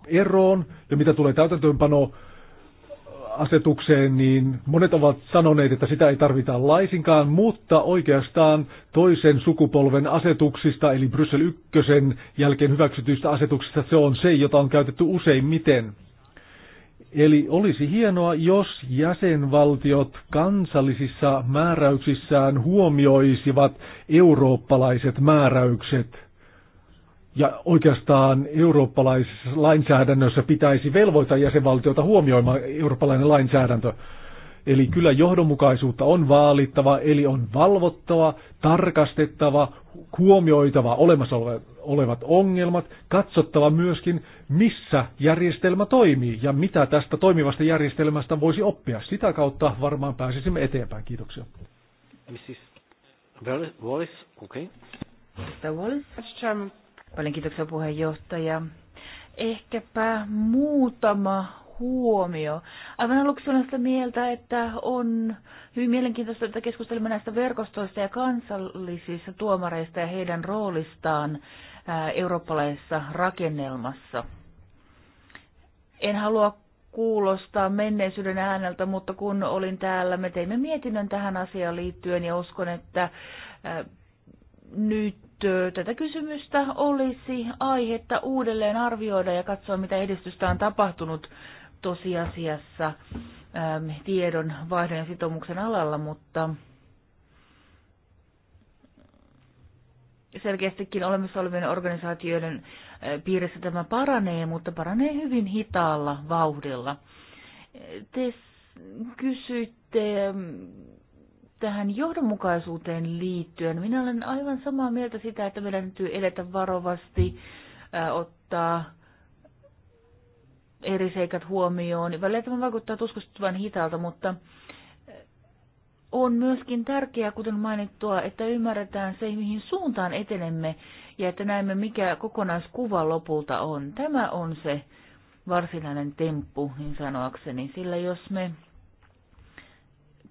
eroon. Ja mitä tulee täytäntöönpano asetukseen, niin monet ovat sanoneet, että sitä ei tarvita laisinkaan, mutta oikeastaan toisen sukupolven asetuksista, eli Bryssel ykkösen jälkeen hyväksytyistä asetuksista, se on se, jota on käytetty useimmiten. Eli olisi hienoa, jos jäsenvaltiot kansallisissa määräyksissään huomioisivat eurooppalaiset määräykset. Ja oikeastaan eurooppalaisessa lainsäädännössä pitäisi velvoittaa jäsenvaltiota huomioimaan eurooppalainen lainsäädäntö. Eli kyllä johdonmukaisuutta on vaalittava, eli on valvottava, tarkastettava, huomioitava olemassa olevat ongelmat, katsottava myöskin, missä järjestelmä toimii ja mitä tästä toimivasta järjestelmästä voisi oppia. Sitä kautta varmaan pääsisimme eteenpäin. Kiitoksia. Mrs. Wallis, okay. Wallis. Paljon kiitoksia puheenjohtaja. Ehkäpä muutama huomio. Aivan aluksi olen sitä mieltä, että on hyvin mielenkiintoista, että keskustelemme näistä verkostoista ja kansallisista tuomareista ja heidän roolistaan eurooppalaisessa rakennelmassa. En halua kuulostaa menneisyyden ääneltä, mutta kun olin täällä, me teimme mietinnön tähän asiaan liittyen ja uskon, että nyt tätä kysymystä olisi aihetta uudelleen arvioida ja katsoa, mitä edistystä on tapahtunut tosiasiassa ähm, tiedon vaihdon ja sitoumuksen alalla, mutta selkeästikin olemassa olevien organisaatioiden äh, piirissä tämä paranee, mutta paranee hyvin hitaalla vauhdilla. Te kysyitte ähm, tähän johdonmukaisuuteen liittyen. Minä olen aivan samaa mieltä sitä, että meidän täytyy edetä varovasti, äh, ottaa eri seikat huomioon. Välillä tämä vaikuttaa tuskastuttavan hitaalta, mutta eh, on myöskin tärkeää, kuten mainittua, että ymmärretään se, mihin suuntaan etenemme ja että näemme, mikä kokonaiskuva lopulta on. Tämä on se varsinainen temppu, niin sanoakseni, sillä jos me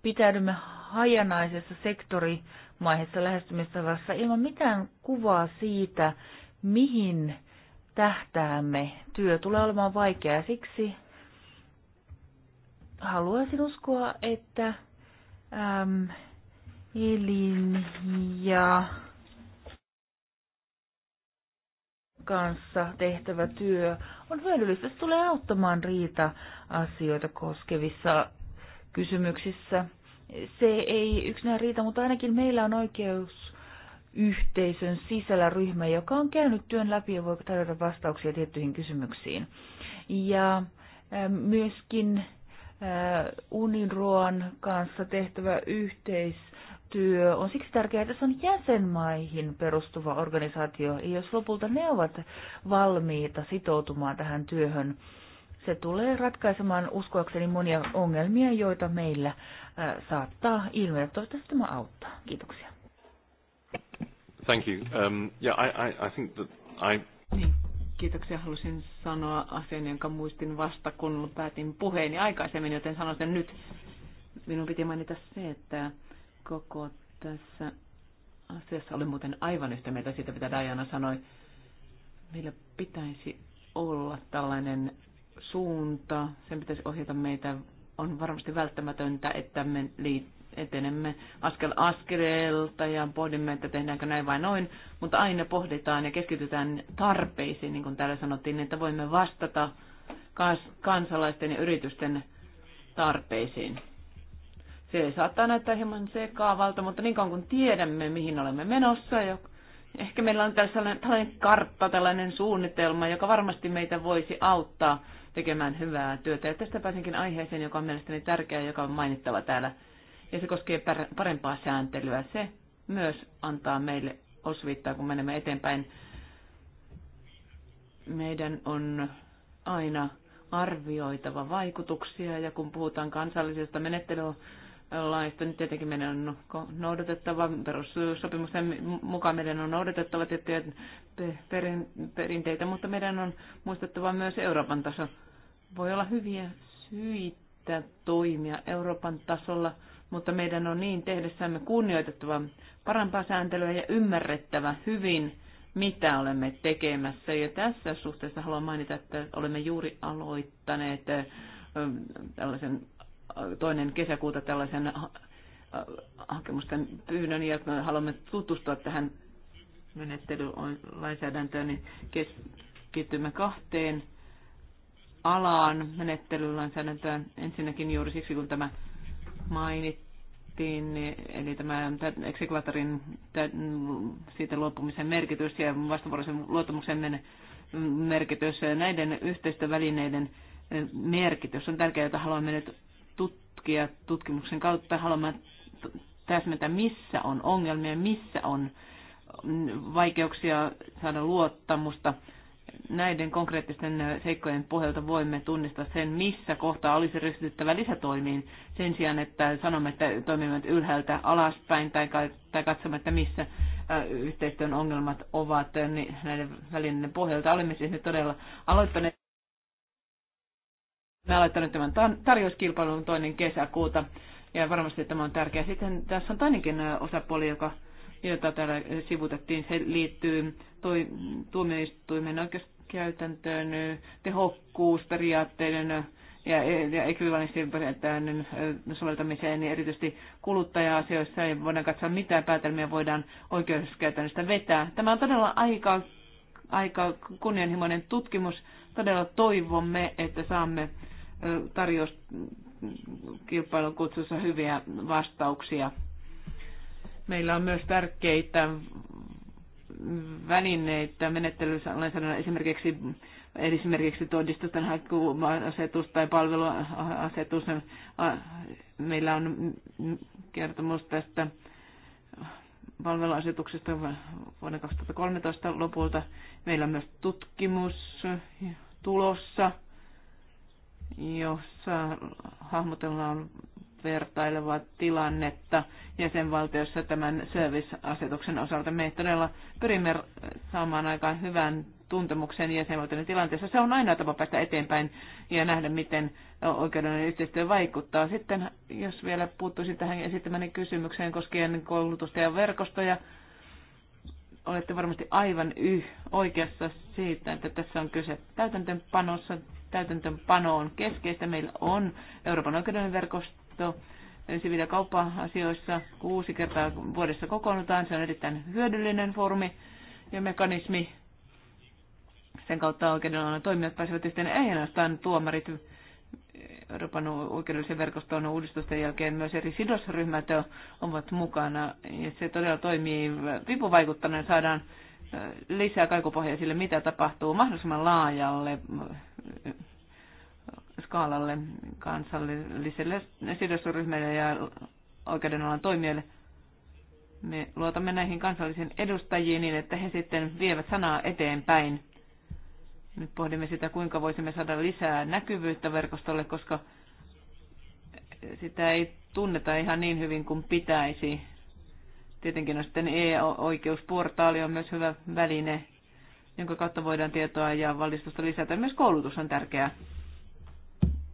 pitäydymme hajanaisessa sektorimaiheessa lähestymistavassa ilman mitään kuvaa siitä, mihin tähtäämme. Työ tulee olemaan vaikeaa siksi haluaisin uskoa, että äm, elin ja kanssa tehtävä työ on hyödyllistä. Se tulee auttamaan riita-asioita koskevissa kysymyksissä. Se ei yksinään riitä, mutta ainakin meillä on oikeus yhteisön sisällä ryhmä, joka on käynyt työn läpi ja voi tarjota vastauksia tiettyihin kysymyksiin. Ja myöskin Uniroan kanssa tehtävä yhteistyö on siksi tärkeää, että se on jäsenmaihin perustuva organisaatio. Ja jos lopulta ne ovat valmiita sitoutumaan tähän työhön, se tulee ratkaisemaan uskoakseni monia ongelmia, joita meillä saattaa ilmetä. Toivottavasti tämä auttaa. Kiitoksia. Thank you. Um, yeah, I, I, I think that I... Niin, kiitoksia. Halusin sanoa asian, jonka muistin vasta, kun päätin puheeni aikaisemmin, joten sanon sen nyt. Minun piti mainita se, että koko tässä asiassa olen muuten aivan yhtä mieltä siitä, mitä Diana sanoi. Meillä pitäisi olla tällainen suunta, sen pitäisi ohjata meitä. On varmasti välttämätöntä, että me liittyy etenemme askel askeleelta ja pohdimme, että tehdäänkö näin vai noin, mutta aina pohditaan ja keskitytään tarpeisiin, niin kuin täällä sanottiin, että voimme vastata kansalaisten ja yritysten tarpeisiin. Se saattaa näyttää hieman sekaavalta, mutta niin kauan kuin tiedämme, mihin olemme menossa, ja ehkä meillä on tällainen, tällainen kartta, tällainen suunnitelma, joka varmasti meitä voisi auttaa tekemään hyvää työtä. Ja tästä pääsinkin aiheeseen, joka on mielestäni tärkeä ja joka on mainittava täällä ja se koskee parempaa sääntelyä. Se myös antaa meille osviittaa, kun menemme eteenpäin. Meidän on aina arvioitava vaikutuksia ja kun puhutaan kansallisesta menettelylaista, niin tietenkin meidän on noudatettava, perussopimuksen mukaan meidän on noudatettava tiettyjä perinteitä, mutta meidän on muistettava myös Euroopan taso. Voi olla hyviä syitä toimia Euroopan tasolla, mutta meidän on niin tehdessämme kunnioitettava parempaa sääntelyä ja ymmärrettävä hyvin, mitä olemme tekemässä. Ja tässä suhteessa haluan mainita, että olemme juuri aloittaneet tällaisen toinen kesäkuuta tällaisen hakemusten pyynnön ja haluamme tutustua tähän menettelylainsäädäntöön, niin keskitymme kahteen alaan menettelylainsäädäntöön. Ensinnäkin juuri siksi, kun tämä mainittiin, niin- eli tämä eksekvatorin siitä luopumisen merkitys ja vastavuoroisen luottamuksen merkitys, näiden yhteistyövälineiden eh, merkitys on tärkeää, jota haluamme nyt tutkia tutkimuksen kautta. Haluamme täsmentää, missä on ongelmia, missä on mm, vaikeuksia saada luottamusta näiden konkreettisten seikkojen pohjalta voimme tunnistaa sen, missä kohtaa olisi ryhdyttävä lisätoimiin sen sijaan, että sanomme, että toimimme ylhäältä alaspäin tai, katsomme, että missä yhteistyön ongelmat ovat niin näiden välinen pohjalta. Olemme siis nyt todella aloittaneet. Mä aloittanut tämän tarjouskilpailun toinen kesäkuuta ja varmasti tämä on tärkeää. Sitten tässä on toinenkin osapuoli, joka jota täällä sivutettiin, se liittyy toi, tuomioistuimen oikeuskäytäntöön, tehokkuusperiaatteiden ja, ja ekvivalenssiperiaatteen äh, soveltamiseen, niin erityisesti kuluttaja-asioissa ei voida katsoa, mitä päätelmiä voidaan oikeuskäytännöstä vetää. Tämä on todella aika, aika kunnianhimoinen tutkimus. Todella toivomme, että saamme äh, tarjouskilpailun kutsussa hyviä vastauksia Meillä on myös tärkeitä välineitä menettelylainsäädännön esimerkiksi esimerkiksi todistusten hakuasetus tai palveluasetus. Meillä on kertomus tästä palveluasetuksesta vuoden 2013 lopulta. Meillä on myös tutkimus tulossa, jossa hahmotellaan vertailevaa tilannetta jäsenvaltiossa tämän service-asetuksen osalta. Me todella pyrimme saamaan aika hyvän tuntemuksen jäsenvaltioiden tilanteessa. Se on aina tapa päästä eteenpäin ja nähdä, miten oikeudellinen yhteistyö vaikuttaa. Sitten, jos vielä puuttuisin tähän esittämäni kysymykseen koskien koulutusta ja verkostoja, olette varmasti aivan yh oikeassa siitä, että tässä on kyse täytäntöönpanossa. Täytäntöönpano on keskeistä. Meillä on Euroopan oikeudellinen verkosto liitto siviili- ja kauppa-asioissa kuusi kertaa vuodessa kokoonnutaan. Se on erittäin hyödyllinen foorumi ja mekanismi. Sen kautta oikeudenalan toimijat pääsevät yhteen ei ainoastaan tuomarit Euroopan oikeudellisen verkoston uudistusten jälkeen myös eri sidosryhmät ovat mukana. Ja se todella toimii vipuvaikuttaneen saadaan äh, lisää kaikupohjaa sille, mitä tapahtuu mahdollisimman laajalle skaalalle kansalliselle sidosryhmille ja oikeudenalan toimijoille. Me luotamme näihin kansallisiin edustajiin niin, että he sitten vievät sanaa eteenpäin. Nyt pohdimme sitä, kuinka voisimme saada lisää näkyvyyttä verkostolle, koska sitä ei tunneta ihan niin hyvin kuin pitäisi. Tietenkin on sitten e-oikeusportaali on myös hyvä väline, jonka kautta voidaan tietoa ja valistusta lisätä. Myös koulutus on tärkeää.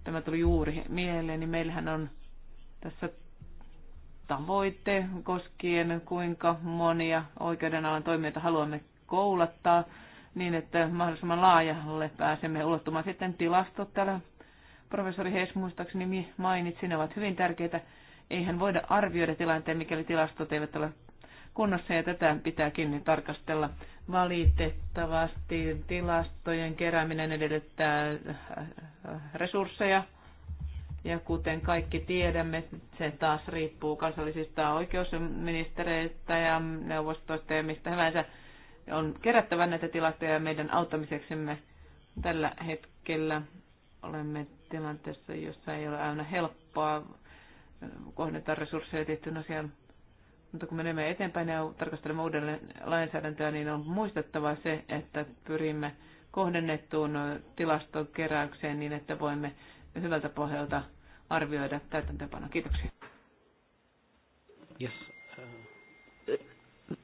Tämä tuli juuri mieleen, niin meillähän on tässä tavoitte koskien, kuinka monia oikeudenalan toimijoita haluamme koulattaa niin, että mahdollisimman laajalle pääsemme ulottumaan. Sitten tilastot täällä professori Hees muistaakseni mainitsi, ne ovat hyvin tärkeitä. Eihän voida arvioida tilanteen, mikäli tilastot eivät ole kunnossa ja tätä pitääkin tarkastella. Valitettavasti tilastojen kerääminen edellyttää äh, resursseja ja kuten kaikki tiedämme, se taas riippuu kansallisista oikeusministereistä ja neuvostoista ja mistä hyvänsä on kerättävä näitä tilastoja meidän auttamiseksemme tällä hetkellä olemme tilanteessa, jossa ei ole aina helppoa kohdentaa resursseja tiettyyn asiaan. Mutta kun menemme eteenpäin ja tarkastelemme uudelleen lainsäädäntöä, niin on muistettava se, että pyrimme kohdennettuun tilastokeräykseen niin, että voimme hyvältä pohjalta arvioida täytäntöpanoa. Kiitoksia. Yes. Uh,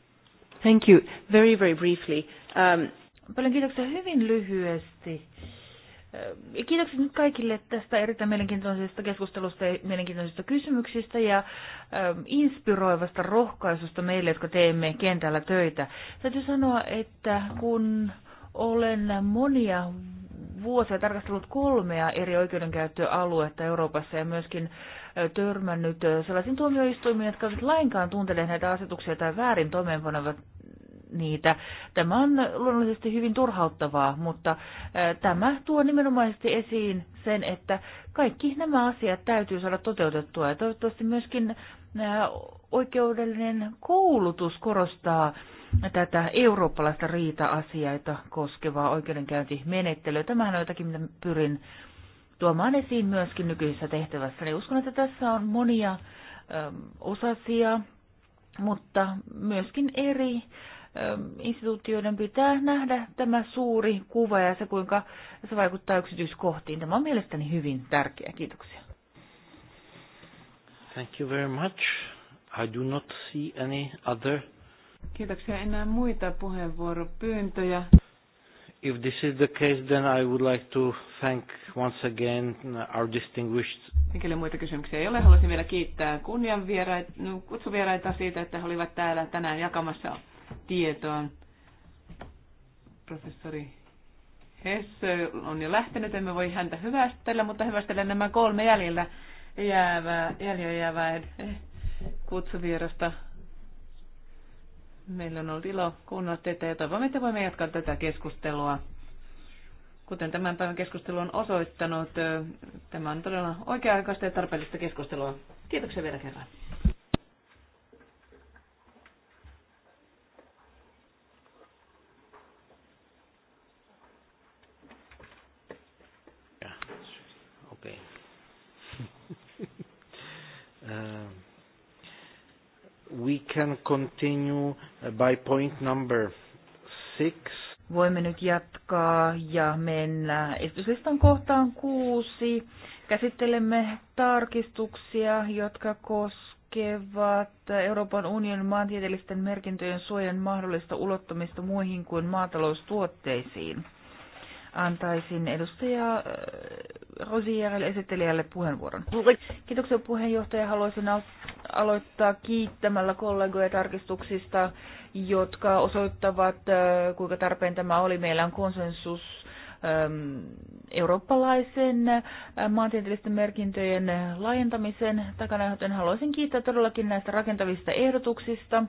Thank you. Very, very briefly. Um, Paljon kiitoksia hyvin lyhyesti. Kiitokset nyt kaikille tästä erittäin mielenkiintoisesta keskustelusta ja mielenkiintoisista kysymyksistä ja inspiroivasta rohkaisusta meille, jotka teemme kentällä töitä. Täytyy sanoa, että kun olen monia vuosia tarkastellut kolmea eri oikeudenkäyttöaluetta Euroopassa ja myöskin törmännyt sellaisiin tuomioistuimiin, jotka eivät lainkaan tuntele näitä asetuksia tai väärin toimeenpanevat niitä. Tämä on luonnollisesti hyvin turhauttavaa, mutta tämä tuo nimenomaisesti esiin sen, että kaikki nämä asiat täytyy saada toteutettua ja toivottavasti myöskin oikeudellinen koulutus korostaa tätä eurooppalaista riita asiaita koskevaa oikeudenkäyntimenettelyä. Tämähän on jotakin, mitä pyrin tuomaan esiin myöskin nykyisessä tehtävässä. Eli uskon, että tässä on monia ö, osasia, mutta myöskin eri instituutioiden pitää nähdä tämä suuri kuva ja se, kuinka se vaikuttaa yksityiskohtiin. Tämä on mielestäni hyvin tärkeä. Kiitoksia. Thank you very much. I do not see any other. Kiitoksia. Enää muita puheenvuoropyyntöjä. If this is the case, then I would like to thank once again our distinguished... Mikäli muita kysymyksiä ei ole, haluaisin vielä kiittää kunnianvieraita, kutsuvieraita siitä, että he olivat täällä tänään jakamassa tietoon. Professori Hesse on jo lähtenyt, emme voi häntä hyvästellä, mutta hyvästellen nämä kolme jäljellä jäävää, jäljellä jäävää kutsuvierasta. Meillä on ollut ilo kuunnella teitä ja toivomme, että voimme jatkaa tätä keskustelua. Kuten tämän päivän keskustelu on osoittanut, tämä on todella oikea-aikaista ja tarpeellista keskustelua. Kiitoksia vielä kerran. Uh, we can continue uh, by point number six. Voimme nyt jatkaa ja mennä esityslistan kohtaan kuusi. Käsittelemme tarkistuksia, jotka koskevat Euroopan unionin maantieteellisten merkintöjen suojan mahdollista ulottamista muihin kuin maataloustuotteisiin antaisin edustaja äh, Rosierelle esittelijälle puheenvuoron. Kiitoksia puheenjohtaja. Haluaisin aloittaa kiittämällä kollegoja tarkistuksista, jotka osoittavat, äh, kuinka tarpeen tämä oli. Meillä on konsensus ähm, eurooppalaisen äh, maantieteellisten merkintöjen laajentamisen takana, joten haluaisin kiittää todellakin näistä rakentavista ehdotuksista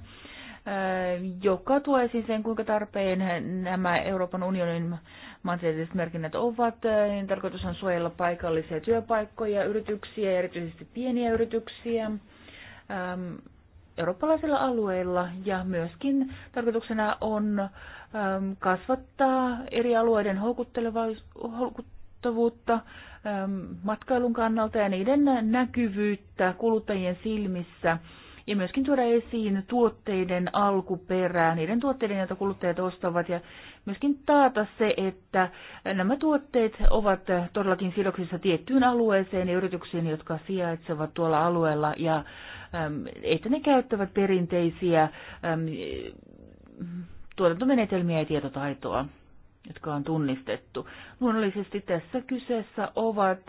joka tuo esiin sen, kuinka tarpeen nämä Euroopan unionin maantieteelliset merkinnät ovat. Niin tarkoitus on suojella paikallisia työpaikkoja, yrityksiä, erityisesti pieniä yrityksiä eurooppalaisilla alueilla ja myöskin tarkoituksena on kasvattaa eri alueiden houkuttavuutta matkailun kannalta ja niiden näkyvyyttä kuluttajien silmissä ja myöskin tuoda esiin tuotteiden alkuperää, niiden tuotteiden, joita kuluttajat ostavat ja myöskin taata se, että nämä tuotteet ovat todellakin sidoksissa tiettyyn alueeseen ja yrityksiin, jotka sijaitsevat tuolla alueella ja että ne käyttävät perinteisiä tuotantomenetelmiä ja tietotaitoa jotka on tunnistettu. Luonnollisesti tässä kyseessä ovat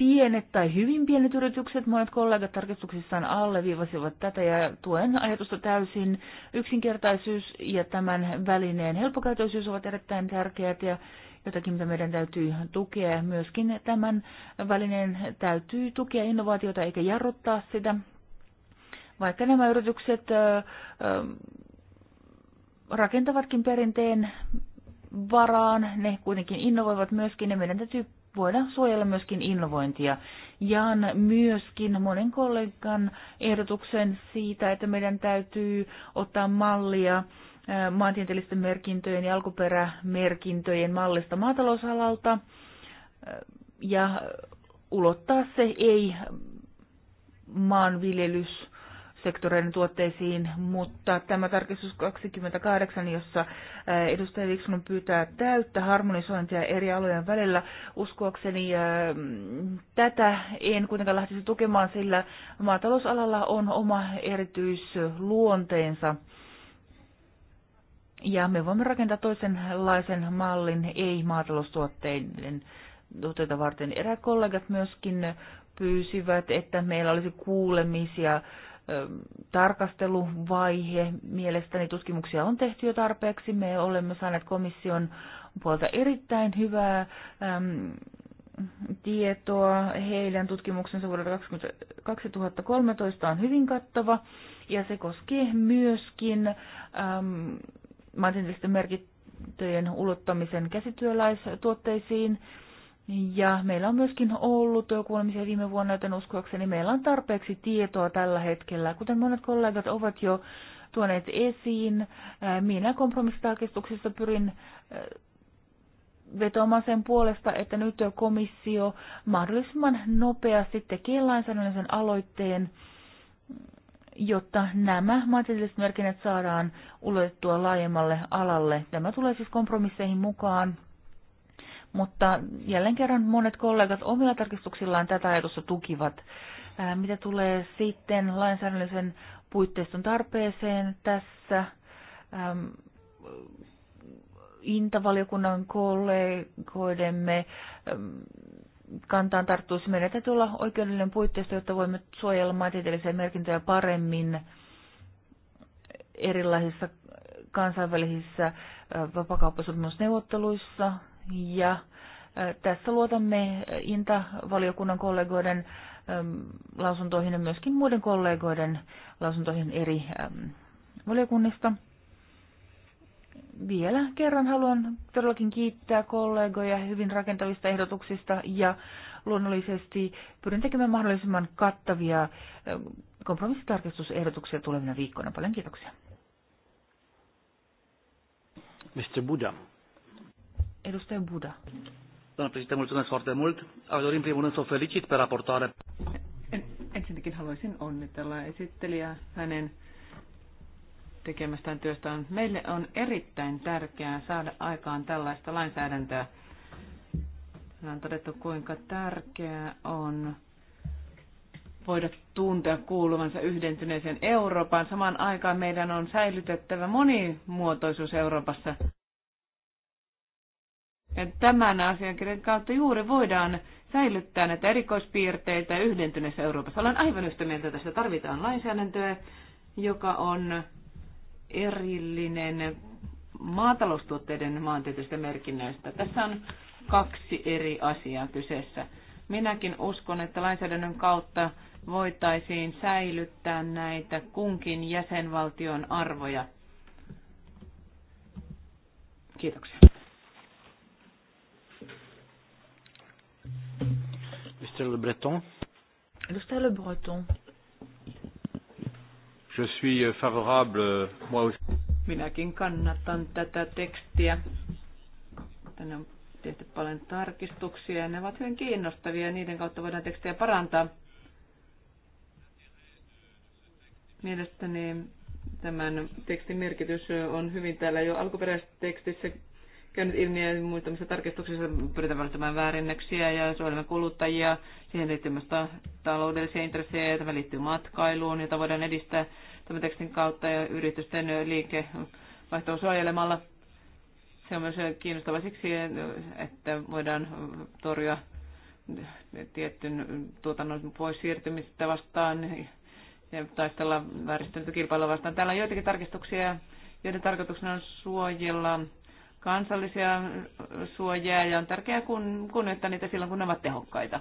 pienet tai hyvin pienet yritykset, monet kollegat tarkistuksissaan alleviivasivat tätä ja tuen ajatusta täysin. Yksinkertaisuus ja tämän välineen helppokäytöisyys ovat erittäin tärkeät ja jotakin, mitä meidän täytyy tukea. Myöskin tämän välineen täytyy tukea innovaatiota eikä jarruttaa sitä. Vaikka nämä yritykset rakentavatkin perinteen varaan, ne kuitenkin innovoivat myöskin ja meidän täytyy voidaan suojella myöskin innovointia. Jaan myöskin monen kollegan ehdotuksen siitä, että meidän täytyy ottaa mallia maantieteellisten merkintöjen ja alkuperämerkintöjen mallista maatalousalalta ja ulottaa se ei maanviljelys sektoreiden tuotteisiin, mutta tämä tarkistus 28, jossa äh, edustaja Wikström pyytää täyttä harmonisointia eri alojen välillä, uskoakseni äh, tätä en kuitenkaan lähtisi tukemaan, sillä maatalousalalla on oma erityisluonteensa. Ja me voimme rakentaa toisenlaisen mallin ei-maataloustuotteiden tuotteita varten. Eräät kollegat myöskin pyysivät, että meillä olisi kuulemisia tarkasteluvaihe. Mielestäni tutkimuksia on tehty jo tarpeeksi. Me olemme saaneet komission puolta erittäin hyvää äm, tietoa. Heidän tutkimuksensa vuodelta 2013 on hyvin kattava ja se koskee myöskin äm, maantieteellisten merkintöjen ulottamisen käsityöläistuotteisiin. Ja meillä on myöskin ollut kuulemisia viime vuonna, joten uskoakseni meillä on tarpeeksi tietoa tällä hetkellä. Kuten monet kollegat ovat jo tuoneet esiin, minä kompromissitarkistuksissa pyrin vetoamaan sen puolesta, että nyt komissio mahdollisimman nopeasti tekee lainsäädännöllisen aloitteen, jotta nämä maantieteelliset merkinnät saadaan ulotettua laajemmalle alalle. Tämä tulee siis kompromisseihin mukaan mutta jälleen kerran monet kollegat omilla tarkistuksillaan tätä ajatusta tukivat. Mitä tulee sitten lainsäädännöllisen puitteiston tarpeeseen tässä, Intavaliokunnan kollegoidemme kantaan tarttuisi. Meidän täytyy olla oikeudellinen puitteisto, jotta voimme suojella maantieteellisiä merkintöjä paremmin erilaisissa kansainvälisissä vapakauppasopimusneuvotteluissa ja tässä luotamme Inta-valiokunnan kollegoiden lausuntoihin ja myöskin muiden kollegoiden lausuntoihin eri valiokunnista. Vielä kerran haluan todellakin kiittää kollegoja hyvin rakentavista ehdotuksista ja luonnollisesti pyrin tekemään mahdollisimman kattavia kompromissitarkistusehdotuksia tulevina viikkoina. Paljon kiitoksia. Mr. Buddha. Edustaja Buda. Doamna președinte, mulțumesc foarte mult. Aș dori în primul rând să o felicit pe raportoare. Ensinnäkin haluaisin onnitella esittelijää hänen tekemästään työstä. Meille on erittäin tärkeää saada aikaan tällaista lainsäädäntöä. Meillä on todettu, kuinka tärkeää on voida tuntea kuuluvansa yhdentyneeseen Euroopan. Samaan aikaan meidän on säilytettävä monimuotoisuus Euroopassa – tämän asiakirjan kautta juuri voidaan säilyttää näitä erikoispiirteitä yhdentyneessä Euroopassa. Olen aivan yhtä mieltä tästä. Tarvitaan lainsäädäntöä, joka on erillinen maataloustuotteiden maantieteellisistä merkinnöistä. Tässä on kaksi eri asiaa kyseessä. Minäkin uskon, että lainsäädännön kautta voitaisiin säilyttää näitä kunkin jäsenvaltion arvoja. Kiitoksia. Mr. Le Breton. Edustaja Le Breton. Je suis euh, favorable, euh, moi aussi. Minäkin kannatan tätä tekstiä. Tänne on tehty paljon tarkistuksia ja ne ovat hyvin kiinnostavia ja niiden kautta voidaan tekstejä parantaa. Mielestäni tämän tekstin merkitys on hyvin täällä jo alkuperäisessä tekstissä käynyt ilmi ja muutamissa tarkistuksissa pyritään välttämään väärinnöksiä ja suojelemme kuluttajia. Siihen liittyy myös ta- taloudellisia intressejä, tämä liittyy matkailuun, jota voidaan edistää tämän tekstin kautta ja yritysten liikevaihtoa suojelemalla. Se on myös kiinnostava siksi, että voidaan torjua tietyn tuotannon pois siirtymistä vastaan ja taistella vääristynyttä kilpailua vastaan. Täällä on joitakin tarkistuksia, joiden tarkoituksena on suojella kansallisia suojia ja on tärkeää kunnioittaa niitä silloin, kun ne ovat tehokkaita.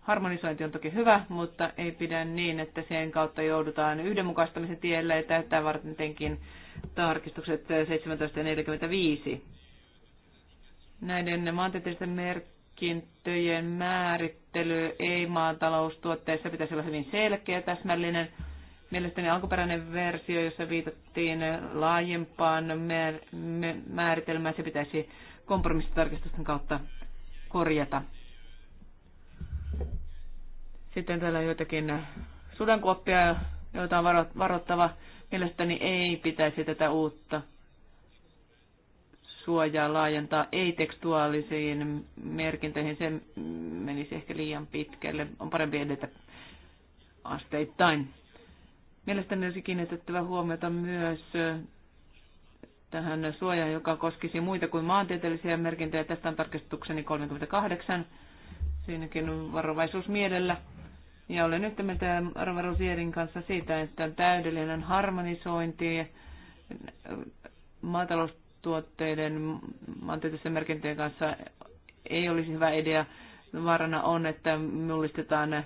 Harmonisointi on toki hyvä, mutta ei pidä niin, että sen kautta joudutaan yhdenmukaistamisen tielle ja täyttää tietenkin tarkistukset 1745. Näiden maantieteellisten merkintöjen määrittely ei maataloustuotteissa pitäisi olla hyvin selkeä, täsmällinen Mielestäni alkuperäinen versio, jossa viitattiin laajempaan määritelmään, se pitäisi kompromissitarkistusten kautta korjata. Sitten täällä on joitakin sudenkuoppia, joita on varoittava. Mielestäni ei pitäisi tätä uutta suojaa laajentaa ei-tekstuaalisiin merkintöihin. Se menisi ehkä liian pitkälle. On parempi edetä asteittain. Mielestäni olisi kiinnitettävä huomiota myös tähän suojaan, joka koskisi muita kuin maantieteellisiä merkintöjä. Tästä on tarkistukseni 38. Siinäkin varovaisuus mielellä. Ja olen nyt mieltä Rosierin kanssa siitä, että täydellinen harmonisointi maataloustuotteiden maantieteellisten merkintöjen kanssa ei olisi hyvä idea. Vaarana on, että mullistetaan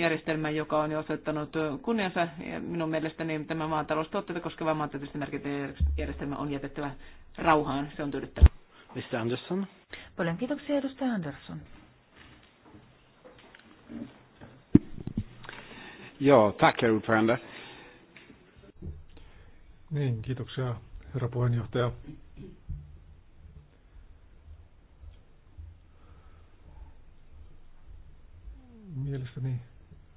järjestelmä, joka on jo osoittanut kunniansa. Ja minun mielestäni tämä maataloustuotteita koskeva maantieteellisten merkintöjen järjestelmä on jätettävä rauhaan. Se on tyydyttävä. Mr. Anderson. Paljon kiitoksia, edustaja Anderson. Joo, tack, herra Niin, kiitoksia, herra puheenjohtaja. mielestäni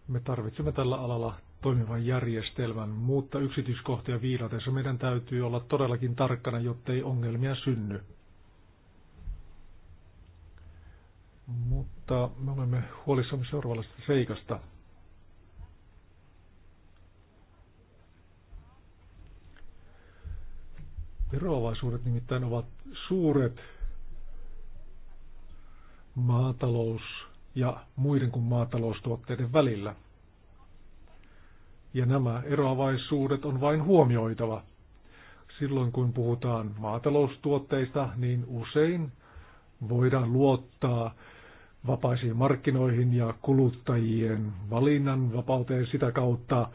me tarvitsemme tällä alalla toimivan järjestelmän, mutta yksityiskohtia viilatessa meidän täytyy olla todellakin tarkkana, jotta ei ongelmia synny. Mutta me olemme huolissamme seuraavasta seikasta. Eroavaisuudet nimittäin ovat suuret maatalous, ja muiden kuin maataloustuotteiden välillä. Ja nämä eroavaisuudet on vain huomioitava. Silloin kun puhutaan maataloustuotteista, niin usein voidaan luottaa vapaisiin markkinoihin ja kuluttajien valinnan vapauteen sitä kautta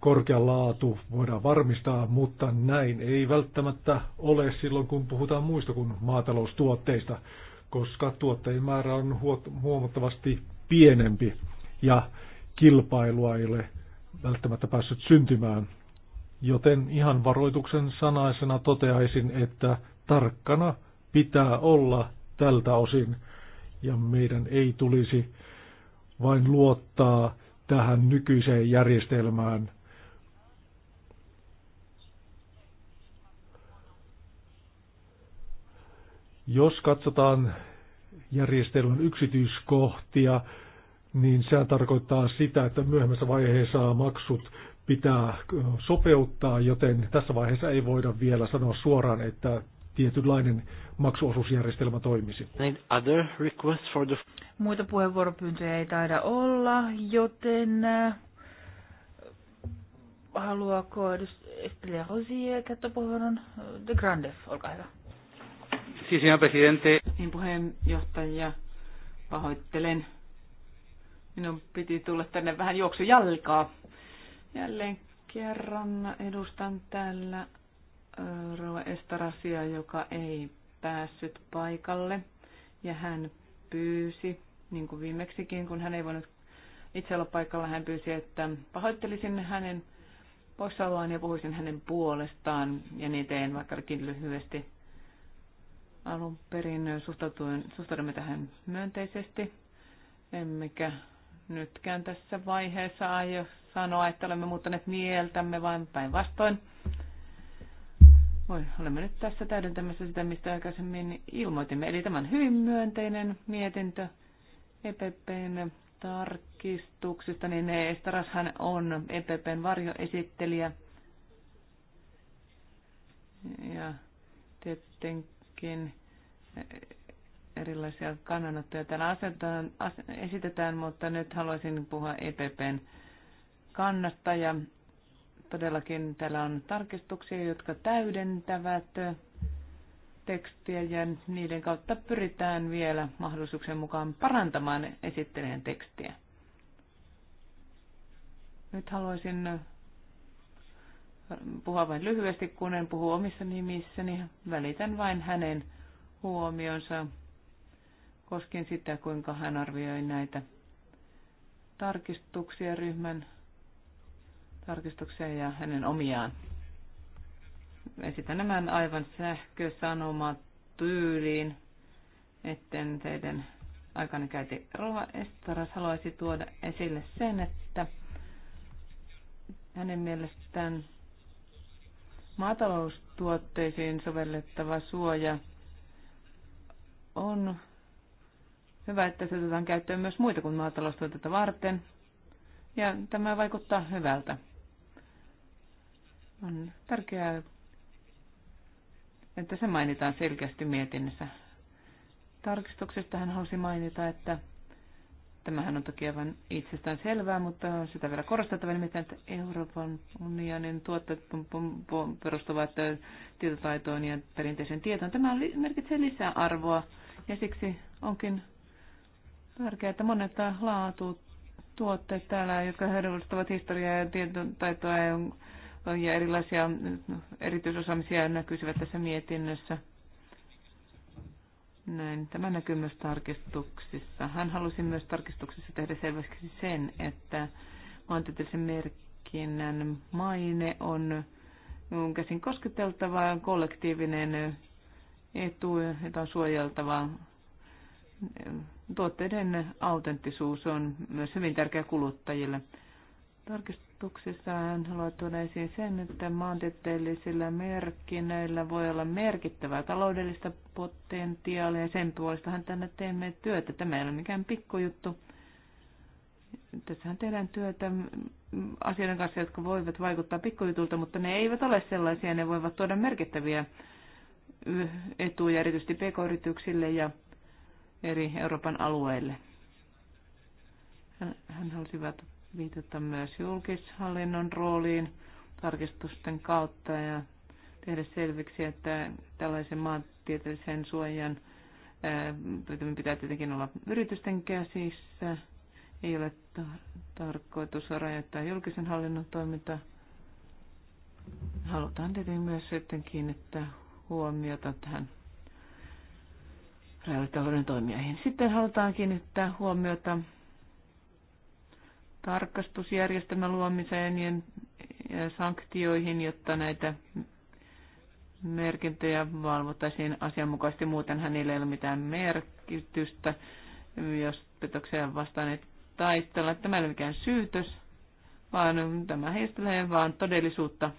korkea laatu voidaan varmistaa, mutta näin ei välttämättä ole silloin, kun puhutaan muista kuin maataloustuotteista koska tuottajien määrä on huomattavasti pienempi ja kilpailua ei ole välttämättä päässyt syntymään. Joten ihan varoituksen sanaisena toteaisin, että tarkkana pitää olla tältä osin ja meidän ei tulisi vain luottaa tähän nykyiseen järjestelmään Jos katsotaan järjestelmän yksityiskohtia, niin se tarkoittaa sitä, että myöhemmässä vaiheessa maksut pitää sopeuttaa, joten tässä vaiheessa ei voida vielä sanoa suoraan, että tietynlainen maksuosuusjärjestelmä toimisi. Other for the... Muita puheenvuoropyyntöjä ei taida olla, joten haluaako edustaja Rosier käyttää puheenvuoron? De Grande, olkaa hyvä. Sí, señor presidente. Niin puheenjohtaja, pahoittelen. Minun piti tulla tänne vähän juoksujalkaa. Jälleen kerran edustan täällä Rova Estarasia, joka ei päässyt paikalle. Ja hän pyysi, niin kuin viimeksikin, kun hän ei voinut itse olla paikalla, hän pyysi, että pahoittelisin hänen poissaoloaan ja puhuisin hänen puolestaan. Ja niin teen vaikkakin lyhyesti Alun perin suhtaudumme tähän myönteisesti, emmekä nytkään tässä vaiheessa aio sanoa, että olemme muuttaneet mieltämme, vaan päinvastoin. Voi, olemme nyt tässä täydentämässä sitä, mistä aikaisemmin ilmoitimme. Eli tämä on hyvin myönteinen mietintö EPPn tarkistuksista, niin Estarashan on EPPn varjoesittelijä. Ja tietenkin myöskin eh, erilaisia kannanottoja täällä asetetaan, esitetään, mutta nyt haluaisin puhua EPPn kannasta ja todellakin täällä on tarkistuksia, jotka täydentävät tekstiä ja niiden kautta pyritään vielä mahdollisuuksien mukaan parantamaan esittelijän tekstiä. Nyt haluaisin puhua vain lyhyesti, kun en puhu omissa nimissäni. Välitän vain hänen huomionsa koskien sitä, kuinka hän arvioi näitä tarkistuksia, ryhmän tarkistuksia ja hänen omiaan. Esitän nämä aivan sähkösanomat tyyliin, etten teidän aikana käyti Rova Estaras haluaisi tuoda esille sen, että hänen mielestään Maataloustuotteisiin sovellettava suoja on hyvä, että se otetaan käyttöön myös muita kuin maataloustuotteita varten. Ja tämä vaikuttaa hyvältä. On tärkeää, että se mainitaan selkeästi mietinnössä. Tarkistuksesta hän halusi mainita, että Tämähän on toki aivan itsestään selvää, mutta sitä vielä korostettava nimittäin, että Euroopan unionin tuotteet perustuvat tietotaitoon ja perinteiseen tietoon. Tämä merkitsee lisää arvoa ja siksi onkin tärkeää, että monet laatu tuotteet täällä, jotka edustavat historiaa ja tietotaitoa ja erilaisia erityisosaamisia näkyisivät tässä mietinnössä. Näin tämä näkyy myös tarkistuksissa. Hän halusi myös tarkistuksissa tehdä selväksi sen, että maantieteellisen merkinnän maine on käsin kosketeltava kollektiivinen etu, jota on suojeltava. Tuotteiden autenttisuus on myös hyvin tärkeä kuluttajille. Tarkist- ehdotuksessa hän haluaa tuoda esiin sen, että maantieteellisillä merkinnöillä voi olla merkittävää taloudellista potentiaalia. Sen puolestahan tänne teemme työtä. Tämä ei ole mikään pikkujuttu. Tässähän tehdään työtä asioiden kanssa, jotka voivat vaikuttaa pikkujutulta, mutta ne eivät ole sellaisia. Ne voivat tuoda merkittäviä etuja erityisesti pk-yrityksille ja eri Euroopan alueille. Hän, hän halusi viitata myös julkishallinnon rooliin tarkistusten kautta ja tehdä selviksi, että tällaisen maantieteellisen suojan pitää tietenkin olla yritysten käsissä. Ei ole tarkoitus rajoittaa julkisen hallinnon toimintaa. Halutaan tietenkin myös sitten kiinnittää huomiota tähän reaalitalouden toimijoihin. Sitten halutaan kiinnittää huomiota tarkastusjärjestelmän luomiseen ja sanktioihin, jotta näitä merkintöjä valvottaisiin asianmukaisesti. Muuten niillä ei ole mitään merkitystä, jos petoksia vastaan ei taistella. Tämä ei ole mikään syytös, vaan tämä heistelee vaan todellisuutta.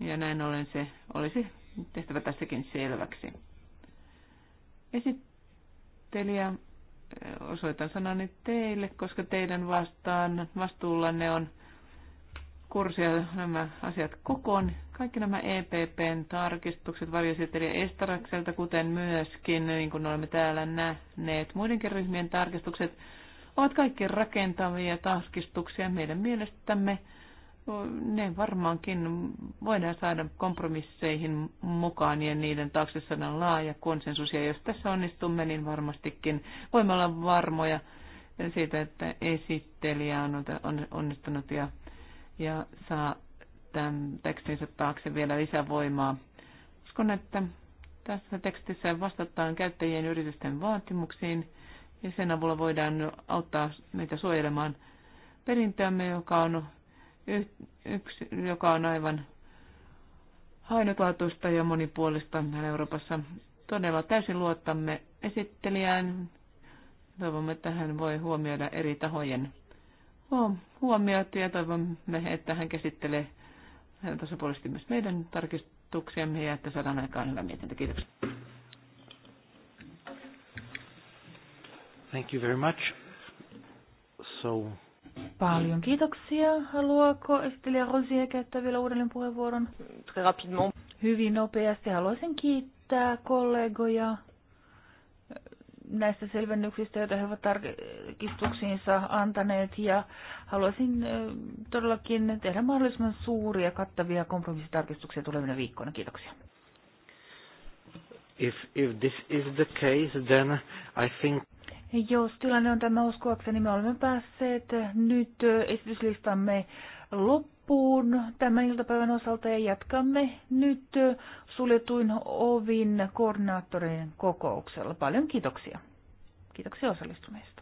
Ja näin ollen se olisi tehtävä tässäkin selväksi. Esittelijä osoitan sanani teille, koska teidän vastaan vastuullanne on kurssia nämä asiat kokoon. Kaikki nämä EPPn tarkistukset varjosihteeri Estarakselta, kuten myöskin, niin kuin olemme täällä nähneet, muidenkin ryhmien tarkistukset ovat kaikki rakentavia tarkistuksia meidän mielestämme ne varmaankin voidaan saada kompromisseihin mukaan ja niiden taakse saada laaja konsensus. Ja jos tässä onnistumme, niin varmastikin voimme olla varmoja siitä, että esittelijä on onnistunut ja, ja saa tämän tekstinsä taakse vielä lisävoimaa. Uskon, että tässä tekstissä vastataan käyttäjien yritysten vaatimuksiin ja sen avulla voidaan auttaa meitä suojelemaan perintöämme, joka on yksi, joka on aivan ainutlaatuista ja monipuolista Euroopassa. Todella täysin luottamme esittelijään. Toivomme, että hän voi huomioida eri tahojen huomiot ja toivomme, että hän käsittelee tasapuolisesti myös meidän tarkistuksiamme ja että saadaan aikaan hyvä mietintä. Kiitoksia. Thank you very much. So Paljon kiitoksia. Haluaako esittelijä Rosia käyttää vielä uudelleen puheenvuoron? Hyvin nopeasti. Haluaisin kiittää kollegoja näistä selvennyksistä, joita he ovat tarkistuksiinsa antaneet ja haluaisin todellakin tehdä mahdollisimman suuria kattavia kompromissitarkistuksia tulevina viikkoina. Kiitoksia. If, if this is the case, then I think... Jos tilanne on tämä uskoakseni, me olemme päässeet nyt esityslistamme loppuun tämän iltapäivän osalta ja jatkamme nyt suljetuin ovin koordinaattorien kokouksella. Paljon kiitoksia. Kiitoksia osallistumisesta.